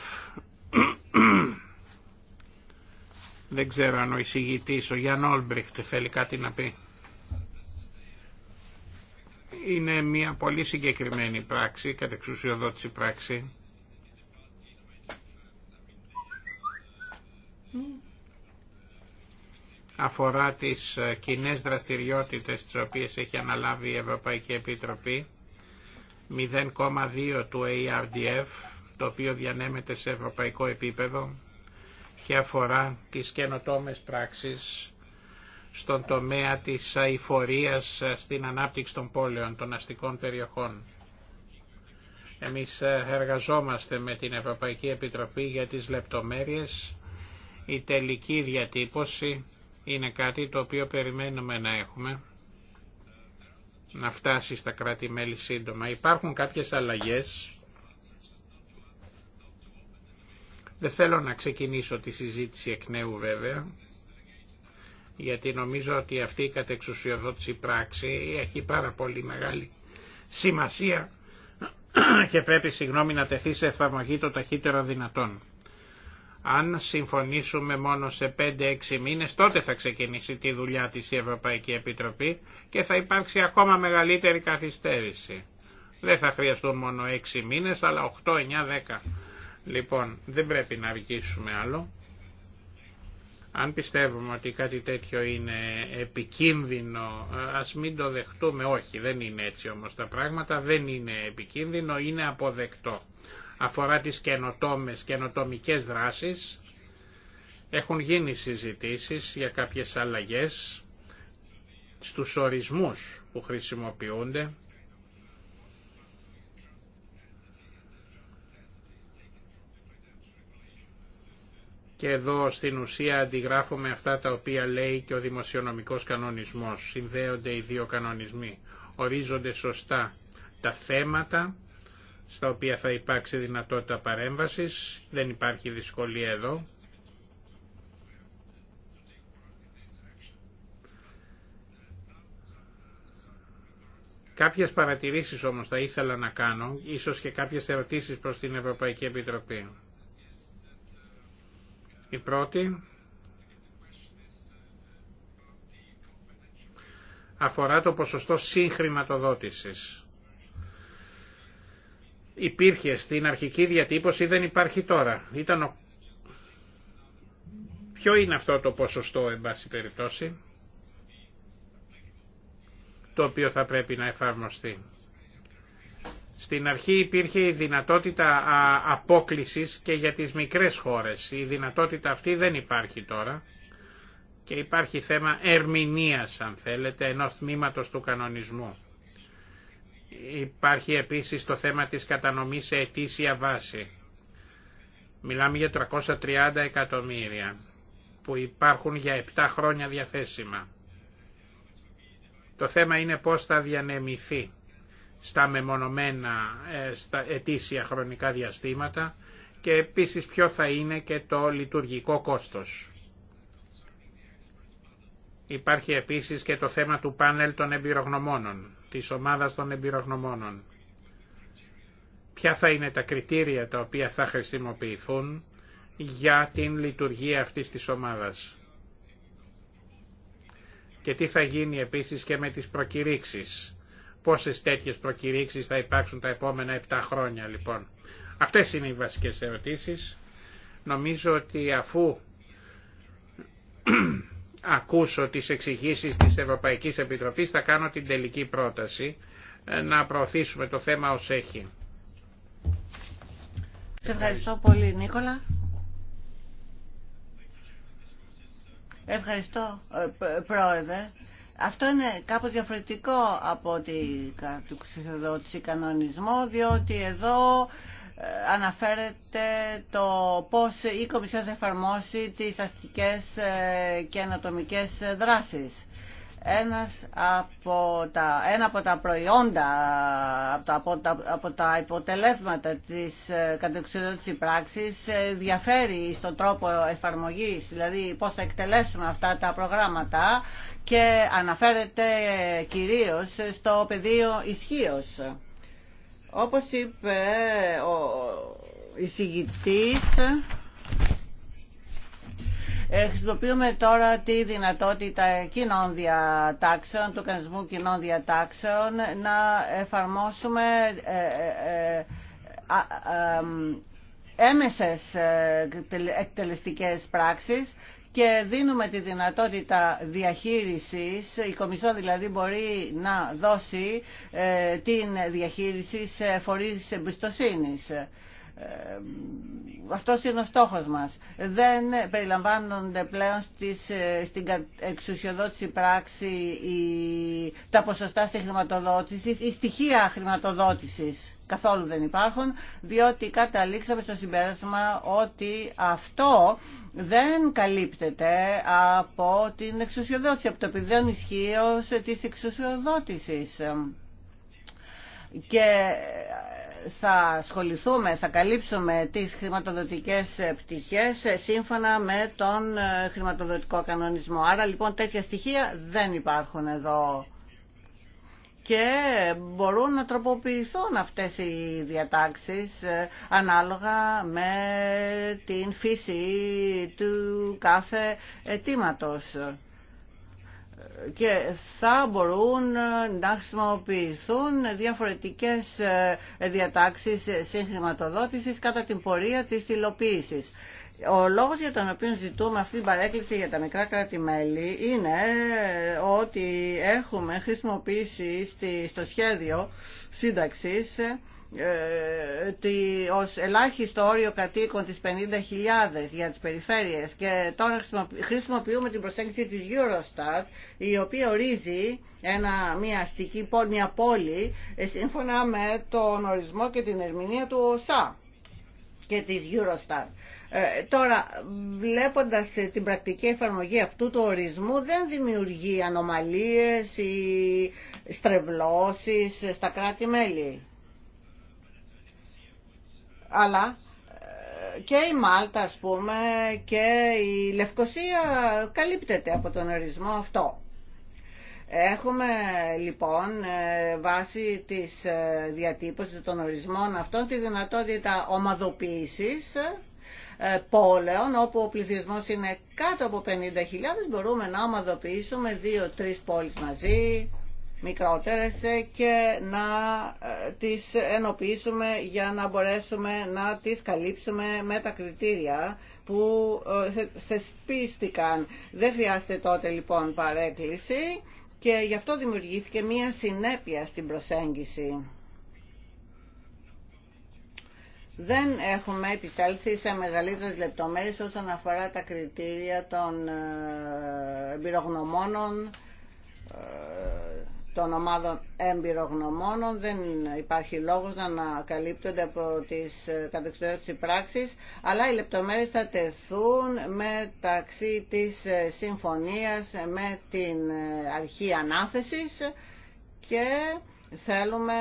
Δεν ξέρω αν ο εισηγητής, ο Γιάνν Όλμπριχτ, θέλει κάτι να πει. Είναι μια πολύ συγκεκριμένη πράξη, κατεξουσιοδότηση πράξη αφορά τις ε, κοινέ δραστηριότητες τις οποίες έχει αναλάβει η Ευρωπαϊκή Επιτροπή 0,2 του ARDF το οποίο διανέμεται σε ευρωπαϊκό επίπεδο και αφορά τις καινοτόμες πράξεις στον τομέα της αηφορίας ε, στην ανάπτυξη των πόλεων, των αστικών περιοχών. Εμείς ε, εργαζόμαστε με την Ευρωπαϊκή Επιτροπή για τις λεπτομέρειες. Η τελική διατύπωση είναι κάτι το οποίο περιμένουμε να έχουμε να φτάσει στα κράτη-μέλη σύντομα. Υπάρχουν κάποιες αλλαγές. Δεν θέλω να ξεκινήσω τη συζήτηση εκ νέου βέβαια, γιατί νομίζω ότι αυτή η κατεξουσιοδότηση πράξη έχει πάρα πολύ μεγάλη σημασία και πρέπει συγγνώμη να τεθεί σε εφαρμογή το ταχύτερο δυνατόν. Αν συμφωνήσουμε μόνο σε 5-6 μήνες, τότε θα ξεκινήσει τη δουλειά της η Ευρωπαϊκή Επιτροπή και θα υπάρξει ακόμα μεγαλύτερη καθυστέρηση. Δεν θα χρειαστούν μόνο 6 μήνες, αλλά 8, 9, 10. Λοιπόν, δεν πρέπει να αργήσουμε άλλο. Αν πιστεύουμε ότι κάτι τέτοιο είναι επικίνδυνο, ας μην το δεχτούμε. Όχι, δεν είναι έτσι όμως τα πράγματα, δεν είναι επικίνδυνο, είναι αποδεκτό αφορά τις καινοτόμες, καινοτομικές δράσεις. Έχουν γίνει συζητήσεις για κάποιες αλλαγές στους ορισμούς που χρησιμοποιούνται. Και εδώ στην ουσία αντιγράφουμε αυτά τα οποία λέει και ο δημοσιονομικός κανονισμός. Συνδέονται οι δύο κανονισμοί. Ορίζονται σωστά τα θέματα στα οποία θα υπάρξει δυνατότητα παρέμβασης. Δεν υπάρχει δυσκολία εδώ. Κάποιες παρατηρήσεις όμως θα ήθελα να κάνω, ίσως και κάποιες ερωτήσεις προς την Ευρωπαϊκή Επιτροπή. Η πρώτη αφορά το ποσοστό συγχρηματοδότησης υπήρχε στην αρχική διατύπωση δεν υπάρχει τώρα. Ήταν Ποιο είναι αυτό το ποσοστό εν πάση περιπτώσει το οποίο θα πρέπει να εφαρμοστεί. Στην αρχή υπήρχε η δυνατότητα απόκλησης και για τις μικρές χώρες. Η δυνατότητα αυτή δεν υπάρχει τώρα και υπάρχει θέμα ερμηνείας αν θέλετε ενός τμήματος του κανονισμού. Υπάρχει επίσης το θέμα της κατανομής σε ετήσια βάση. Μιλάμε για 330 εκατομμύρια που υπάρχουν για 7 χρόνια διαθέσιμα. Το θέμα είναι πώς θα διανεμηθεί στα μεμονωμένα ε, στα ετήσια χρονικά διαστήματα και επίσης ποιο θα είναι και το λειτουργικό κόστος. Υπάρχει επίσης και το θέμα του πάνελ των εμπειρογνωμόνων της ομάδας των εμπειρογνωμόνων. Ποια θα είναι τα κριτήρια τα οποία θα χρησιμοποιηθούν για την λειτουργία αυτής της ομάδας. Και τι θα γίνει επίσης και με τις προκηρύξεις. Πόσες τέτοιες προκηρύξεις θα υπάρξουν τα επόμενα 7 χρόνια λοιπόν. Αυτές είναι οι βασικές ερωτήσεις. Νομίζω ότι αφού ακούσω τις εξηγήσεις της Ευρωπαϊκής Επιτροπής θα κάνω την τελική πρόταση ε, να προωθήσουμε το θέμα ως έχει. Σε ευχαριστώ πολύ Νίκολα. Ευχαριστώ ε, πρόεδρε. Αυτό είναι κάπως διαφορετικό από την κανονισμό διότι εδώ αναφέρεται το πώς η Κομισιόν θα εφαρμόσει τις αστικές ε, και ανατομικές δράσεις. Ένας από τα, ένα από τα προϊόντα, από τα, από τα υποτελέσματα της ε, κατεξοδότησης πράξης ε, διαφέρει στον τρόπο εφαρμογής, δηλαδή πώς θα εκτελέσουμε αυτά τα προγράμματα και αναφέρεται κυρίως στο πεδίο ισχύως. Όπως είπε ο εισηγητής, ε, Χρησιμοποιούμε τώρα τη δυνατότητα κοινών διατάξεων, του κανονισμού κοινών διατάξεων, να εφαρμόσουμε ε, ε, έμεσες εκτελεστικές πράξεις και δίνουμε τη δυνατότητα διαχείρισης, η Κομισό δηλαδή μπορεί να δώσει ε, την διαχείριση σε φορείς εμπιστοσύνης. Ε, αυτός είναι ο στόχος μας. Δεν περιλαμβάνονται πλέον στις, ε, στην εξουσιοδότηση πράξη η, τα ποσοστά στη χρηματοδότηση ή στοιχεία χρηματοδότησης καθόλου δεν υπάρχουν, διότι καταλήξαμε στο συμπέρασμα ότι αυτό δεν καλύπτεται από την εξουσιοδότηση, από το πηδέν ισχύω της εξουσιοδότησης. Και θα ασχοληθούμε, θα καλύψουμε τις χρηματοδοτικές πτυχές σύμφωνα με τον χρηματοδοτικό κανονισμό. Άρα λοιπόν τέτοια στοιχεία δεν υπάρχουν εδώ και μπορούν να τροποποιηθούν αυτές οι διατάξεις ε, ανάλογα με την φύση του κάθε αιτήματος και θα μπορούν ε, να χρησιμοποιηθούν διαφορετικές ε, διατάξεις συγχρηματοδότησης κατά την πορεία της υλοποίησης. Ο λόγος για τον οποίο ζητούμε αυτή την παρέκκληση για τα μικρά κράτη-μέλη είναι ότι έχουμε χρησιμοποιήσει στο σχέδιο σύνταξης ε, ως ελάχιστο όριο κατοίκων τις 50.000 για τις περιφέρειες και τώρα χρησιμοποιούμε την προσέγγιση της Eurostat η οποία ορίζει ένα, μια αστική πόλη, μια πόλη ε, σύμφωνα με τον ορισμό και την ερμηνεία του ΟΣΑ και της Eurostat. Ε, τώρα, βλέποντας ε, την πρακτική εφαρμογή αυτού του ορισμού δεν δημιουργεί ανομαλίες ή στρεβλώσεις στα κράτη-μέλη. Αλλά ε, και η Μάλτα, ας πούμε, και η Λευκοσία καλύπτεται από τον ορισμό αυτό. Έχουμε λοιπόν βάσει της διατύπωσης των ορισμών αυτών τη δυνατότητα ομαδοποίησης ε, πόλεων όπου ο πληθυσμός είναι κάτω από 50.000 μπορούμε να ομαδοποιησουμε δυο 2-3 πόλεις μαζί μικρότερες ε, και να ε, τις ενοποιήσουμε για να μπορέσουμε να τις καλύψουμε με τα κριτήρια που σε σπίστηκαν. Δεν χρειάζεται τότε λοιπόν παρέκκληση και γι' αυτό δημιουργήθηκε μία συνέπεια στην προσέγγιση δεν έχουμε επιτέλθει σε μεγαλύτερες λεπτομέρειες όσον αφορά τα κριτήρια των ε, εμπειρογνωμόνων, ε, των ομάδων εμπειρογνωμόνων. Δεν υπάρχει λόγος να ανακαλύπτονται από τις κατεξοδότητες ε, πράξεις, αλλά οι λεπτομέρειες θα τεθούν μεταξύ της συμφωνίας με την αρχή ανάθεσης και θέλουμε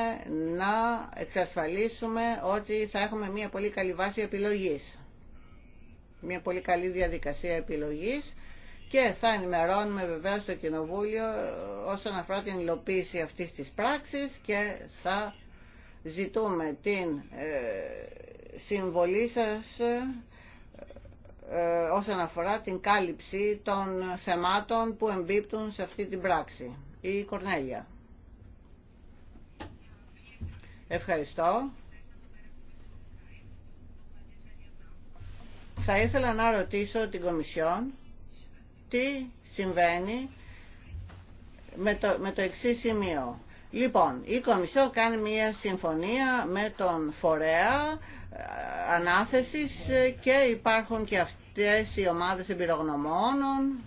να εξασφαλίσουμε ότι θα έχουμε μια πολύ καλή βάση επιλογής. Μια πολύ καλή διαδικασία επιλογής και θα ενημερώνουμε βεβαίως το Κοινοβούλιο όσον αφορά την υλοποίηση αυτής της πράξης και θα ζητούμε την ε, συμβολή σας ε, όσον αφορά την κάλυψη των θεμάτων που εμπίπτουν σε αυτή την πράξη. Η Κορνέλια. Ευχαριστώ. Θα ήθελα να ρωτήσω την Κομισιόν τι συμβαίνει με το, με το εξή σημείο. Λοιπόν, η Κομισιόν κάνει μια συμφωνία με τον φορέα ε, ανάθεσης και υπάρχουν και αυτές οι ομάδες εμπειρογνωμόνων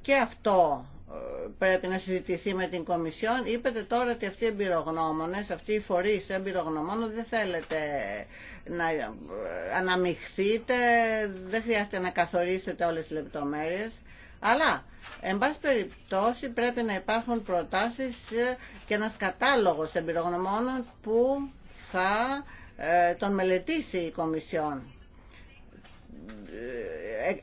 και αυτό πρέπει να συζητηθεί με την Κομισιόν. είπετε τώρα ότι αυτοί οι εμπειρογνώμονες, αυτοί οι φορείς εμπειρογνωμόνων δεν θέλετε να ε, αναμειχθείτε, δεν χρειάζεται να καθορίσετε όλες τις λεπτομέρειες. Αλλά, εν πάση περιπτώσει, πρέπει να υπάρχουν προτάσεις και ένας κατάλογος εμπειρογνωμόνων που θα ε, τον μελετήσει η Κομισιόν.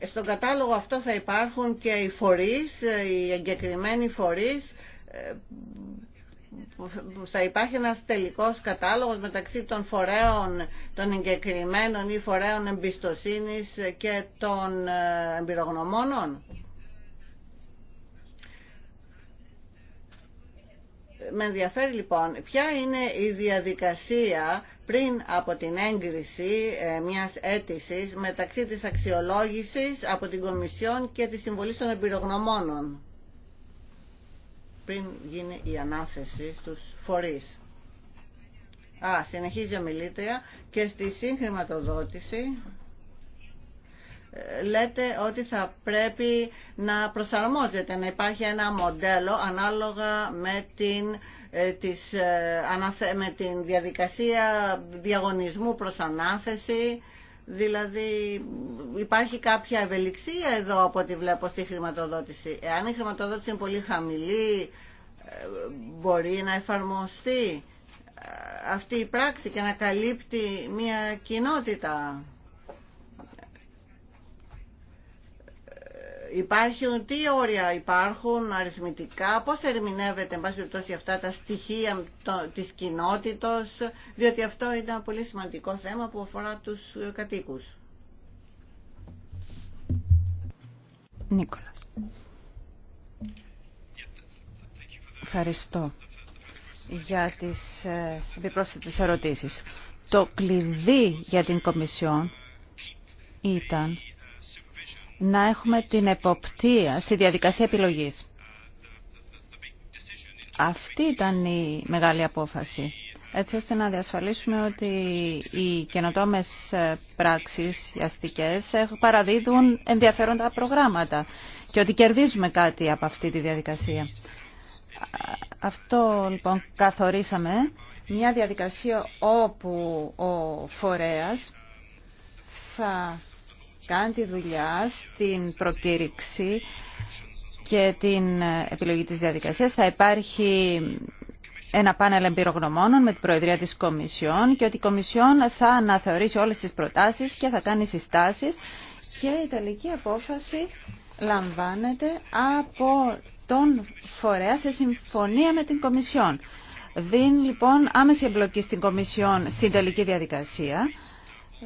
Ε, στον κατάλογο αυτό θα υπάρχουν και οι φορείς, οι εγκεκριμένοι φορείς, ε, θα υπάρχει ένας τελικός κατάλογος μεταξύ των φορέων των εγκεκριμένων ή φορέων εμπιστοσύνης και των ε, εμπειρογνωμόνων. Με ενδιαφέρει λοιπόν ποια είναι η διαδικασία πριν από την έγκριση ε, μιας αίτησης μεταξύ της αξιολόγησης από την Κομισιόν και της συμβολής των εμπειρογνωμόνων πριν γίνει η ανάθεση στους φορείς. Α, συνεχίζει η ομιλήτρια και στη συγχρηματοδότηση λέτε ότι θα πρέπει να προσαρμόζεται, να υπάρχει ένα μοντέλο ανάλογα με την, ε, της, ε, με την διαδικασία διαγωνισμού προς ανάθεση. Δηλαδή υπάρχει κάποια ευελιξία εδώ από ό,τι βλέπω στη χρηματοδότηση. Εάν η χρηματοδότηση είναι πολύ χαμηλή, ε, μπορεί να εφαρμοστεί αυτή η πράξη και να καλύπτει μια κοινότητα. Υπάρχουν τι όρια υπάρχουν αριθμητικά, πώς ερμηνεύεται εν πάση περιπτώσει αυτά τα στοιχεία της κοινότητος, διότι αυτό είναι ένα πολύ σημαντικό θέμα που αφορά τους κατοίκους. Νίκολας. Ευχαριστώ για τις ε, επιπρόσθετες ερωτήσεις. Το κλειδί για την Κομισιόν ήταν να έχουμε την εποπτεία στη διαδικασία επιλογής. Αυτή ήταν η μεγάλη απόφαση, έτσι ώστε να διασφαλίσουμε ότι οι καινοτόμες ε, πράξεις αστικές ε, παραδίδουν ενδιαφέροντα προγράμματα και ότι κερδίζουμε κάτι από αυτή τη διαδικασία. Αυτό λοιπόν καθορίσαμε μια διαδικασία όπου ο φορέας θα κάνει τη δουλειά στην προκήρυξη και την επιλογή της διαδικασίας. Θα υπάρχει ένα πάνελ εμπειρογνωμόνων με την Προεδρία της Κομισιόν και ότι η Κομισιόν θα αναθεωρήσει όλες τις προτάσεις και θα κάνει συστάσεις και η τελική απόφαση λαμβάνεται από τον φορέα σε συμφωνία με την Κομισιόν. Δίνει λοιπόν άμεση εμπλοκή στην Κομισιόν στην τελική διαδικασία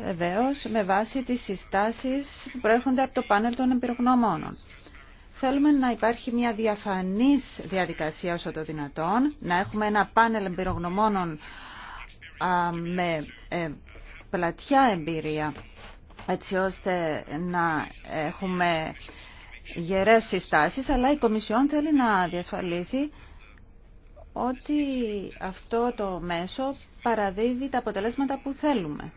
Βεβαίω, με βάση τις συστάσεις που προέρχονται από το πάνελ των εμπειρογνωμόνων. Θέλουμε να υπάρχει μια διαφανής διαδικασία όσο το δυνατόν, να έχουμε ένα πάνελ εμπειρογνωμόνων με ε, πλατιά εμπειρία, έτσι ώστε να έχουμε γερές συστάσεις, αλλά η Κομισιόν θέλει να διασφαλίσει ότι αυτό το μέσο παραδίδει τα αποτελέσματα που θέλουμε.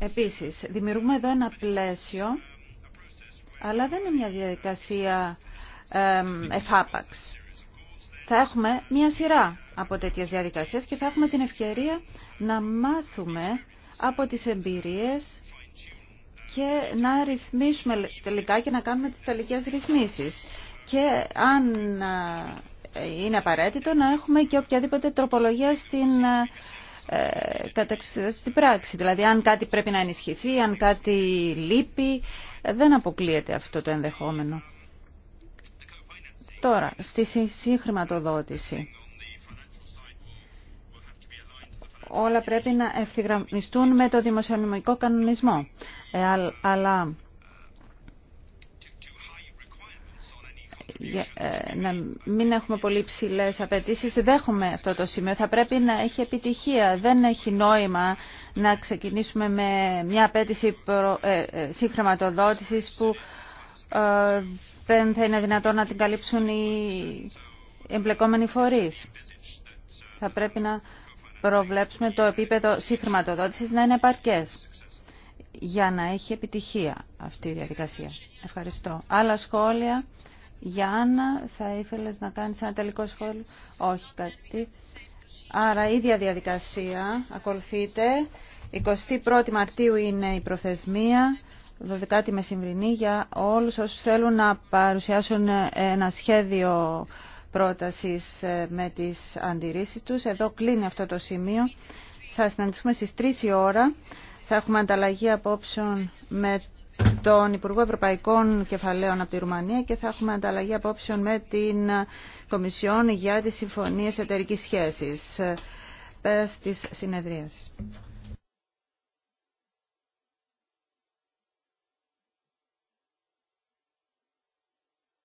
Επίσης, δημιουργούμε εδώ ένα πλαίσιο, αλλά δεν είναι μια διαδικασία εφάπαξ. Θα έχουμε μια σειρά από τέτοιες διαδικασίες και θα έχουμε την ευκαιρία να μάθουμε από τις εμπειρίες και να ρυθμίσουμε τελικά και να κάνουμε τις τελικές ρυθμίσεις. Και αν ε, είναι απαραίτητο να έχουμε και οποιαδήποτε τροπολογία στην ε, ε, στην πράξη. Δηλαδή αν κάτι πρέπει να ενισχυθεί, αν κάτι λείπει, ε, δεν αποκλείεται αυτό το ενδεχόμενο. Τώρα, στη συγχρηματοδότηση. Όλα πρέπει να ευθυγραμμιστούν με το δημοσιονομικό κανονισμό. Ε, αλλά Ε, να μην έχουμε πολύ ψηλέ απαιτήσει. Δέχομαι αυτό το σημείο. Θα πρέπει να έχει επιτυχία. Δεν έχει νόημα να ξεκινήσουμε με μια απέτηση προ... Ε, ε, συγχρηματοδότησης που δεν θα είναι δυνατόν να την καλύψουν οι εμπλεκόμενοι φορείς. Θα πρέπει να προβλέψουμε το επίπεδο συγχρηματοδότησης να είναι επαρκές για να έχει επιτυχία αυτή η διαδικασία. Ευχαριστώ. Άλλα σχόλια Γιάννα, θα ήθελες να κάνεις ένα τελικό σχόλιο. Όχι κάτι. Άρα, ίδια διαδικασία ακολουθείται. 21η Μαρτίου είναι η προθεσμία, 12η μεσημβρινή, για όλους όσους θέλουν να παρουσιάσουν ένα σχέδιο πρότασης ε, με τις αντιρρήσεις τους. Εδώ κλείνει αυτό το σημείο. Θα συναντηθούμε στις 3 η ώρα. Θα έχουμε ανταλλαγή απόψεων με τον Υπουργό Ευρωπαϊκών Κεφαλαίων από τη Ρουμανία και θα έχουμε ανταλλαγή απόψεων με την Κομισιόν για τις συμφωνίες εταιρικής σχέσης. Πέρα ε, της συνεδρίας.